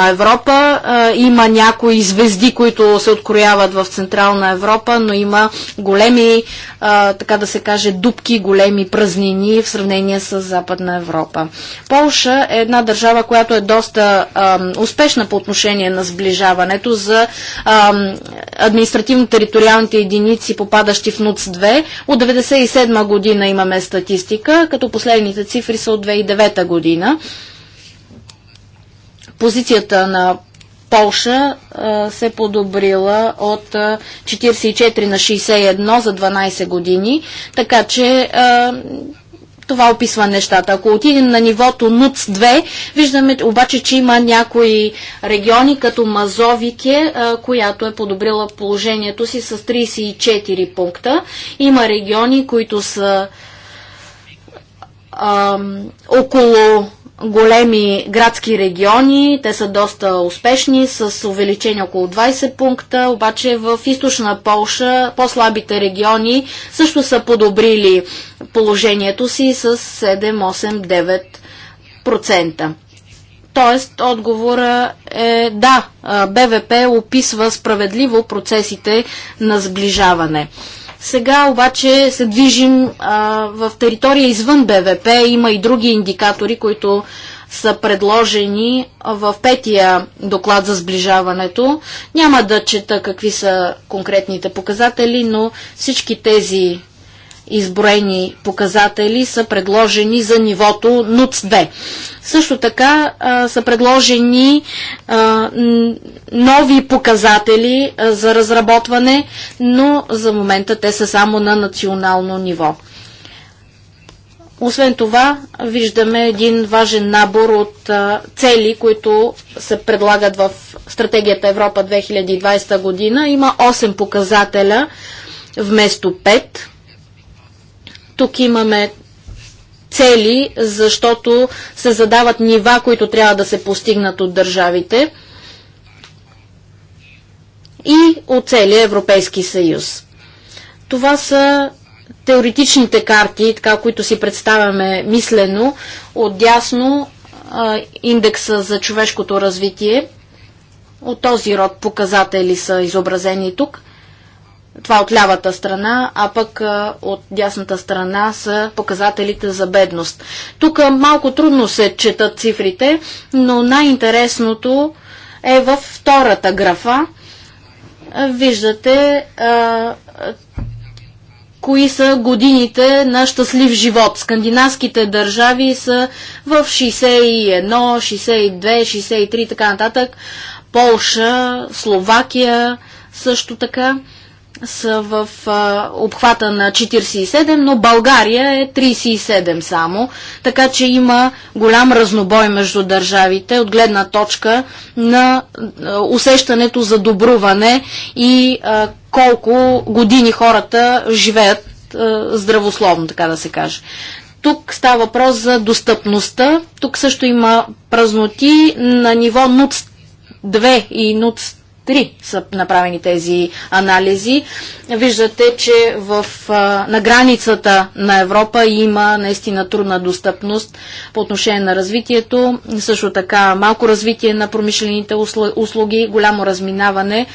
Европа. Има някои звезди, които се открояват в Централна Европа, но има големи, така да се каже, дубки, големи празнини в сравнение с Западна Европа. Полша е една държава, която е доста успешна по отношение на сближаването за административно-териториалните единици, попадащи в НУЦ-2. От 1997 година имаме статистика, като последните цифри са от 2009 година позицията на Полша се подобрила от 44 на 61 за 12 години, така че това описва нещата. Ако отидем на нивото НУЦ-2, виждаме обаче, че има някои региони, като Мазовике, която е подобрила положението си с 34 пункта. Има региони, които са около големи градски региони. Те са доста успешни, с увеличение около 20 пункта, обаче в източна Полша по-слабите региони също са подобрили положението си с 7-8-9%. Тоест, отговора е да, БВП описва справедливо процесите на сближаване. Сега обаче се движим а, в територия извън БВП. Има и други индикатори, които са предложени в петия доклад за сближаването. Няма да чета какви са конкретните показатели, но всички тези изброени показатели са предложени за нивото НУЦ-2. Също така а, са предложени а, нови показатели а, за разработване, но за момента те са само на национално ниво. Освен това, виждаме един важен набор от а, цели, които се предлагат в стратегията Европа 2020 година. Има 8 показателя вместо 5 тук имаме цели, защото се задават нива, които трябва да се постигнат от държавите и от целия Европейски съюз. Това са теоретичните карти, така, които си представяме мислено, отдясно индекса за човешкото развитие. От този род показатели са изобразени тук – това от лявата страна, а пък от дясната страна са показателите за бедност. Тук малко трудно се четат цифрите, но най-интересното е във втората графа. Виждате кои са годините на щастлив живот. Скандинавските държави са в 61, 62, 63 и така нататък. Полша, Словакия също така са в а, обхвата на 47, но България е 37 само, така че има голям разнобой между държавите от гледна точка на а, усещането за добруване и а, колко години хората живеят а, здравословно, така да се каже. Тук става въпрос за достъпността. Тук също има празноти на ниво НУЦ 2 и НУЦ 3 са направени тези анализи. Виждате, че в, на границата на Европа има наистина трудна достъпност по отношение на развитието, също така малко развитие на промишлените услуги, голямо разминаване,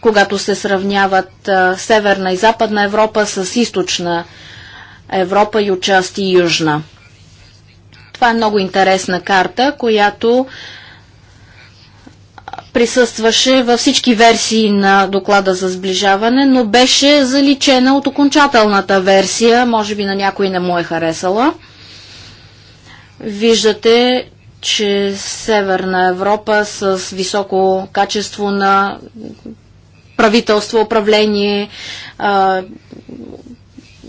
когато се сравняват Северна и Западна Европа с Източна Европа и отчасти Южна. Това е много интересна карта, която присъстваше във всички версии на доклада за сближаване, но беше заличена от окончателната версия, може би на някой не му е харесала. Виждате, че Северна Европа с високо качество на правителство, управление,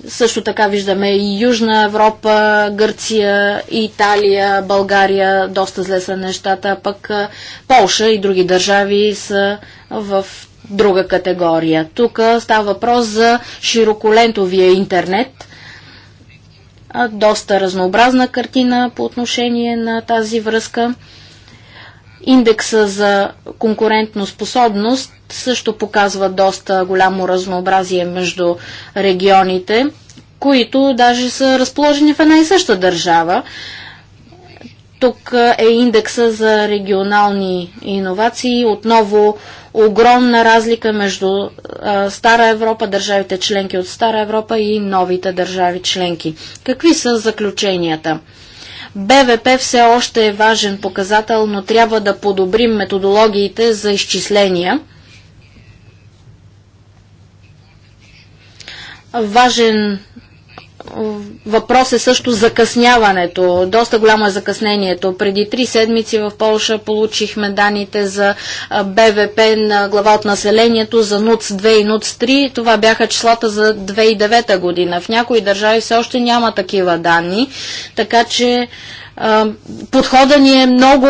също така виждаме и Южна Европа, Гърция, Италия, България, доста зле са нещата, пък Полша и други държави са в друга категория. Тук става въпрос за широколентовия интернет. Доста разнообразна картина по отношение на тази връзка. Индекса за конкурентно способност също показва доста голямо разнообразие между регионите, които даже са разположени в една и съща държава. Тук е индекса за регионални иновации. Отново огромна разлика между Стара Европа, държавите членки от Стара Европа и новите държави членки. Какви са заключенията? БВП все още е важен показател, но трябва да подобрим методологиите за изчисления. Важен въпрос е също закъсняването. Доста голямо е закъснението. Преди три седмици в Полша получихме данните за БВП на глава от населението за НУЦ-2 и НУЦ-3. Това бяха числата за 2009 година. В някои държави все още няма такива данни, така че подхода ни е много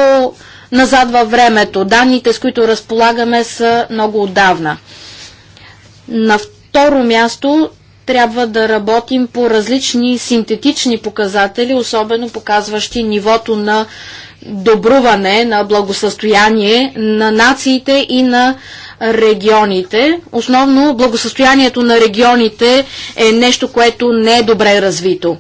назад във времето. Данните, с които разполагаме, са много отдавна. На второ място трябва да работим по различни синтетични показатели, особено показващи нивото на добруване, на благосъстояние на нациите и на регионите. Основно благосъстоянието на регионите е нещо, което не е добре развито.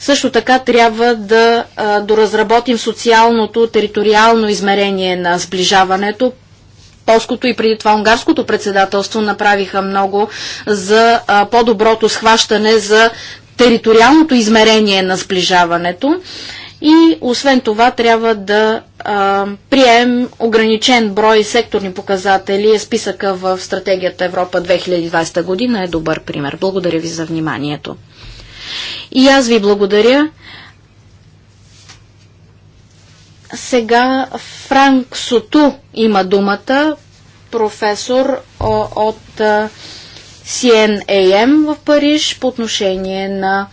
Също така трябва да доразработим социалното, териториално измерение на сближаването, полското и преди това унгарското председателство направиха много за по-доброто схващане за териториалното измерение на сближаването. И освен това трябва да а, прием ограничен брой секторни показатели. Е, списъка в стратегията Европа 2020 година е добър пример. Благодаря ви за вниманието. И аз ви благодаря. Сега Франк Суту има думата, професор от CNAM в Париж по отношение на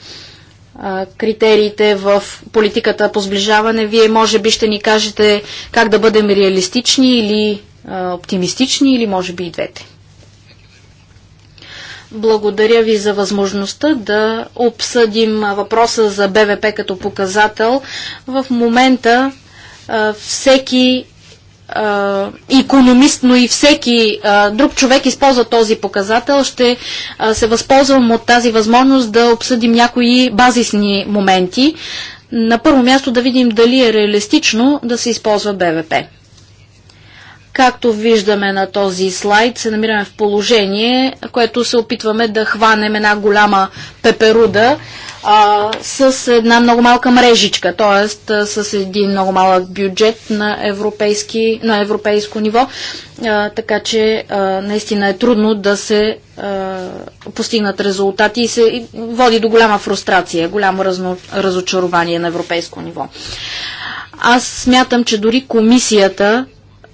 критериите в политиката по сближаване. Вие може би ще ни кажете как да бъдем реалистични или оптимистични, или може би и двете. Благодаря ви за възможността да обсъдим въпроса за БВП като показател. В момента всеки економист, но и всеки друг човек използва този показател, ще се възползвам от тази възможност да обсъдим някои базисни моменти. На първо място да видим дали е реалистично да се използва БВП. Както виждаме на този слайд, се намираме в положение, в което се опитваме да хванем една голяма пеперуда а, с една много малка мрежичка, т.е. с един много малък бюджет на, европейски, на европейско ниво, а, така че а, наистина е трудно да се а, постигнат резултати и се и води до голяма фрустрация, голямо разно, разочарование на европейско ниво. Аз смятам, че дори комисията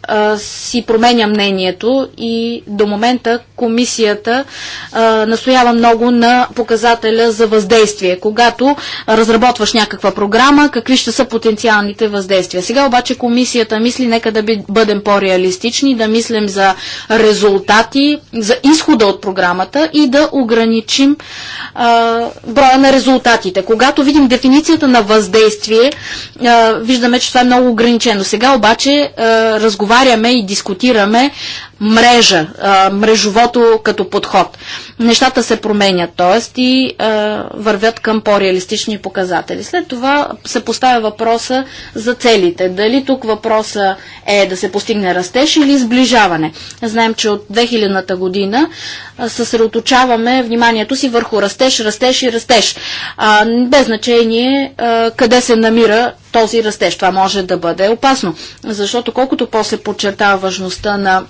а, си променя мнението и до момента комисията а, настоява много на показателя за въздействие, когато разработваш някаква програма, какви ще са потенциалните въздействия. Сега обаче комисията мисли, нека да бъдем по-реалистични, да мислим за резултати, за изхода от програмата и да ограничим а, броя на резултатите. Когато видим дефиницията на въздействие, а, виждаме, че това е много ограничено. Сега обаче а, разговаряме разговаряме и дискутираме мрежа, а, мрежовото като подход. Нещата се променят, т.е. и а, вървят към по-реалистични показатели. След това се поставя въпроса за целите. Дали тук въпроса е да се постигне растеж или сближаване. Знаем, че от 2000-та година съсредоточаваме вниманието си върху растеж, растеж и растеж. А, без значение а, къде се намира този растеж. Това може да бъде опасно, защото колкото по-се подчертава важността на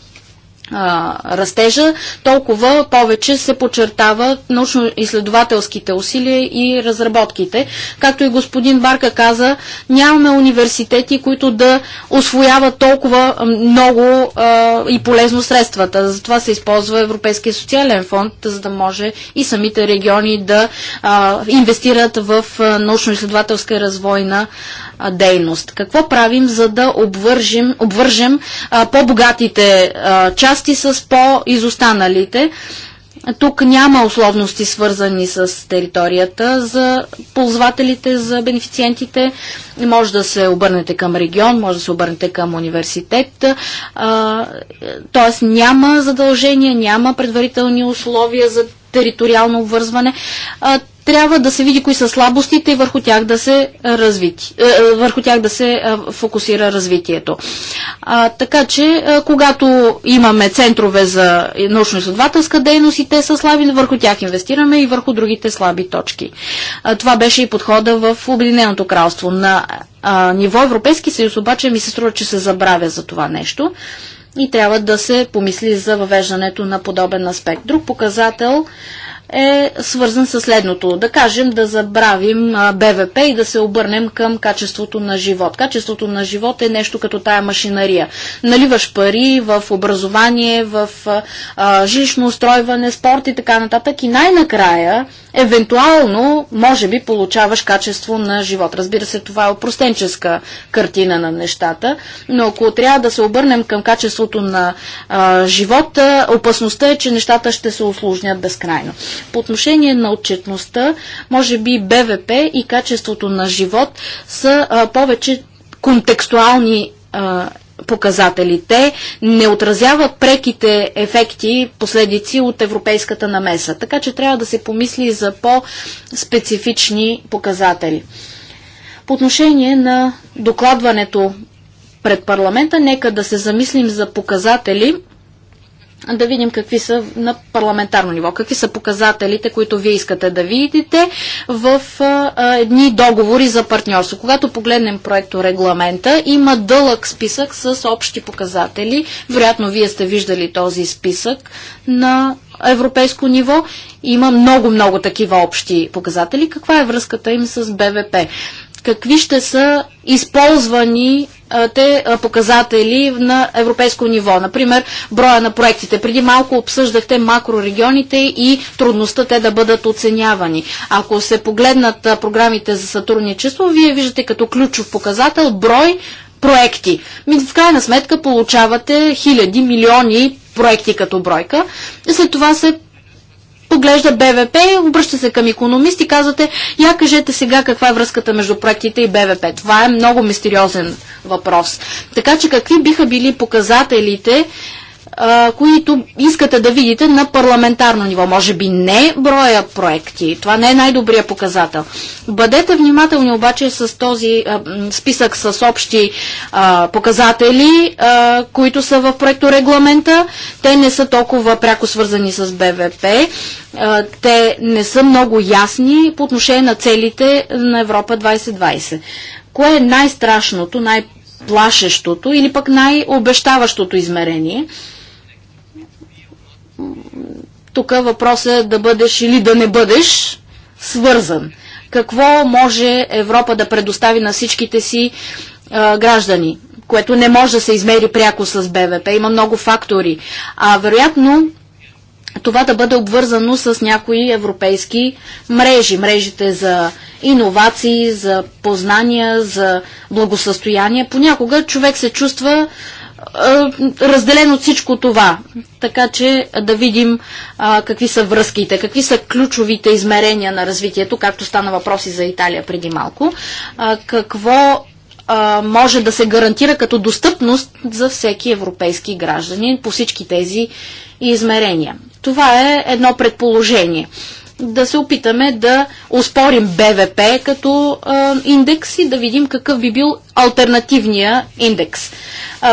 растежа, толкова повече се подчертават научно-изследователските усилия и разработките. Както и господин Барка каза, нямаме университети, които да освояват толкова много а, и полезно средствата. Затова се използва Европейския социален фонд, за да може и самите региони да а, инвестират в научно-изследователска и развойна дейност. Какво правим, за да обвържим, обвържем по-богатите части с по-изостаналите? Тук няма условности свързани с територията за ползвателите, за бенефициентите. Може да се обърнете към регион, може да се обърнете към университет. Тоест няма задължения, няма предварителни условия за териториално обвързване, а, трябва да се види кои са слабостите и върху тях да се, развити, е, е, върху тях да се фокусира развитието. А, така че, когато имаме центрове за научно-изследователска дейност и те са слаби, върху тях инвестираме и върху другите слаби точки. А, това беше и подхода в Обединеното кралство. На а, ниво Европейски съюз обаче ми се струва, че се забравя за това нещо и трябва да се помисли за въвеждането на подобен аспект. Друг показател е свързан с следното. Да кажем, да забравим БВП и да се обърнем към качеството на живот. Качеството на живот е нещо като тая машинария. Наливаш пари в образование, в жилищно устройване, спорт и така нататък. И най-накрая, евентуално, може би получаваш качество на живот. Разбира се, това е опростенческа картина на нещата, но ако трябва да се обърнем към качеството на живота, опасността е, че нещата ще се услужнят безкрайно. По отношение на отчетността, може би БВП и качеството на живот са а, повече контекстуални а, показатели. Те не отразяват преките ефекти, последици от европейската намеса. Така че трябва да се помисли за по-специфични показатели. По отношение на докладването пред парламента, нека да се замислим за показатели, да видим какви са на парламентарно ниво, какви са показателите, които вие искате да видите в а, едни договори за партньорство. Когато погледнем проекто регламента, има дълъг списък с общи показатели. Вероятно, вие сте виждали този списък на европейско ниво. Има много-много такива общи показатели. Каква е връзката им с БВП? какви ще са използвани те показатели на европейско ниво. Например, броя на проектите. Преди малко обсъждахте макрорегионите и трудността те да бъдат оценявани. Ако се погледнат програмите за сътрудничество, вие виждате като ключов показател брой проекти. В крайна сметка получавате хиляди, милиони проекти като бройка. След това се поглежда БВП, обръща се към економист и казвате, я кажете сега каква е връзката между проектите и БВП. Това е много мистериозен въпрос. Така че какви биха били показателите а, които искате да видите на парламентарно ниво. Може би не броя проекти. Това не е най-добрият показател. Бъдете внимателни обаче с този а, списък с общи а, показатели, а, които са в проекторегламента. Те не са толкова пряко свързани с БВП. А, те не са много ясни по отношение на целите на Европа 2020. Кое е най-страшното, най-плашещото или пък най-обещаващото измерение – тук въпросът е да бъдеш или да не бъдеш свързан. Какво може Европа да предостави на всичките си а, граждани, което не може да се измери пряко с БВП. Има много фактори. А вероятно това да бъде обвързано с някои европейски мрежи. Мрежите за иновации, за познания, за благосъстояние. Понякога човек се чувства разделен от всичко това. Така че да видим а, какви са връзките, какви са ключовите измерения на развитието, както стана въпроси за Италия преди малко. А, какво а, може да се гарантира като достъпност за всеки европейски гражданин по всички тези измерения. Това е едно предположение да се опитаме да успорим БВП като а, индекс и да видим какъв би бил альтернативния индекс.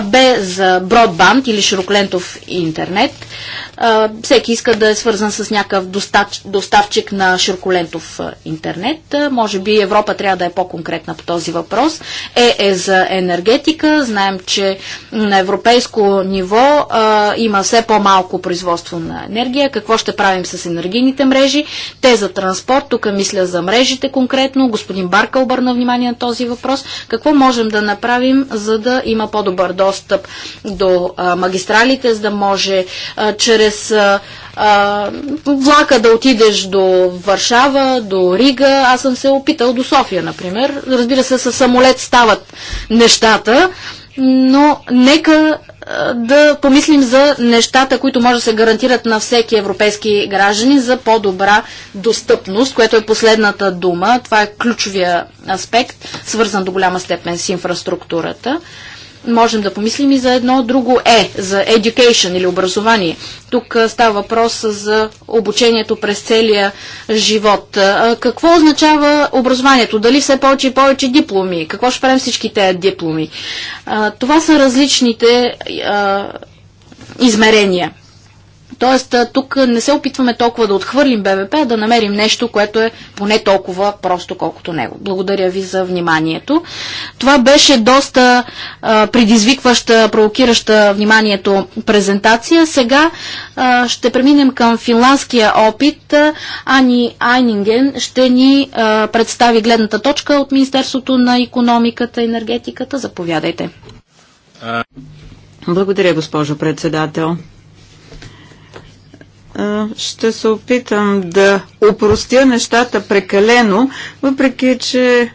Б за бродбанд или широклентов интернет. Всеки иска да е свързан с някакъв доставчик на широколентов интернет. Може би Европа трябва да е по-конкретна по този въпрос. Е е за енергетика. Знаем, че на европейско ниво има все по-малко производство на енергия. Какво ще правим с енергийните мрежи? Те за транспорт. Тук мисля за мрежите конкретно. Господин Барка обърна внимание на този въпрос. Какво може можем да направим, за да има по-добър достъп до магистралите, за да може чрез влака да отидеш до Варшава, до Рига. Аз съм се опитал до София, например. Разбира се, със самолет стават нещата, но нека да помислим за нещата, които може да се гарантират на всеки европейски граждани за по-добра достъпност, което е последната дума. Това е ключовия аспект, свързан до голяма степен с инфраструктурата можем да помислим и за едно друго Е, за education или образование. Тук става въпрос за обучението през целия живот. Какво означава образованието? Дали все повече и повече дипломи? Какво ще правим всички тези дипломи? Това са различните измерения Тоест, тук не се опитваме толкова да отхвърлим БВП, а да намерим нещо, което е поне толкова просто, колкото него. Благодаря ви за вниманието. Това беше доста а, предизвикваща, провокираща вниманието презентация. Сега а, ще преминем към финландския опит. Ани Айнинген ще ни а, представи гледната точка от Министерството на економиката и енергетиката. Заповядайте. Благодаря, госпожо председател. Ще се опитам да упростя нещата прекалено, въпреки че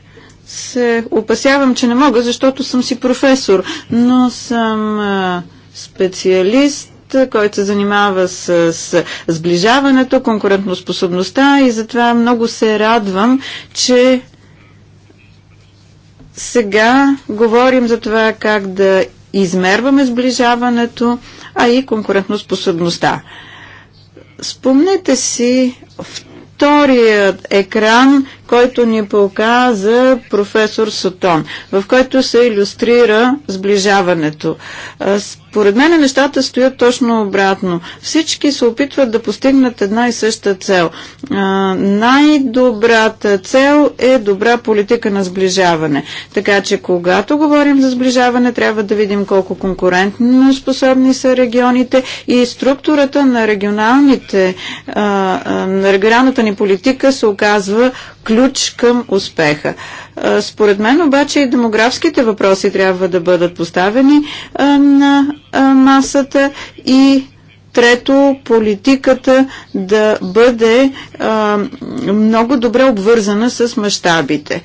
се опасявам, че не мога, защото съм си професор, но съм специалист който се занимава с, с сближаването, конкурентоспособността и затова много се радвам, че сега говорим за това как да измерваме сближаването, а и конкурентоспособността. способността. Спомнете си вторият екран, който ни показа професор Сотон, в който се иллюстрира сближаването. Според мен нещата стоят точно обратно. Всички се опитват да постигнат една и съща цел. най-добрата цел е добра политика на сближаване. Така че когато говорим за сближаване, трябва да видим колко конкурентно способни са регионите и структурата на регионалните, на регионалната ни политика се оказва ключ към успеха. Според мен обаче и демографските въпроси трябва да бъдат поставени на масата и Трето, политиката да бъде много добре обвързана с мащабите.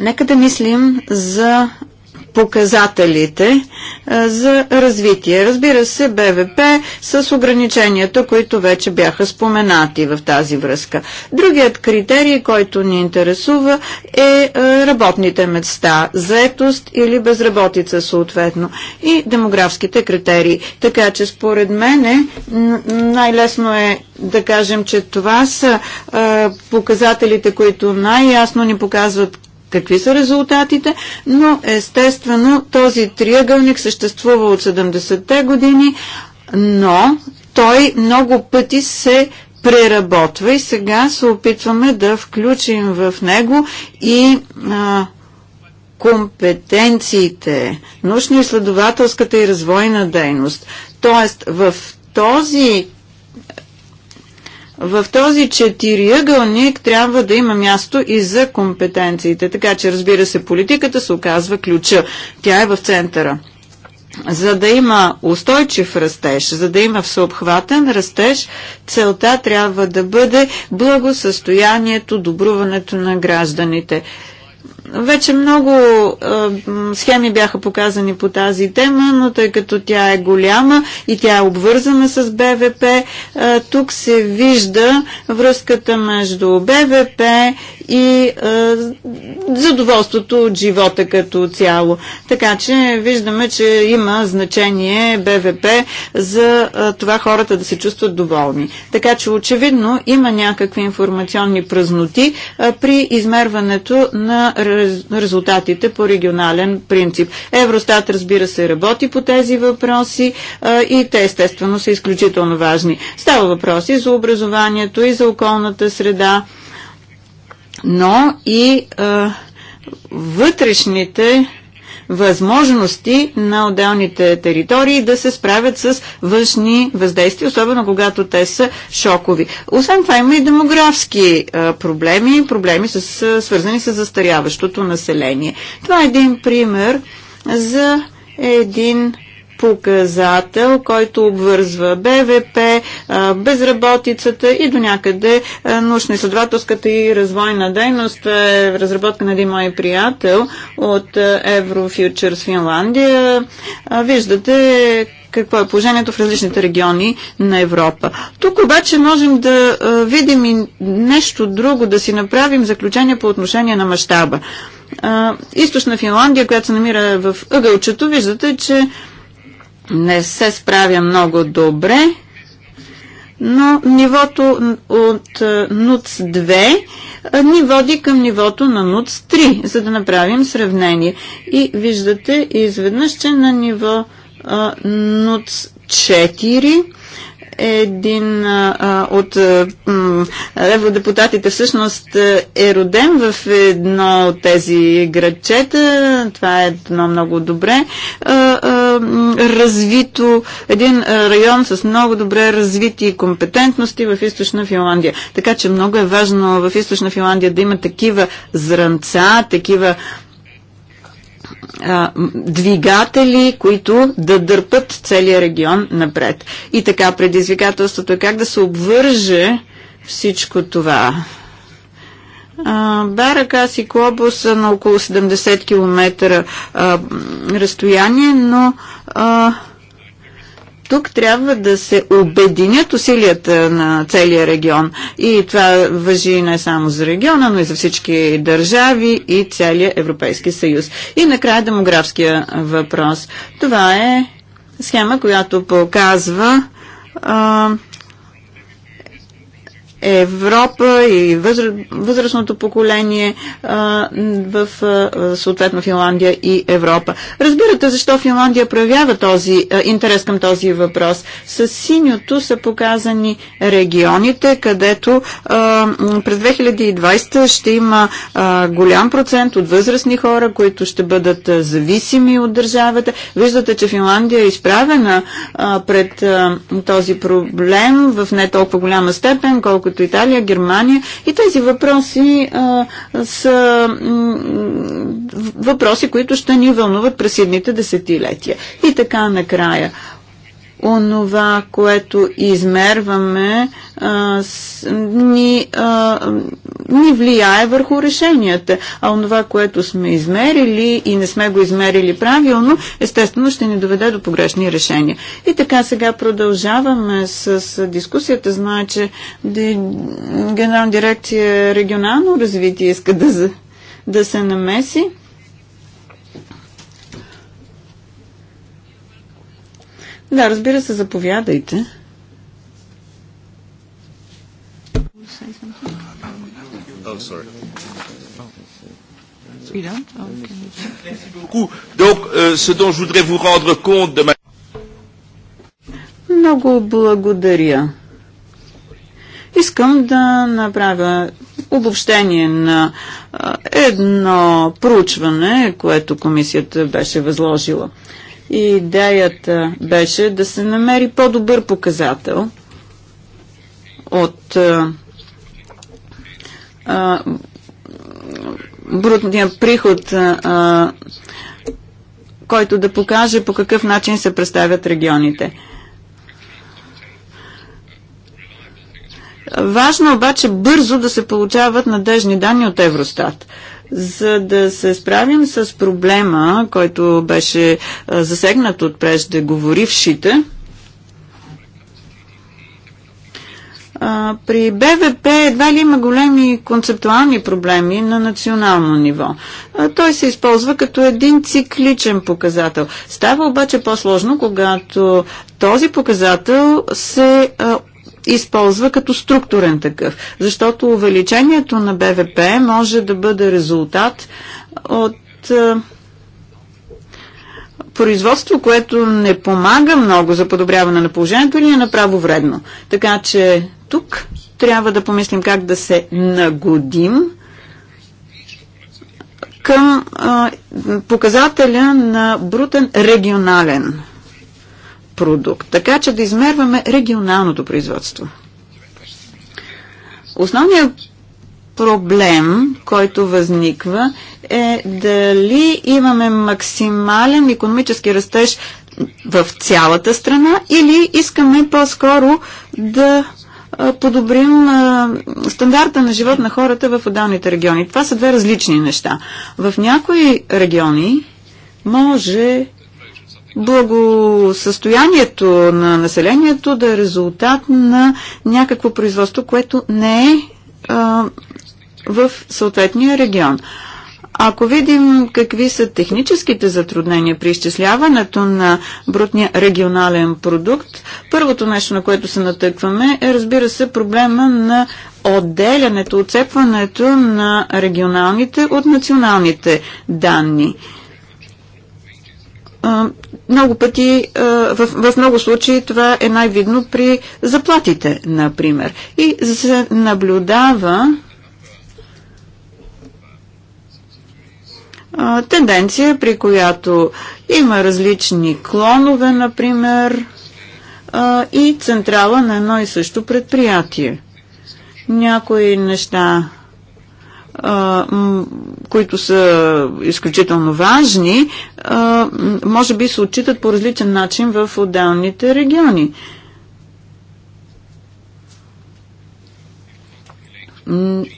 Нека да мислим за показателите за развитие. Разбира се, БВП с ограниченията, които вече бяха споменати в тази връзка. Другият критерий, който ни интересува е работните места, заетост или безработица съответно и демографските критерии. Така че според мен най-лесно е да кажем, че това са показателите, които най-ясно ни показват какви са резултатите, но естествено този триъгълник съществува от 70-те години, но той много пъти се преработва и сега се опитваме да включим в него и а, компетенциите, научно-изследователската и развойна дейност. Тоест в този в този четириъгълник трябва да има място и за компетенциите. Така че, разбира се, политиката се оказва ключа. Тя е в центъра. За да има устойчив растеж, за да има всеобхватен растеж, целта трябва да бъде благосъстоянието, добруването на гражданите. Вече много е, схеми бяха показани по тази тема, но тъй като тя е голяма и тя е обвързана с БВП, е, тук се вижда връзката между БВП и а, задоволството от живота като цяло. Така че виждаме, че има значение БВП за а, това хората да се чувстват доволни. Така че очевидно има някакви информационни празноти а, при измерването на рез, резултатите по регионален принцип. Евростат разбира се работи по тези въпроси а, и те естествено са изключително важни. Става въпроси за образованието и за околната среда но и а, вътрешните възможности на отделните територии да се справят с външни въздействия, особено когато те са шокови. Освен това има и демографски а, проблеми, проблеми с, свързани с застаряващото население. Това е един пример за един показател, който обвързва БВП, безработицата и до някъде научно-изследователската и развойна дейност е разработка на един мой приятел от Eurofutures Финландия. Виждате какво е положението в различните региони на Европа. Тук обаче можем да видим и нещо друго, да си направим заключение по отношение на мащаба. Източна Финландия, която се намира в ъгълчето, виждате, че не се справя много добре, но нивото от е, НУЦ 2 е, ни води към нивото на НУЦ 3, за да направим сравнение. И виждате изведнъж, че на ниво е, НУЦ 4 един а, от евродепутатите всъщност е роден в едно от тези градчета. Това е едно много добре а, а, развито, един район с много добре развити компетентности в източна Финландия. Така че много е важно в източна Финландия да има такива зранца, такива двигатели, които да дърпат целия регион напред. И така предизвикателството е как да се обвърже всичко това. Баракас и Клобо са на около 70 км разстояние, но а, тук трябва да се обединят усилията на целия регион. И това въжи не само за региона, но и за всички държави и целия Европейски съюз. И накрая демографския въпрос. Това е схема, която показва а, Европа и възрастното поколение в съответно Финландия и Европа. Разбирате защо Финландия проявява този интерес към този въпрос. С синьото са показани регионите, където през 2020 ще има голям процент от възрастни хора, които ще бъдат зависими от държавата. Виждате, че Финландия е изправена пред този проблем в не толкова голяма степен, колкото като Италия, Германия. И тези въпроси а, са въпроси, които ще ни вълнуват през едните десетилетия. И така накрая онова, което измерваме, а, ни, а, ни влияе върху решенията. А онова, което сме измерили и не сме го измерили правилно, естествено ще ни доведе до погрешни решения. И така сега продължаваме с, дискусията. Знае, че Генерална дирекция регионално развитие иска да, да се намеси. Да, разбира се, заповядайте. Oh, euh, Много благодаря. Искам да направя обобщение на едно проучване, което комисията беше възложила. И идеята беше да се намери по-добър показател от а, а, брутния приход, а, който да покаже по какъв начин се представят регионите. Важно е обаче бързо да се получават надежни данни от Евростат. За да се справим с проблема, който беше засегнат от преждеговорившите, при БВП едва ли има големи концептуални проблеми на национално ниво. Той се използва като един цикличен показател. Става обаче по-сложно, когато този показател се използва като структурен такъв, защото увеличението на БВП може да бъде резултат от е, производство, което не помага много за подобряване на положението или е направо вредно. Така че тук трябва да помислим как да се нагодим към а, е, показателя на брутен регионален продукт, така че да измерваме регионалното производство. Основният проблем, който възниква е дали имаме максимален економически растеж в цялата страна или искаме по-скоро да подобрим стандарта на живот на хората в отдалните региони. Това са две различни неща. В някои региони може благосъстоянието на населението да е резултат на някакво производство, което не е а, в съответния регион. Ако видим какви са техническите затруднения при изчисляването на брутния регионален продукт, първото нещо, на което се натъкваме е, разбира се, проблема на отделянето, отцепването на регионалните от националните данни много пъти, в, в много случаи това е най-видно при заплатите, например. И се наблюдава тенденция, при която има различни клонове, например, и централа на едно и също предприятие. Някои неща които са изключително важни, може би се отчитат по различен начин в отделните региони.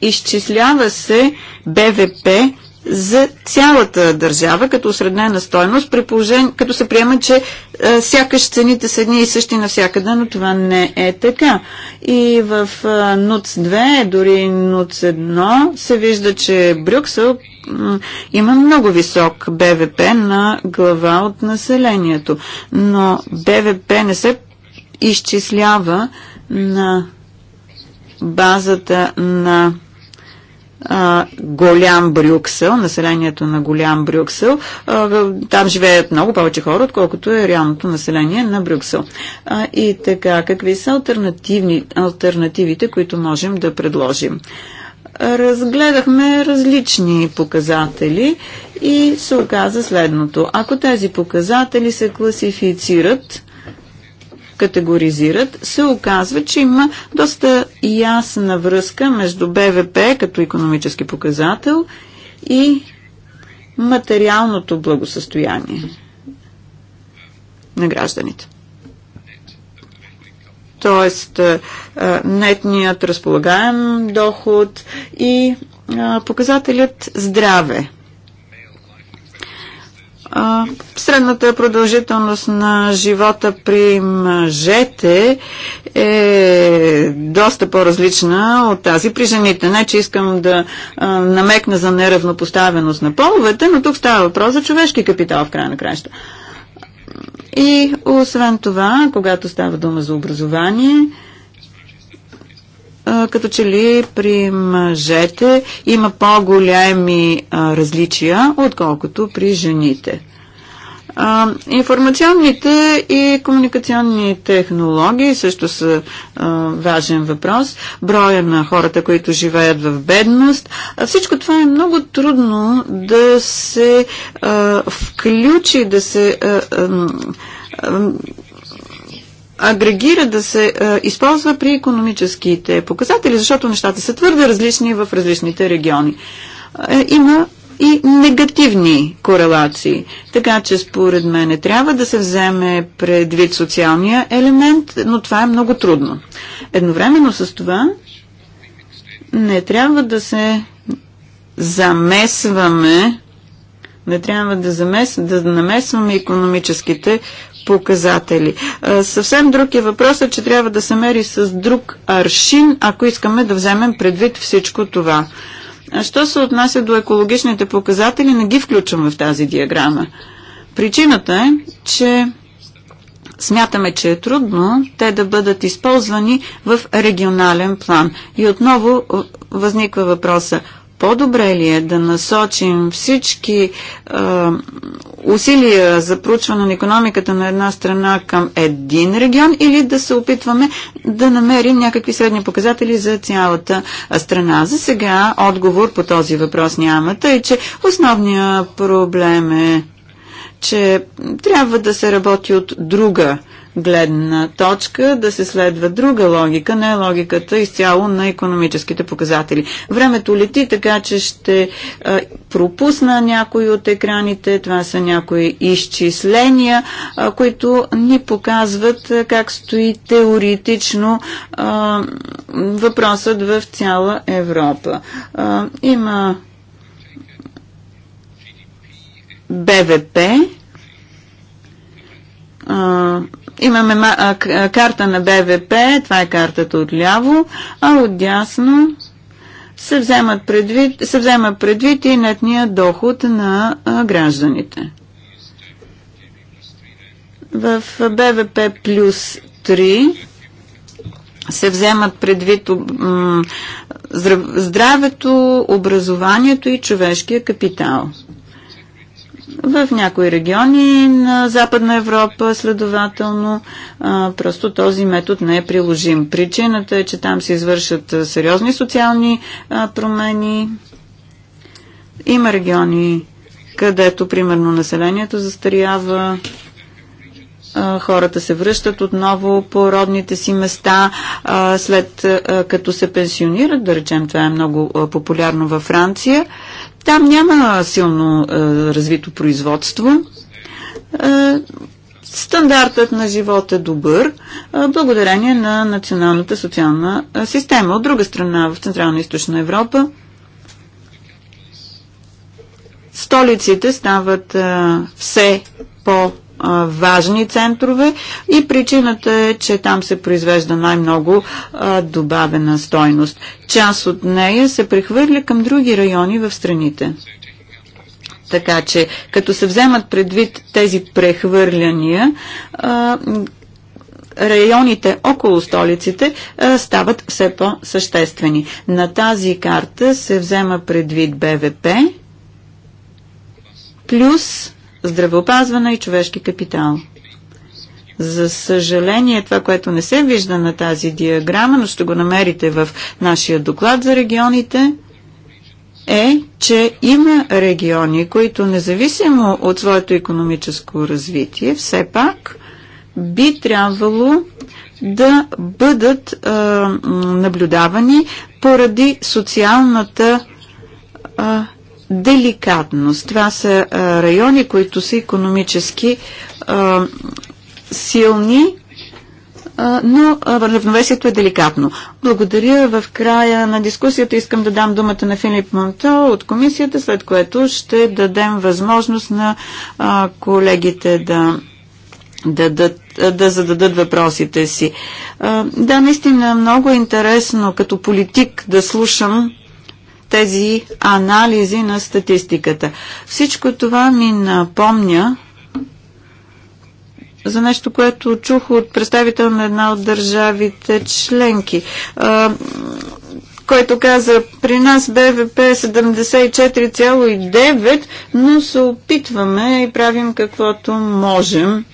Изчислява се БВП за цялата държава като осреднена стойност, при положение, като се приема, че а, е, сякаш цените са едни и същи навсякъде, но това не е така. И в а, НУЦ 2, дори НУЦ 1, се вижда, че Брюксел има много висок БВП на глава от населението, но БВП не се изчислява на базата на а, голям Брюксел, населението на голям Брюксел. А, там живеят много повече хора, отколкото е реалното население на Брюксел. А, и така, какви са альтернативите, които можем да предложим? разгледахме различни показатели и се оказа следното. Ако тези показатели се класифицират категоризират, се оказва, че има доста ясна връзка между БВП като економически показател и материалното благосъстояние на гражданите. Тоест, нетният разполагаем доход и показателят здраве – Средната продължителност на живота при мъжете е доста по-различна от тази при жените. Не, че искам да намекна за неравнопоставеност на половете, но тук става въпрос за човешки капитал в края на краща. И освен това, когато става дума за образование, като че ли при мъжете има по-големи различия, отколкото при жените. информационните и комуникационни технологии също са важен въпрос. Броя на хората, които живеят в бедност. всичко това е много трудно да се включи, да се агрегира, да се а, е, използва при економическите показатели, защото нещата са твърде различни в различните региони. А, е, има и негативни корелации. Така че според мен трябва да се вземе предвид социалния елемент, но това е много трудно. Едновременно с това не трябва да се замесваме не трябва да, замес, да намесваме економическите показатели. Съвсем друг е въпросът, че трябва да се мери с друг аршин, ако искаме да вземем предвид всичко това. Що се отнася до екологичните показатели, не ги включваме в тази диаграма. Причината е, че Смятаме, че е трудно те да бъдат използвани в регионален план. И отново възниква въпроса по-добре ли е да насочим всички е, усилия за проучване на економиката на една страна към един регион или да се опитваме да намерим някакви средни показатели за цялата страна? За сега отговор по този въпрос няма, тъй че основният проблем е че трябва да се работи от друга гледна точка да се следва друга логика, не логиката изцяло на економическите показатели. Времето лети, така че ще пропусна някои от екраните. Това са някои изчисления, които ни показват как стои теоретично въпросът в цяла Европа. има БВП, имаме карта на БВП, това е картата от ляво, а от дясно се, вземат предвид, се взема предвид и нетния доход на гражданите. В БВП плюс 3 се вземат предвид здравето, образованието и човешкия капитал. В някои региони на Западна Европа, следователно, просто този метод не е приложим. Причината е, че там се извършат сериозни социални промени. Има региони, където, примерно, населението застарява, хората се връщат отново по родните си места, след като се пенсионират, да речем, това е много популярно във Франция, там няма силно е, развито производство. Е, стандартът на живот е добър, е, благодарение на националната социална е, система. От друга страна, в Централна и Източна Европа, столиците стават е, все по важни центрове и причината е, че там се произвежда най-много добавена стойност. Част от нея се прехвърля към други райони в страните. Така че, като се вземат предвид тези прехвърляния, районите около столиците а, стават все по-съществени. На тази карта се взема предвид БВП плюс здравеопазване и човешки капитал. За съжаление, това, което не се вижда на тази диаграма, но ще го намерите в нашия доклад за регионите, е, че има региони, които независимо от своето економическо развитие, все пак би трябвало да бъдат а, наблюдавани поради социалната а, деликатност. Това са райони, които са економически силни, но равновесието е деликатно. Благодаря. В края на дискусията искам да дам думата на Филип Монто от комисията, след което ще дадем възможност на колегите да да, да, да зададат въпросите си. Да, наистина много е интересно като политик да слушам тези анализи на статистиката. Всичко това ми напомня за нещо, което чух от представител на една от държавите членки, който каза, при нас БВП е 74,9, но се опитваме и правим каквото можем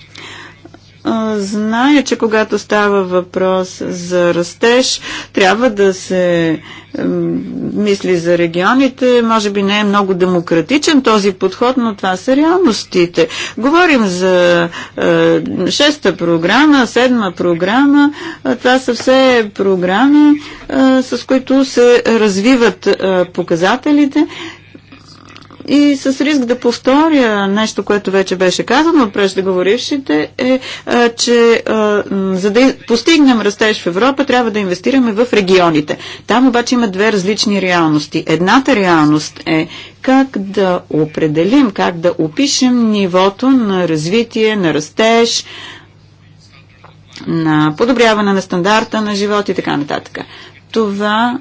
зная, че когато става въпрос за растеж, трябва да се мисли за регионите. Може би не е много демократичен този подход, но това са реалностите. Говорим за е, шеста програма, седма програма. Това са все програми, е, с които се развиват е, показателите и с риск да повторя нещо, което вече беше казано от преждеговорившите, е, а, е, че а, е, за да постигнем растеж в Европа, трябва да инвестираме в регионите. Там обаче има две различни реалности. Едната реалност е как да определим, как да опишем нивото на развитие, на растеж, на подобряване на стандарта на живот и така нататък. Това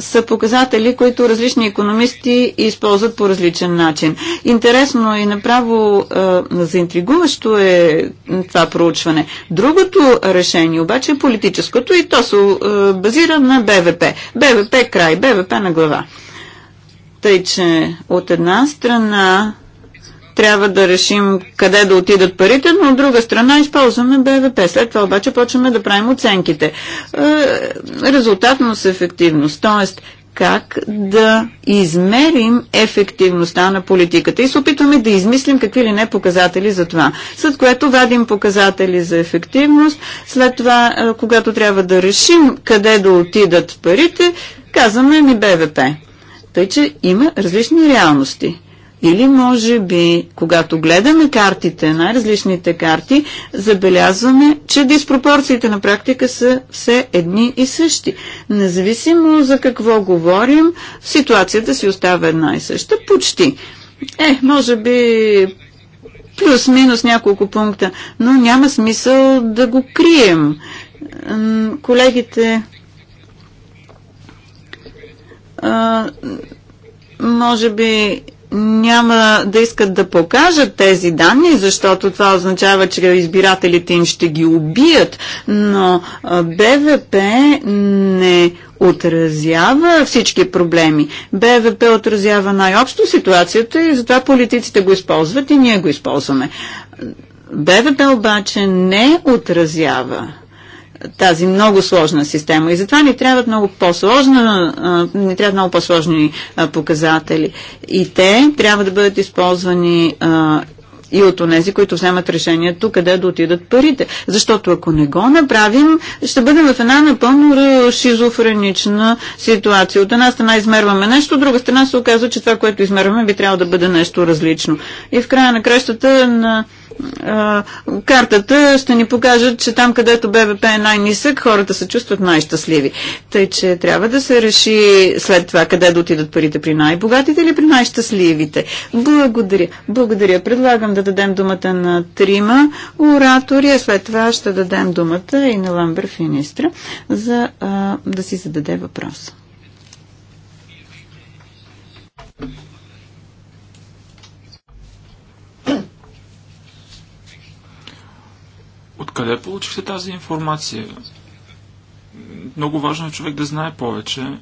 са показатели, които различни економисти използват по различен начин. Интересно и направо заинтригуващо е това проучване. Другото решение обаче е политическото и то се базира на БВП. БВП край, БВП на глава. Тъй, че от една страна трябва да решим къде да отидат парите, но от друга страна използваме БВП. След това обаче почваме да правим оценките. Е, Резултатно с ефективност, т.е. как да измерим ефективността на политиката и се опитваме да измислим какви ли не показатели за това. След което вадим показатели за ефективност, след това, е, когато трябва да решим къде да отидат парите, казваме ми БВП. Тъй, че има различни реалности. Или може би, когато гледаме картите, най-различните карти, забелязваме, че диспропорциите на практика са все едни и същи. Независимо за какво говорим, ситуацията си остава една и съща. Почти. Е, може би плюс-минус няколко пункта, но няма смисъл да го крием. Колегите а, може би няма да искат да покажат тези данни, защото това означава, че избирателите им ще ги убият, но БВП не отразява всички проблеми. БВП отразява най-общо ситуацията и затова политиците го използват и ние го използваме. БВП обаче не отразява тази много сложна система. И затова ни трябват много по-сложна, ни трябват много по-сложни показатели. И те трябва да бъдат използвани и от онези, които вземат решението къде да отидат парите. Защото ако не го направим, ще бъдем в една напълно шизофренична ситуация. От една страна измерваме нещо, от друга страна се оказва, че това, което измерваме, би трябвало да бъде нещо различно. И в края на кращата на картата ще ни покажат, че там където БВП е най-нисък, хората се чувстват най-щастливи. Тъй, че трябва да се реши след това къде да отидат парите при най-богатите или при най-щастливите. Благодаря. Благодаря. Предлагам да дадем думата на трима оратори, а след това ще дадем думата и на Ламбер Финистра, за а, да си зададе въпрос. Откъде получихте тази информация? Много важно е човек да знае повече.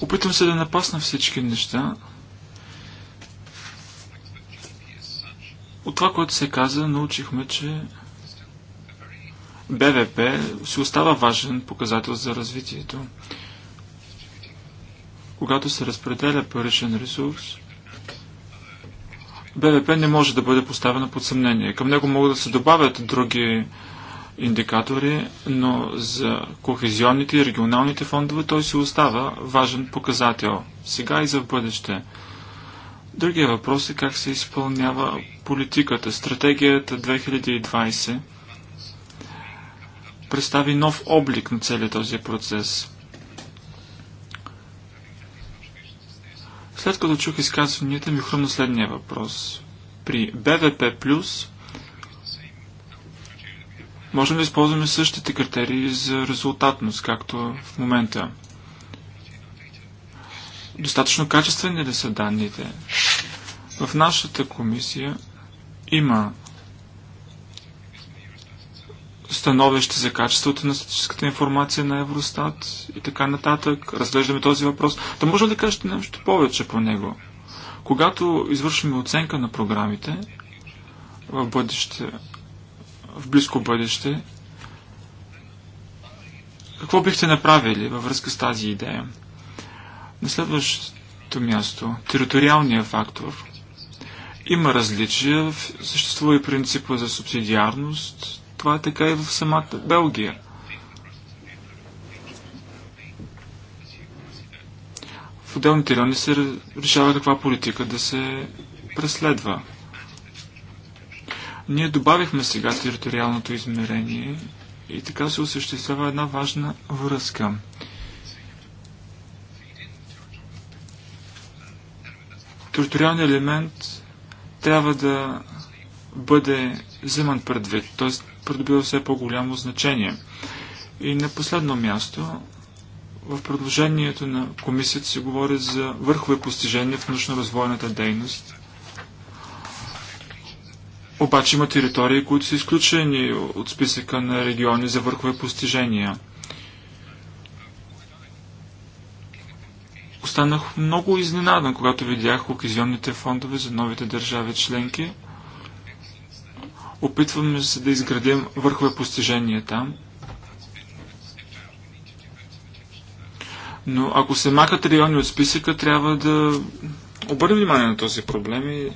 Опитвам се да напасна всички неща. От това, което се каза, научихме, че БВП си остава важен показател за развитието. Когато се разпределя паричен ресурс, БВП не може да бъде поставена под съмнение. Към него могат да се добавят други индикатори, но за кохезионните и регионалните фондове той си остава важен показател сега и за в бъдеще. Другия въпрос е как се изпълнява политиката. Стратегията 2020 представи нов облик на целият този процес. След като чух изказванията, ми хрумна следния въпрос. При БВП плюс можем да използваме същите критерии за резултатност, както в момента. Достатъчно качествени ли са данните? В нашата комисия има становище за качеството на статическата информация на Евростат и така нататък. Разглеждаме този въпрос. Да може да кажете нещо повече по него? Когато извършваме оценка на програмите в бъдеще, в близко бъдеще, какво бихте направили във връзка с тази идея? На следващото място, териториалния фактор. Има различия, съществува и принципа за субсидиарност, това е така и в самата Белгия. В отделните райони се решава каква политика да се преследва. Ние добавихме сега териториалното измерение и така се осъществява една важна връзка. Териториалният елемент трябва да бъде вземан предвид, т.е придобива все по-голямо значение. И на последно място, в предложението на комисията се говори за върхове постижения в научно-развойната дейност. Обаче има територии, които са изключени от списъка на региони за върхове постижения. Останах много изненадан, когато видях кохезионните фондове за новите държави членки – Опитваме се да изградим върхове постижения там. Но ако се макат райони от списъка, трябва да обърнем внимание на този проблем и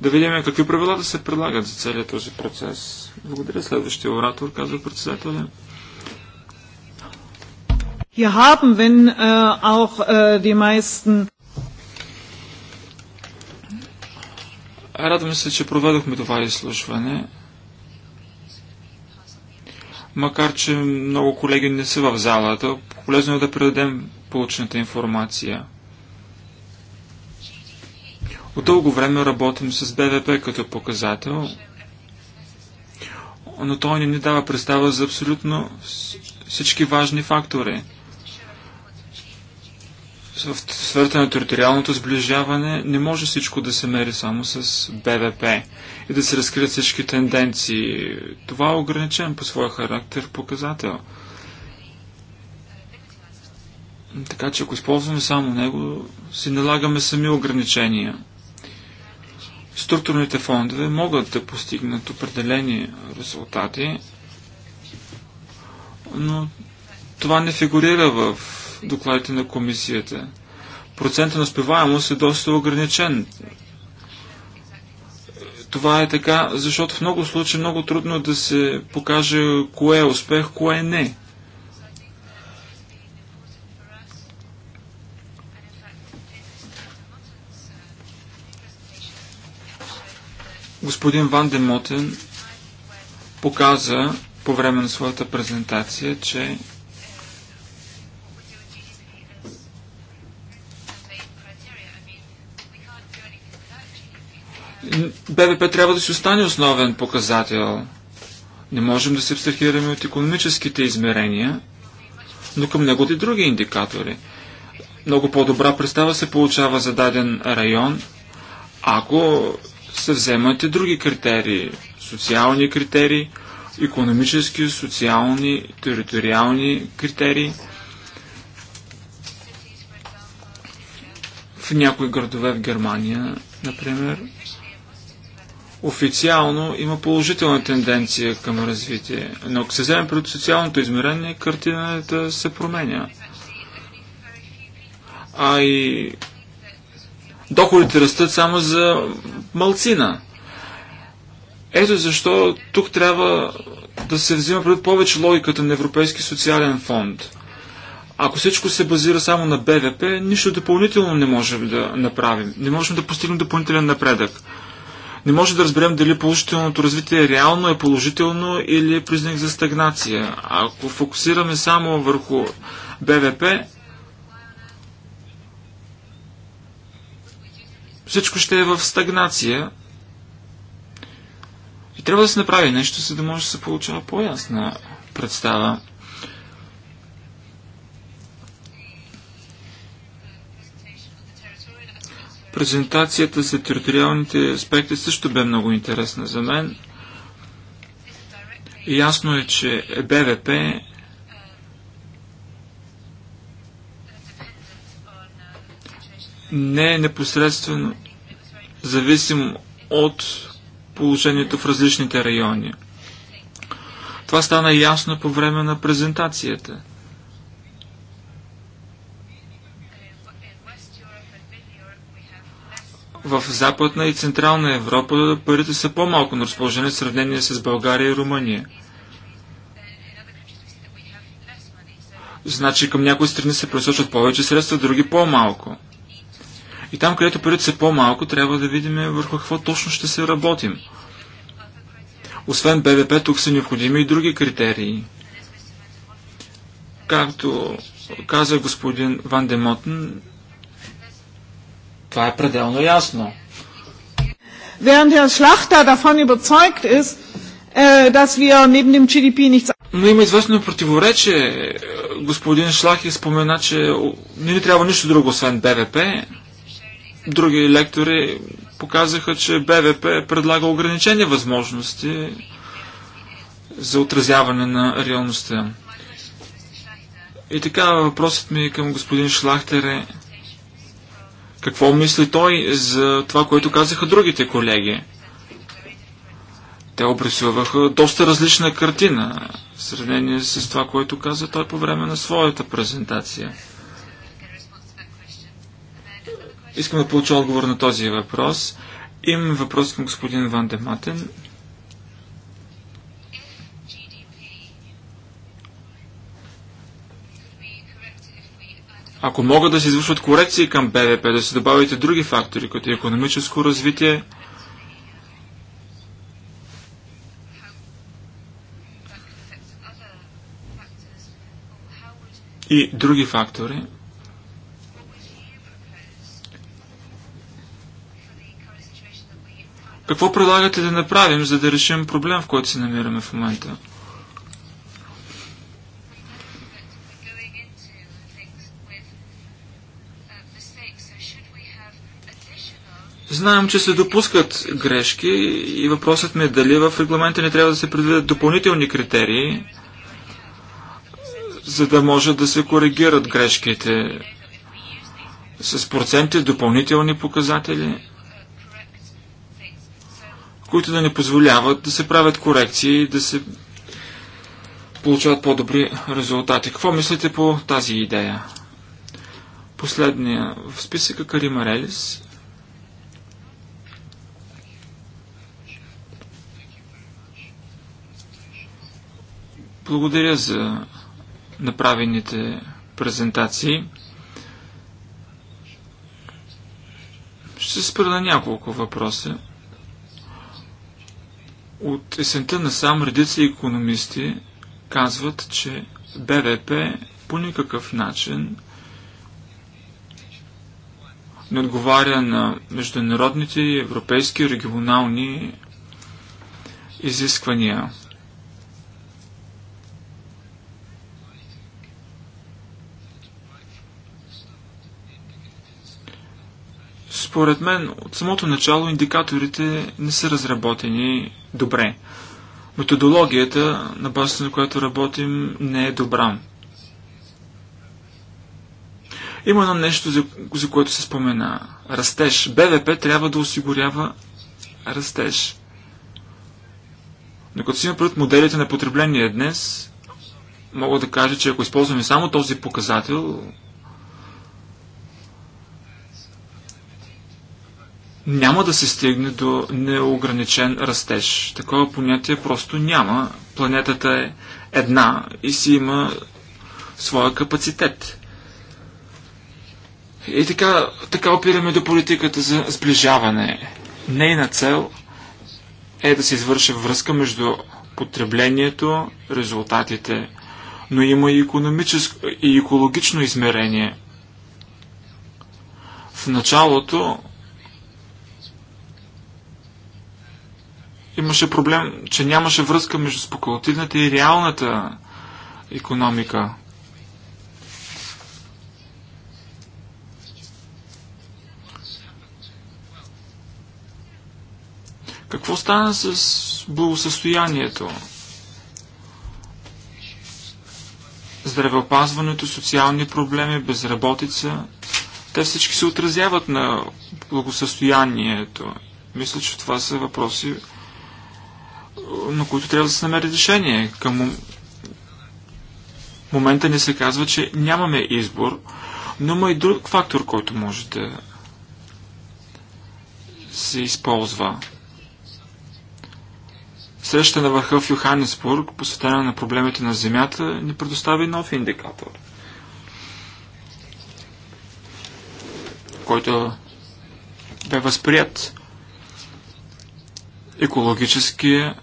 да видим какви правила да се предлагат за целият този процес. Благодаря. Следващия оратор, казва председателя. Hier haben, wenn äh, auch äh, die meisten Радвам се, че проведохме това изслушване. Макар, че много колеги не са в залата, полезно е да предадем получената информация. От дълго време работим с БВП като показател, но той не ни дава представа за абсолютно всички важни фактори в сферата на териториалното сближаване не може всичко да се мери само с БВП и да се разкрият всички тенденции. Това е ограничен по своя характер показател. Така че ако използваме само него, си налагаме сами ограничения. Структурните фондове могат да постигнат определени резултати, но това не фигурира в докладите на комисията. Процентът на успеваемост е доста ограничен. Това е така, защото в много случаи е много трудно да се покаже кое е успех, кое е не. Господин Ван Демотен показа по време на своята презентация, че БВП трябва да си остане основен показател. Не можем да се абстрахираме от економическите измерения, но към него и други индикатори. Много по-добра представа се получава за даден район, ако се вземат и други критерии, социални критерии, економически, социални, териториални критерии. В някои градове в Германия, например, официално има положителна тенденция към развитие. Но ако се вземе пред социалното измерение, картината се променя. А и доходите растат само за малцина. Ето защо тук трябва да се взима пред повече логиката на Европейски социален фонд. Ако всичко се базира само на БВП, нищо допълнително не можем да направим. Не можем да постигнем допълнителен напредък не може да разберем дали положителното развитие е реално е положително или е признак за стагнация. Ако фокусираме само върху БВП, всичко ще е в стагнация. И трябва да се направи нещо, за да може да се получава по-ясна представа. Презентацията за териториалните аспекти също бе много интересна за мен. Ясно е, че БВП не е непосредствено зависим от положението в различните райони. Това стана ясно по време на презентацията – в Западна и Централна Европа парите са по-малко на разположение в сравнение с България и Румъния. Значи към някои страни се пресочват повече средства, други по-малко. И там, където парите са по-малко, трябва да видим върху какво точно ще се работим. Освен БВП, тук са необходими и други критерии. Както каза господин Ван Демотен, това е пределно ясно. Äh, Но има известно противоречие. Господин е спомена, че не ни трябва нищо друго, освен БВП. Други лектори показаха, че БВП предлага ограничени възможности за отразяване на реалността. И така въпросът ми към господин Шлахтер е какво мисли той за това, което казаха другите колеги. Те обрисуваха доста различна картина в сравнение с това, което каза той по време на своята презентация. Искам да получа отговор на този въпрос. Имам въпрос към господин Ван Дематен. Ако могат да се извършват корекции към БВП, да се добавят и други фактори, като економическо развитие, и други фактори, какво предлагате да направим, за да решим проблем, в който се намираме в момента? Знаем, че се допускат грешки и въпросът ми е дали в регламента не трябва да се предвидят допълнителни критерии, за да може да се коригират грешките с проценти, допълнителни показатели, които да не позволяват да се правят корекции и да се получават по-добри резултати. Какво мислите по тази идея? Последния в списъка Карима Релис. Благодаря за направените презентации. Ще спра на няколко въпроса. От есента на сам редица економисти казват, че БВП по никакъв начин не отговаря на международните, европейски, регионални изисквания. Според мен, от самото начало индикаторите не са разработени добре. Методологията, на базата на която работим, не е добра. Има едно нещо, за, за което се спомена. Растеж. БВП трябва да осигурява растеж. Но като си напред моделите на потребление днес, мога да кажа, че ако използваме само този показател, няма да се стигне до неограничен растеж. Такова понятие просто няма. Планетата е една и си има своя капацитет. И така, така опираме до политиката за сближаване. Нейна цел е да се извърши връзка между потреблението, резултатите, но има и економическо и екологично измерение. В началото имаше проблем, че нямаше връзка между спекулативната и реалната економика. Какво стана с благосъстоянието? Здравеопазването, социални проблеми, безработица, те всички се отразяват на благосъстоянието. Мисля, че това са въпроси, на които трябва да се намери решение. Към момента ни се казва, че нямаме избор, но има и друг фактор, който може да се използва. Среща на върха в Йоханнесбург, посветена на проблемите на Земята, ни предостави нов индикатор, който бе възприят екологическия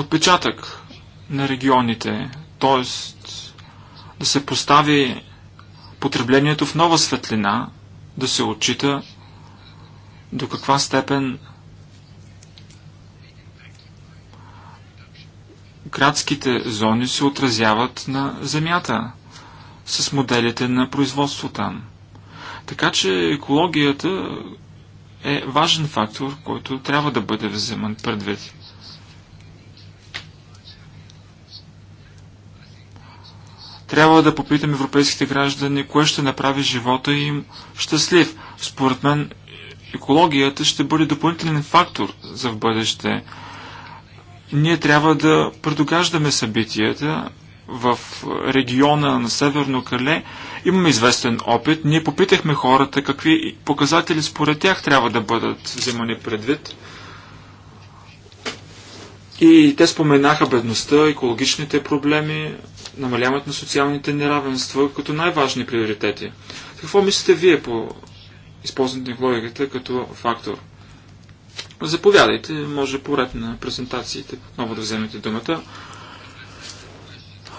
отпечатък на регионите, т.е. да се постави потреблението в нова светлина, да се отчита до каква степен градските зони се отразяват на земята с моделите на производство там. Така че екологията е важен фактор, който трябва да бъде вземан предвид. Трябва да попитам европейските граждани, кое ще направи живота им щастлив. Според мен, екологията ще бъде допълнителен фактор за в бъдеще. Ние трябва да предогаждаме събитията, в региона на Северно Кале имаме известен опит. Ние попитахме хората какви показатели според тях трябва да бъдат вземани предвид. И те споменаха бедността, екологичните проблеми, намаляването на социалните неравенства като най-важни приоритети. Какво мислите вие по използването на логиката като фактор? Заповядайте, може по ред на презентациите отново да вземете думата.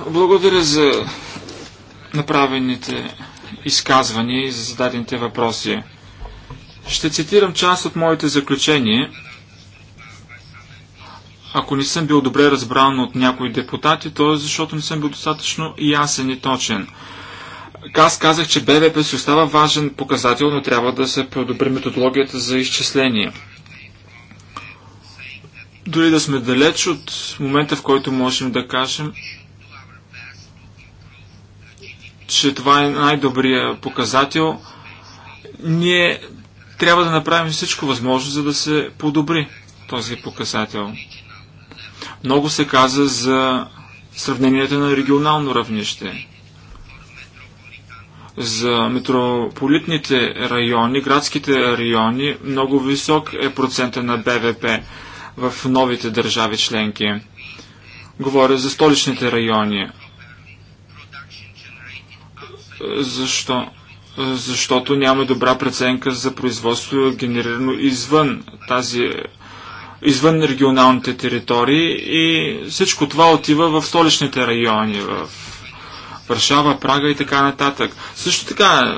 Благодаря за направените изказвания и за зададените въпроси. Ще цитирам част от моите заключения – ако не съм бил добре разбран от някои депутати, то е защото не съм бил достатъчно ясен и точен. Аз казах, че БВП си остава важен показател, но трябва да се подобри методологията за изчисление. Дори да сме далеч от момента, в който можем да кажем, че това е най-добрия показател, ние трябва да направим всичко възможно, за да се подобри този показател. Много се каза за сравненията на регионално равнище. За метрополитните райони, градските райони, много висок е процента на БВП в новите държави членки. Говоря за столичните райони. Защо? Защото няма добра преценка за производство, генерирано извън тази извън регионалните територии и всичко това отива в столичните райони, в Варшава, Прага и така нататък. Също така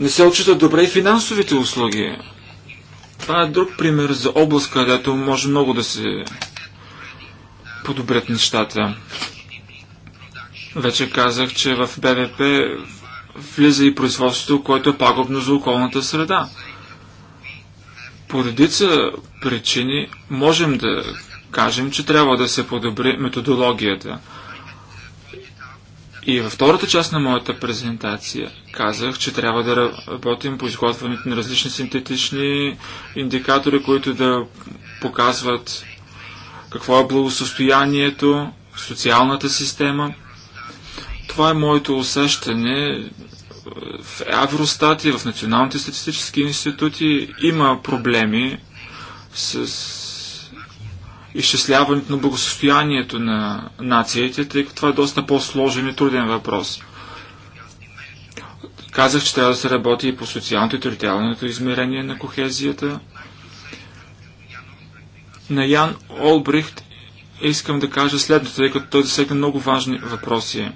не се отчитат добре и финансовите услуги. Това е друг пример за област, където може много да се подобрят нещата. Вече казах, че в БВП влиза и производството, което е пагубно за околната среда. По редица причини можем да кажем, че трябва да се подобри методологията. И във втората част на моята презентация казах, че трябва да работим по изготвянето на различни синтетични индикатори, които да показват какво е благосостоянието, социалната система. Това е моето усещане, в Евростат и в националните статистически институти има проблеми с изчисляването на благосостоянието на нациите, тъй като това е доста по-сложен и труден въпрос. Казах, че трябва да се работи и по социалното и териториалното измерение на кохезията. На Ян Олбрихт искам да кажа следното, тъй като той засегна много важни въпроси.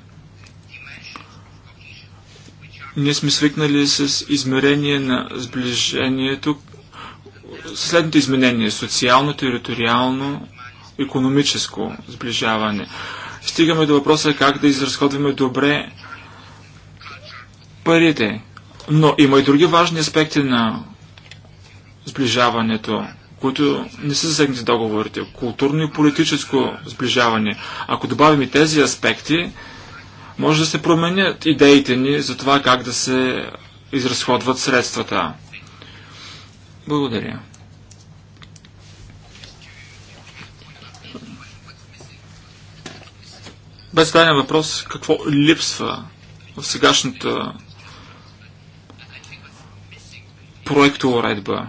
Ние сме свикнали с измерение на сближението, следното изменение – социално, териториално, економическо сближаване. Стигаме до въпроса как да изразходваме добре парите. Но има и други важни аспекти на сближаването, които не са засегнати договорите. Културно и политическо сближаване. Ако добавим и тези аспекти, може да се променят идеите ни за това как да се изразходват средствата. Благодаря. Без зададен въпрос, какво липсва в сегашната редба?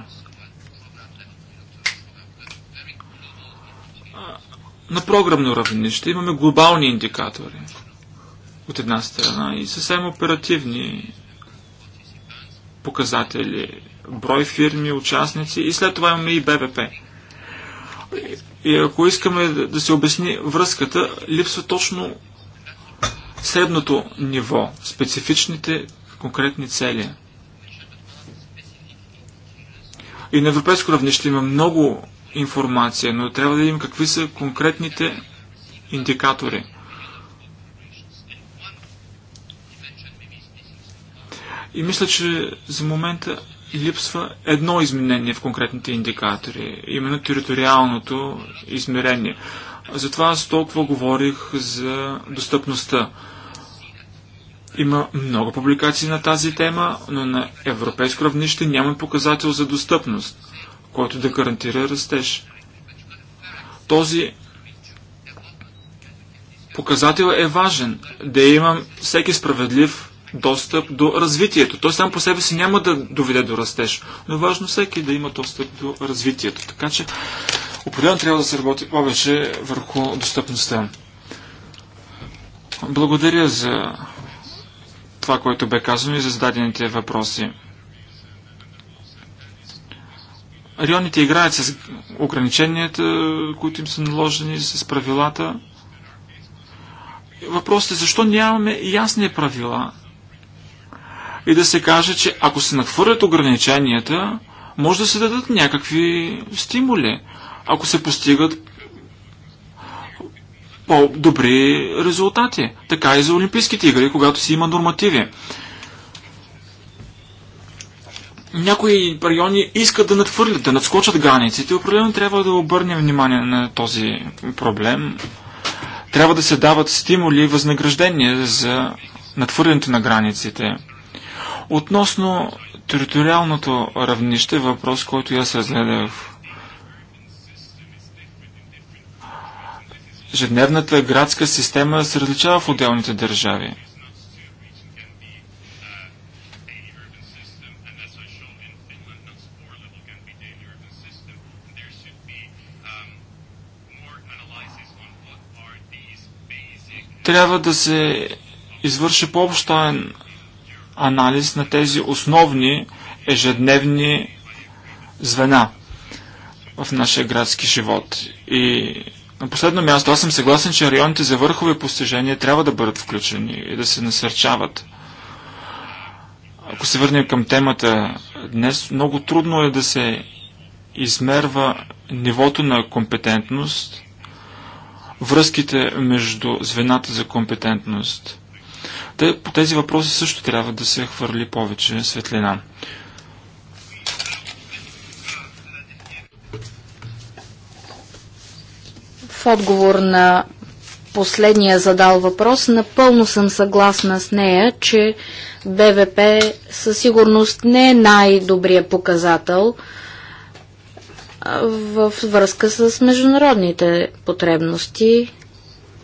На програмно равнище имаме глобални индикатори – от една страна и съвсем оперативни показатели, брой фирми, участници и след това имаме и БВП. И ако искаме да се обясни връзката, липсва точно средното ниво, специфичните конкретни цели. И на европейско равнище има много информация, но трябва да видим какви са конкретните индикатори. И мисля, че за момента липсва едно изменение в конкретните индикатори, именно териториалното измерение. Затова аз толкова говорих за достъпността. Има много публикации на тази тема, но на европейско равнище няма показател за достъпност, който да гарантира растеж. Този показател е важен, да имам всеки справедлив достъп до развитието. Той сам по себе си няма да доведе до растеж, но е важно всеки да има достъп до развитието. Така че определено трябва да се работи повече върху достъпността. Благодаря за това, което бе казано и за зададените въпроси. Районите играят с ограниченията, които им са наложени, с правилата. Въпросът е защо нямаме ясни правила и да се каже, че ако се надхвърлят ограниченията, може да се дадат някакви стимули, ако се постигат по-добри резултати. Така и за Олимпийските игри, когато си има нормативи. Някои райони искат да надхвърлят, да надскочат границите. Определено трябва да обърнем внимание на този проблем. Трябва да се дават стимули и възнаграждения за надхвърлянето на границите. Относно териториалното равнище, въпрос, който аз разгледах. Ежедневната градска система се различава в отделните държави. трябва да се извърши по общо анализ на тези основни ежедневни звена в нашия градски живот. И на последно място, аз съм съгласен, че районите за върхови постижения трябва да бъдат включени и да се насърчават. Ако се върнем към темата днес, много трудно е да се измерва нивото на компетентност, връзките между звената за компетентност. Те, по тези въпроси също трябва да се хвърли повече светлина. В отговор на последния задал въпрос, напълно съм съгласна с нея, че БВП със сигурност не е най добрия показател в връзка с международните потребности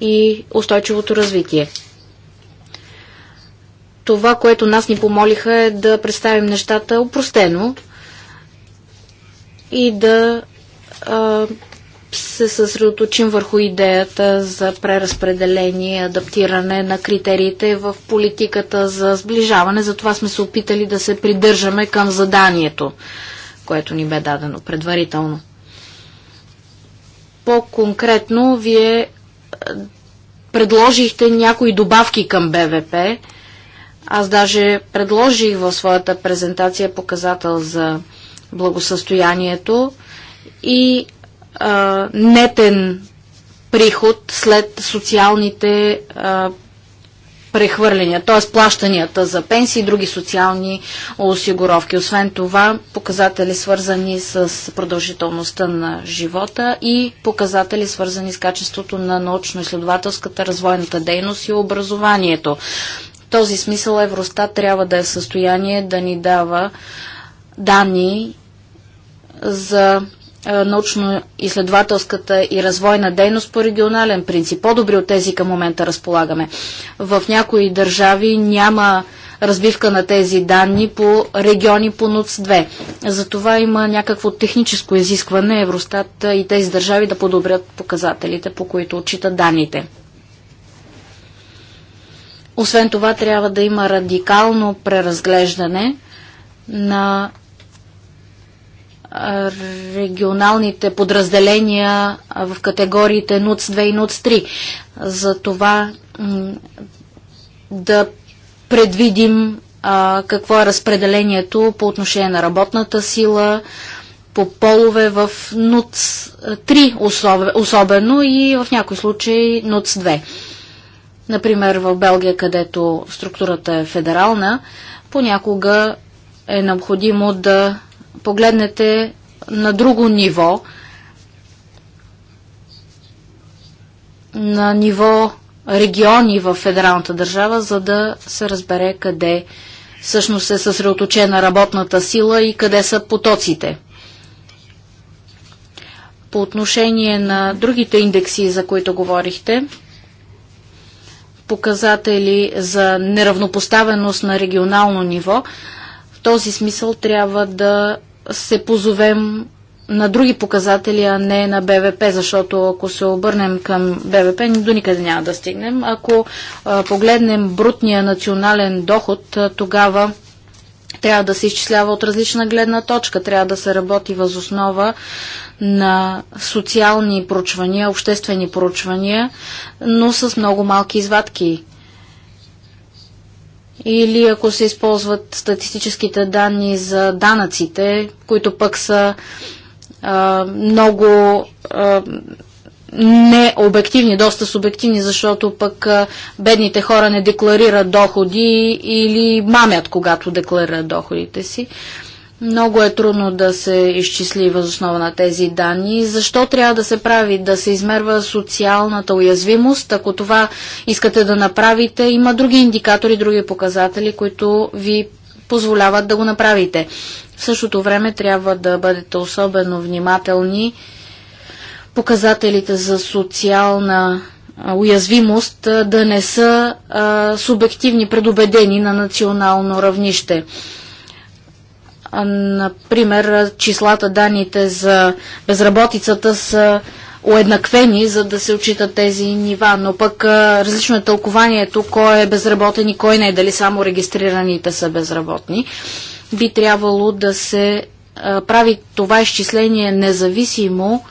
и устойчивото развитие това, което нас ни помолиха е да представим нещата упростено и да а, се съсредоточим върху идеята за преразпределение, адаптиране на критериите в политиката за сближаване. Затова сме се опитали да се придържаме към заданието, което ни бе дадено предварително. По-конкретно, вие предложихте някои добавки към БВП, аз даже предложих в своята презентация показател за благосъстоянието и а, нетен приход след социалните а, прехвърляния, т.е. плащанията за пенсии и други социални осигуровки. Освен това, показатели свързани с продължителността на живота и показатели свързани с качеството на научно-изследователската развойната дейност и образованието този смисъл Евростат трябва да е в състояние да ни дава данни за научно-изследователската и развойна дейност по регионален принцип. По-добри от тези към момента разполагаме. В някои държави няма разбивка на тези данни по региони по НУЦ-2. Затова има някакво техническо изискване Евростат и тези държави да подобрят показателите, по които отчитат данните. Освен това трябва да има радикално преразглеждане на регионалните подразделения в категориите НУЦ-2 и НУЦ-3. За това да предвидим а, какво е разпределението по отношение на работната сила, по полове в НУЦ-3 особено и в някои случаи НУЦ-2. Например, в Белгия, където структурата е федерална, понякога е необходимо да погледнете на друго ниво, на ниво региони в федералната държава, за да се разбере къде всъщност е съсредоточена работната сила и къде са потоците. По отношение на другите индекси, за които говорихте, показатели за неравнопоставеност на регионално ниво. В този смисъл трябва да се позовем на други показатели, а не на БВП, защото ако се обърнем към БВП, до никъде няма да стигнем. Ако а, погледнем брутния национален доход, а, тогава трябва да се изчислява от различна гледна точка, трябва да се работи възоснова на социални проучвания, обществени проучвания, но с много малки извадки. Или ако се използват статистическите данни за данъците, които пък са а, много а, не обективни, доста субективни, защото пък бедните хора не декларират доходи или мамят, когато декларират доходите си. Много е трудно да се изчисли възоснова на тези данни. Защо трябва да се прави? Да се измерва социалната уязвимост. Ако това искате да направите, има други индикатори, други показатели, които ви позволяват да го направите. В същото време трябва да бъдете особено внимателни показателите за социална уязвимост да не са а, субективни, предубедени на национално равнище. А, например, числата, данните за безработицата са уеднаквени, за да се отчитат тези нива, но пък а, различно е тълкованието кой е безработен и кой не, е, дали само регистрираните са безработни. Би трябвало да се прави това изчисление независимо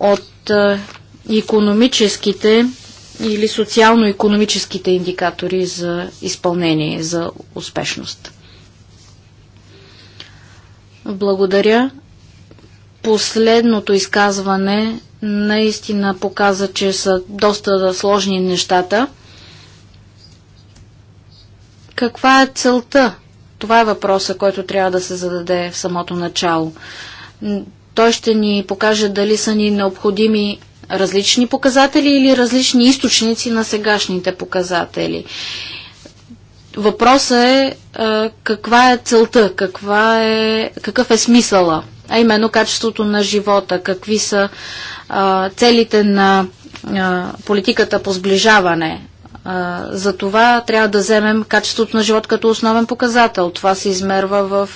от економическите или социално-економическите индикатори за изпълнение, за успешност. Благодаря. Последното изказване наистина показа, че са доста сложни нещата. Каква е целта? Това е въпроса, който трябва да се зададе в самото начало. Той ще ни покаже дали са ни необходими различни показатели или различни източници на сегашните показатели. Въпросът е каква е целта, каква е, какъв е смисъла, а именно качеството на живота, какви са целите на политиката по сближаване, за това трябва да вземем качеството на живот като основен показател. Това се измерва в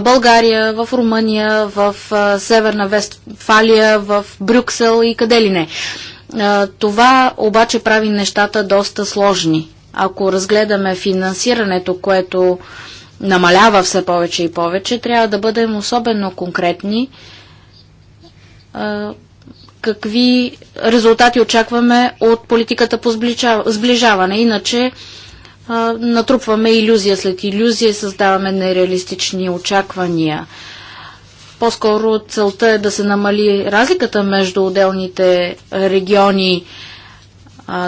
България, в Румъния, в Северна Вестфалия, в Брюксел и къде ли не. Това обаче прави нещата доста сложни. Ако разгледаме финансирането, което намалява все повече и повече, трябва да бъдем особено конкретни какви резултати очакваме от политиката по сближаване. Иначе а, натрупваме иллюзия след иллюзия създаваме нереалистични очаквания. По-скоро целта е да се намали разликата между отделните региони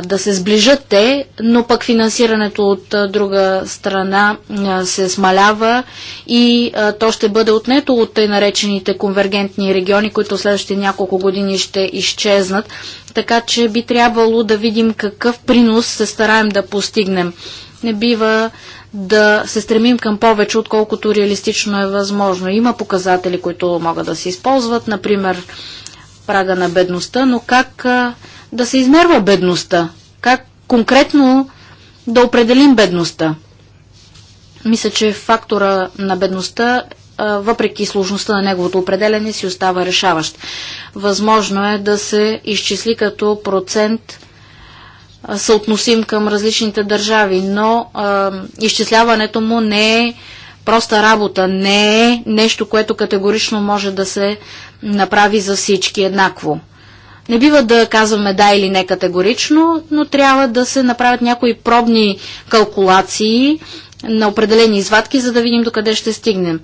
да се сближат те, но пък финансирането от друга страна се смалява и то ще бъде отнето от тъй наречените конвергентни региони, които следващите няколко години ще изчезнат. Така че би трябвало да видим какъв принос се стараем да постигнем. Не бива да се стремим към повече, отколкото реалистично е възможно. Има показатели, които могат да се използват, например прага на бедността, но как да се измерва бедността? Как конкретно да определим бедността? Мисля, че фактора на бедността, въпреки сложността на неговото определене, си остава решаващ. Възможно е да се изчисли като процент съотносим към различните държави, но а, изчисляването му не е проста работа, не е нещо, което категорично може да се направи за всички еднакво. Не бива да казваме да или не категорично, но трябва да се направят някои пробни калкулации на определени извадки, за да видим докъде ще стигнем.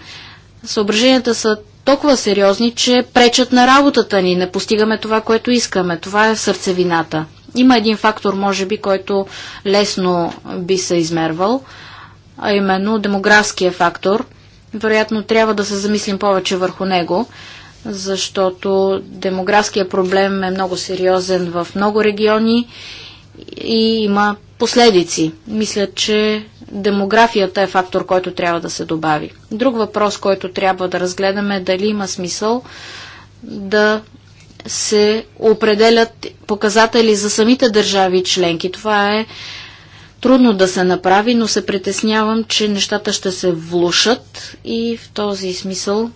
Съображенията са толкова сериозни, че пречат на работата ни, не постигаме това, което искаме. Това е сърцевината. Има един фактор, може би, който лесно би се измервал, а именно демографския фактор. Вероятно трябва да се замислим повече върху него защото демографския проблем е много сериозен в много региони и има последици. Мисля, че демографията е фактор, който трябва да се добави. Друг въпрос, който трябва да разгледаме е дали има смисъл да се определят показатели за самите държави членки. Това е трудно да се направи, но се притеснявам, че нещата ще се влушат и в този смисъл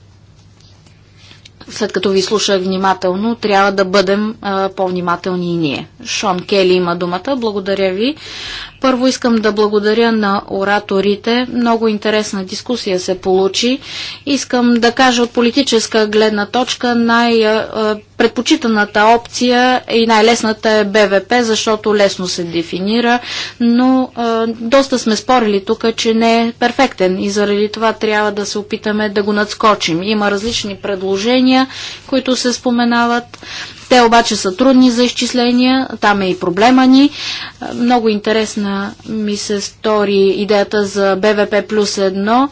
след като ви слушах внимателно, трябва да бъдем по-внимателни и ние. Шон Кели има думата. Благодаря ви. Първо искам да благодаря на ораторите. Много интересна дискусия се получи. Искам да кажа от политическа гледна точка най-предпочитаната опция и най-лесната е БВП, защото лесно се дефинира, но доста сме спорили тук, че не е перфектен и заради това трябва да се опитаме да го надскочим. Има различни предложения, които се споменават. Те обаче са трудни за изчисления, там е и проблема ни. Много интересна ми се стори идеята за БВП плюс едно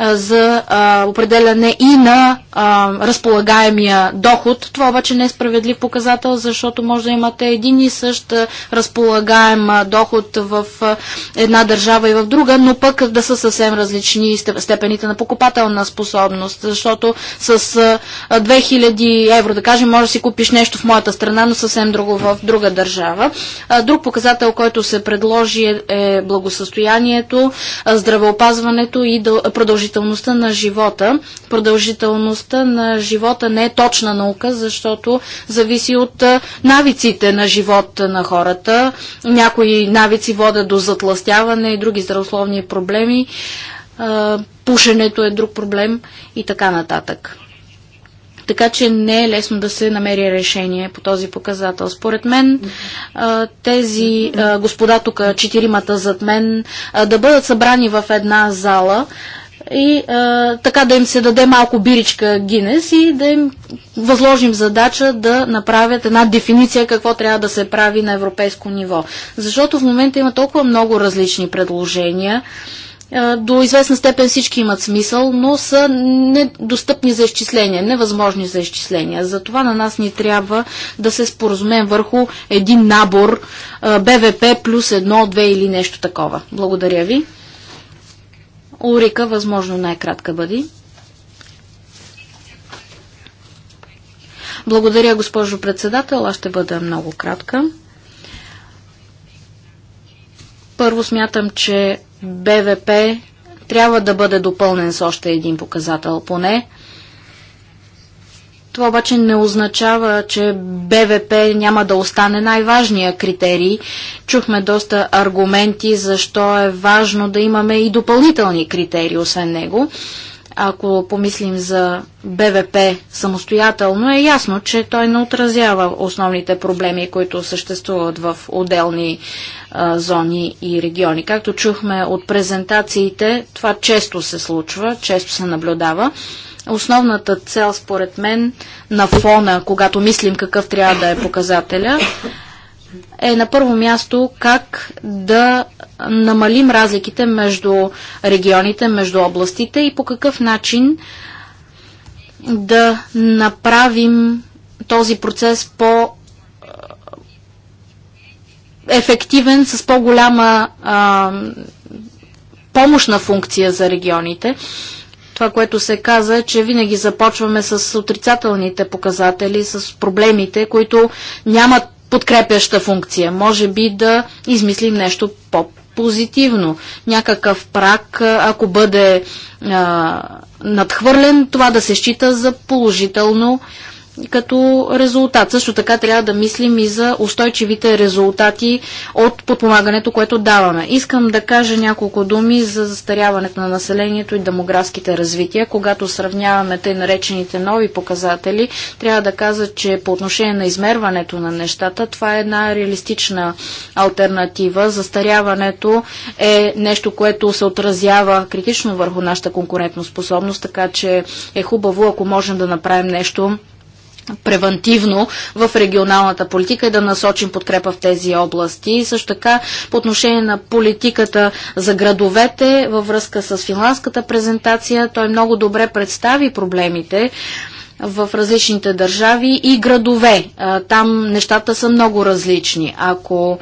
за а, определяне и на а, разполагаемия доход. Това обаче не е справедлив показател, защото може да имате един и същ разполагаем доход в една държава и в друга, но пък да са съвсем различни степените на покупателна способност, защото с 2000 евро, да кажем, може да си купиш нещо в моята страна, но съвсем друго в друга държава. Друг показател, който се предложи е, е благосъстоянието, здравеопазването и продължителността на живота. Продължителността на живота не е точна наука, защото зависи от навиците на живота на хората. Някои навици водят до затластяване и други здравословни проблеми пушенето е друг проблем и така нататък така че не е лесно да се намери решение по този показател. Според мен тези господа тук, четиримата зад мен, да бъдат събрани в една зала и така да им се даде малко биричка Гинес и да им възложим задача да направят една дефиниция какво трябва да се прави на европейско ниво. Защото в момента има толкова много различни предложения. Е, до известна степен всички имат смисъл, но са недостъпни за изчисления, невъзможни за изчисления. Затова на нас ни трябва да се споразумем върху един набор е, БВП плюс едно, две или нещо такова. Благодаря ви. Урика, възможно най-кратка бъди. Благодаря, госпожо председател. Аз ще бъда много кратка. Първо смятам, че БВП трябва да бъде допълнен с още един показател поне. Това обаче не означава, че БВП няма да остане най-важния критерий. Чухме доста аргументи защо е важно да имаме и допълнителни критерии освен него. Ако помислим за БВП самостоятелно, е ясно, че той не отразява основните проблеми, които съществуват в отделни а, зони и региони. Както чухме от презентациите, това често се случва, често се наблюдава. Основната цел, според мен, на фона, когато мислим какъв трябва да е показателя, е на първо място как да намалим разликите между регионите, между областите и по какъв начин да направим този процес по е, ефективен, с по-голяма помощна функция за регионите. Това, което се каза, е, че винаги започваме с отрицателните показатели, с проблемите, които нямат подкрепяща функция. Може би да измислим нещо по-позитивно. Някакъв прак, ако бъде а, надхвърлен, това да се счита за положително а, като резултат. Също така трябва да мислим и за устойчивите резултати от подпомагането, което даваме. Искам да кажа няколко думи за застаряването на населението и демографските развития. Когато сравняваме тъй наречените нови показатели, трябва да кажа, че по отношение на измерването на нещата, това е една реалистична альтернатива. Застаряването е нещо, което се отразява критично върху нашата конкурентоспособност, така че е хубаво, ако можем да направим нещо превентивно в регионалната политика и да насочим подкрепа в тези области. И също така по отношение на политиката за градовете във връзка с финландската презентация, той много добре представи проблемите в различните държави и градове. Там нещата са много различни. Ако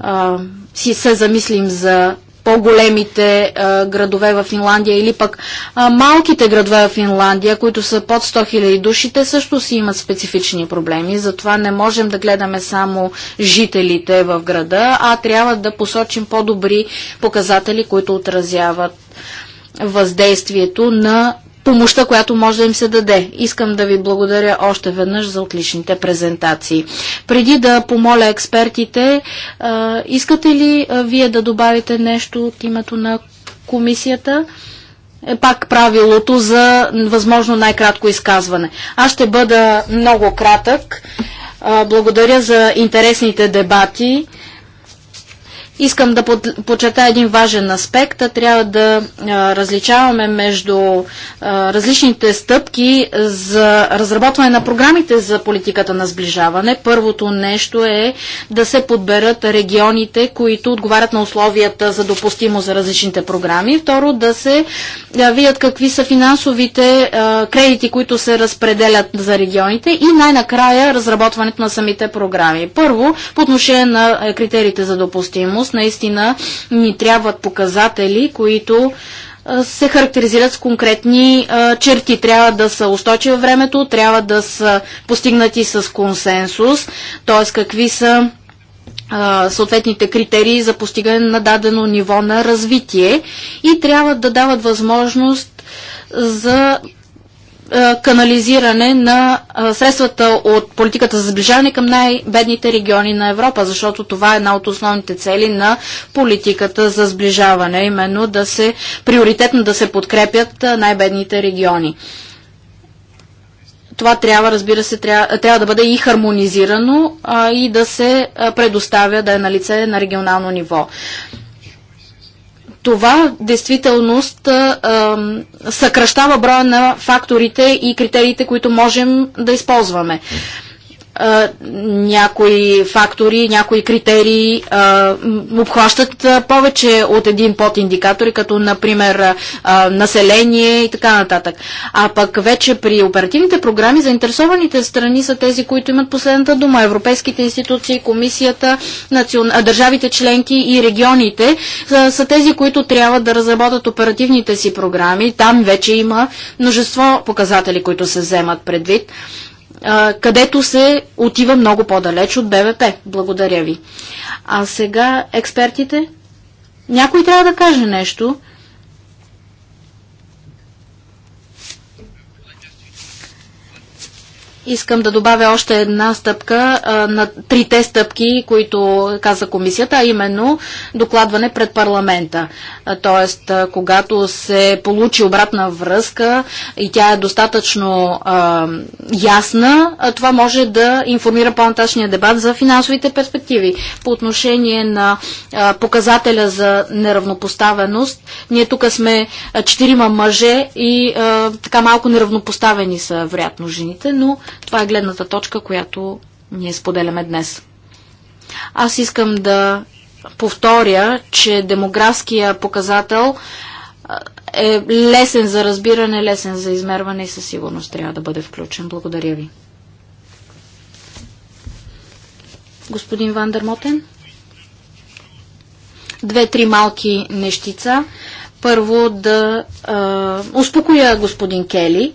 а, си се замислим за по-големите е, градове в Финландия или пък а, е, малките градове в Финландия, които са под 100 000 души, те също си имат специфични проблеми. Затова не можем да гледаме само жителите в града, а трябва да посочим по-добри показатели, които отразяват въздействието на помощта, която може да им се даде. Искам да ви благодаря още веднъж за отличните презентации. Преди да помоля експертите, а, искате ли а, вие да добавите нещо от името на комисията? Е пак правилото за възможно най-кратко изказване. Аз ще бъда много кратък. А, благодаря за интересните дебати. Искам да почета един важен аспект. Трябва да различаваме между различните стъпки за разработване на програмите за политиката на сближаване. Първото нещо е да се подберат регионите, които отговарят на условията за допустимо за различните програми. Второ, да се видят какви са финансовите кредити, които се разпределят за регионите. И най-накрая разработването на самите програми. Първо, по отношение на критериите за допустимост всъщност Наистина ни трябват показатели, които се характеризират с конкретни а, черти. Трябва да са устойчиви във времето, трябва да са постигнати с консенсус, т.е. какви са а, съответните критерии за постигане на дадено ниво на развитие и трябва да дават възможност за е, канализиране на е, средствата от политиката за сближаване към най-бедните региони на Европа, защото това е една от основните цели на политиката за сближаване, именно да се приоритетно да се подкрепят е, най-бедните региони. Това трябва, разбира се, трябва, трябва да бъде и хармонизирано а, и да се предоставя да е на лице на регионално ниво това действителност съкръщава броя на факторите и критериите, които можем да използваме някои фактори, някои критерии обхващат повече от един индикатори, като например население и така нататък. А пък вече при оперативните програми заинтересованите страни са тези, които имат последната дума. Европейските институции, комисията, национ... държавите членки и регионите са, са тези, които трябва да разработят оперативните си програми. Там вече има множество показатели, които се вземат предвид а, където се отива много по-далеч от БВП. Благодаря ви. А сега експертите? Някой трябва да каже нещо. Искам да добавя още една стъпка а, на трите стъпки, които каза комисията, а именно докладване пред парламента. А, тоест, а, когато се получи обратна връзка и тя е достатъчно а, ясна, а, това може да информира по-нататъчния дебат за финансовите перспективи. По отношение на а, показателя за неравнопоставеност, ние тук сме четирима мъже и а, така малко неравнопоставени са вероятно жените, но това е гледната точка, която ние споделяме днес. Аз искам да повторя, че демографския показател е лесен за разбиране, лесен за измерване и със сигурност трябва да бъде включен. Благодаря ви. Господин Вандермотен? Две-три малки нещица. Първо да а, успокоя господин Кели.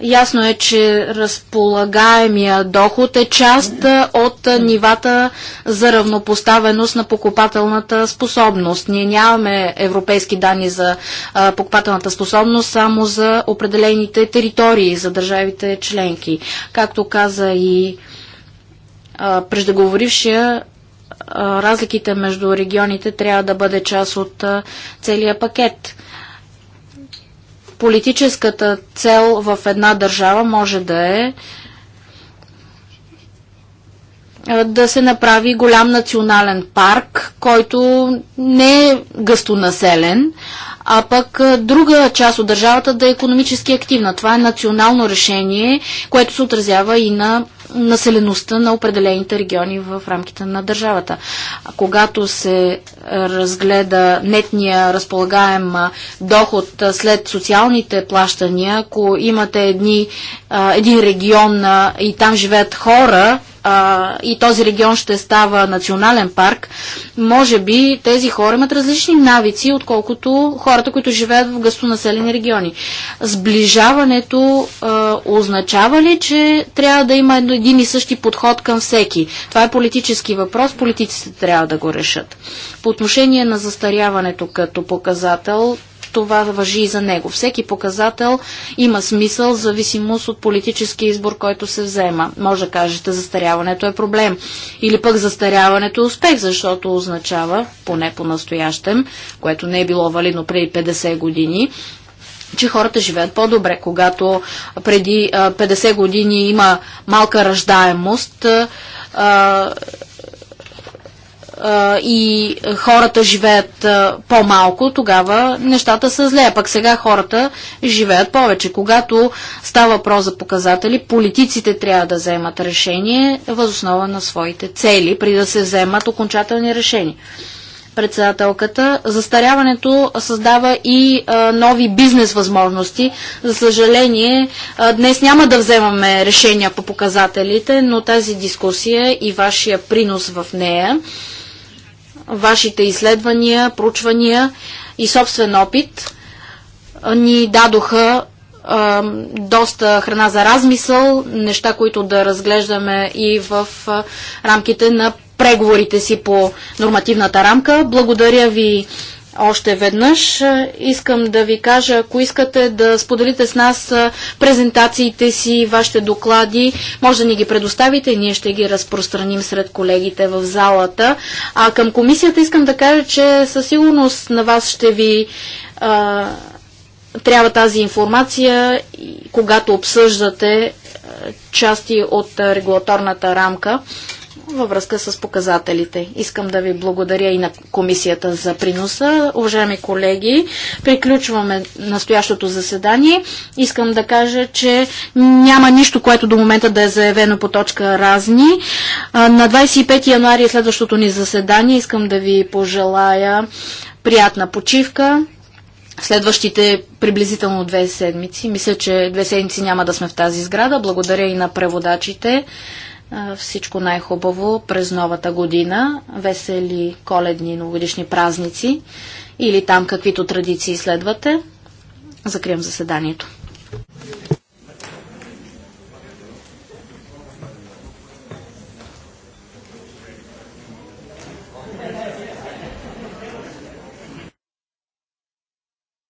Ясно е, че разполагаемия доход е част от нивата за равнопоставеност на покупателната способност. Ние нямаме европейски данни за покупателната способност, само за определените територии, за държавите членки. Както каза и преждеговорившия, разликите между регионите трябва да бъде част от целия пакет политическата цел в една държава може да е да се направи голям национален парк, който не е гъстонаселен, а пък друга част от държавата да е економически активна. Това е национално решение, което се отразява и на населеността на определените региони в рамките на държавата. Когато се разгледа нетния разполагаем доход след социалните плащания, ако имате едни, един регион и там живеят хора, а, и този регион ще става национален парк, може би тези хора имат различни навици, отколкото хората, които живеят в гъстонаселени региони. Сближаването а, означава ли, че трябва да има един и същи подход към всеки? Това е политически въпрос, политиците трябва да го решат. По отношение на застаряването като показател, това въжи и за него. Всеки показател има смисъл в зависимост от политическия избор, който се взема. Може да кажете, застаряването е проблем. Или пък застаряването е успех, защото означава, поне по-настоящем, което не е било валидно преди 50 години, че хората живеят по-добре. Когато преди 50 години има малка ръждаемост, и хората живеят по-малко, тогава нещата са зле. Пък сега хората живеят повече. Когато става въпрос за показатели, политиците трябва да вземат решение възоснова на своите цели, при да се вземат окончателни решения. Председателката, застаряването създава и а, нови бизнес възможности. За съжаление, а, днес няма да вземаме решения по показателите, но тази дискусия и вашия принос в нея вашите изследвания, проучвания и собствен опит ни дадоха а, доста храна за размисъл, неща, които да разглеждаме и в а, рамките на преговорите си по нормативната рамка. Благодаря ви още веднъж. Е, искам да ви кажа, ако искате да споделите с нас е, презентациите си, вашите доклади, може да ни ги предоставите и ние ще ги разпространим сред колегите в залата. А към комисията искам да кажа, че със сигурност на вас ще ви а, е, трябва тази информация, когато обсъждате части от регулаторната рамка във връзка с показателите. Искам да ви благодаря и на комисията за приноса. Уважаеми колеги, приключваме настоящото заседание. Искам да кажа, че няма нищо, което до момента да е заявено по точка разни. На 25 януари е следващото ни заседание искам да ви пожелая приятна почивка, следващите приблизително две седмици. Мисля, че две седмици няма да сме в тази сграда. Благодаря и на преводачите. Всичко най-хубаво през новата година, весели коледни новогодишни празници или там каквито традиции следвате. Закрием заседанието.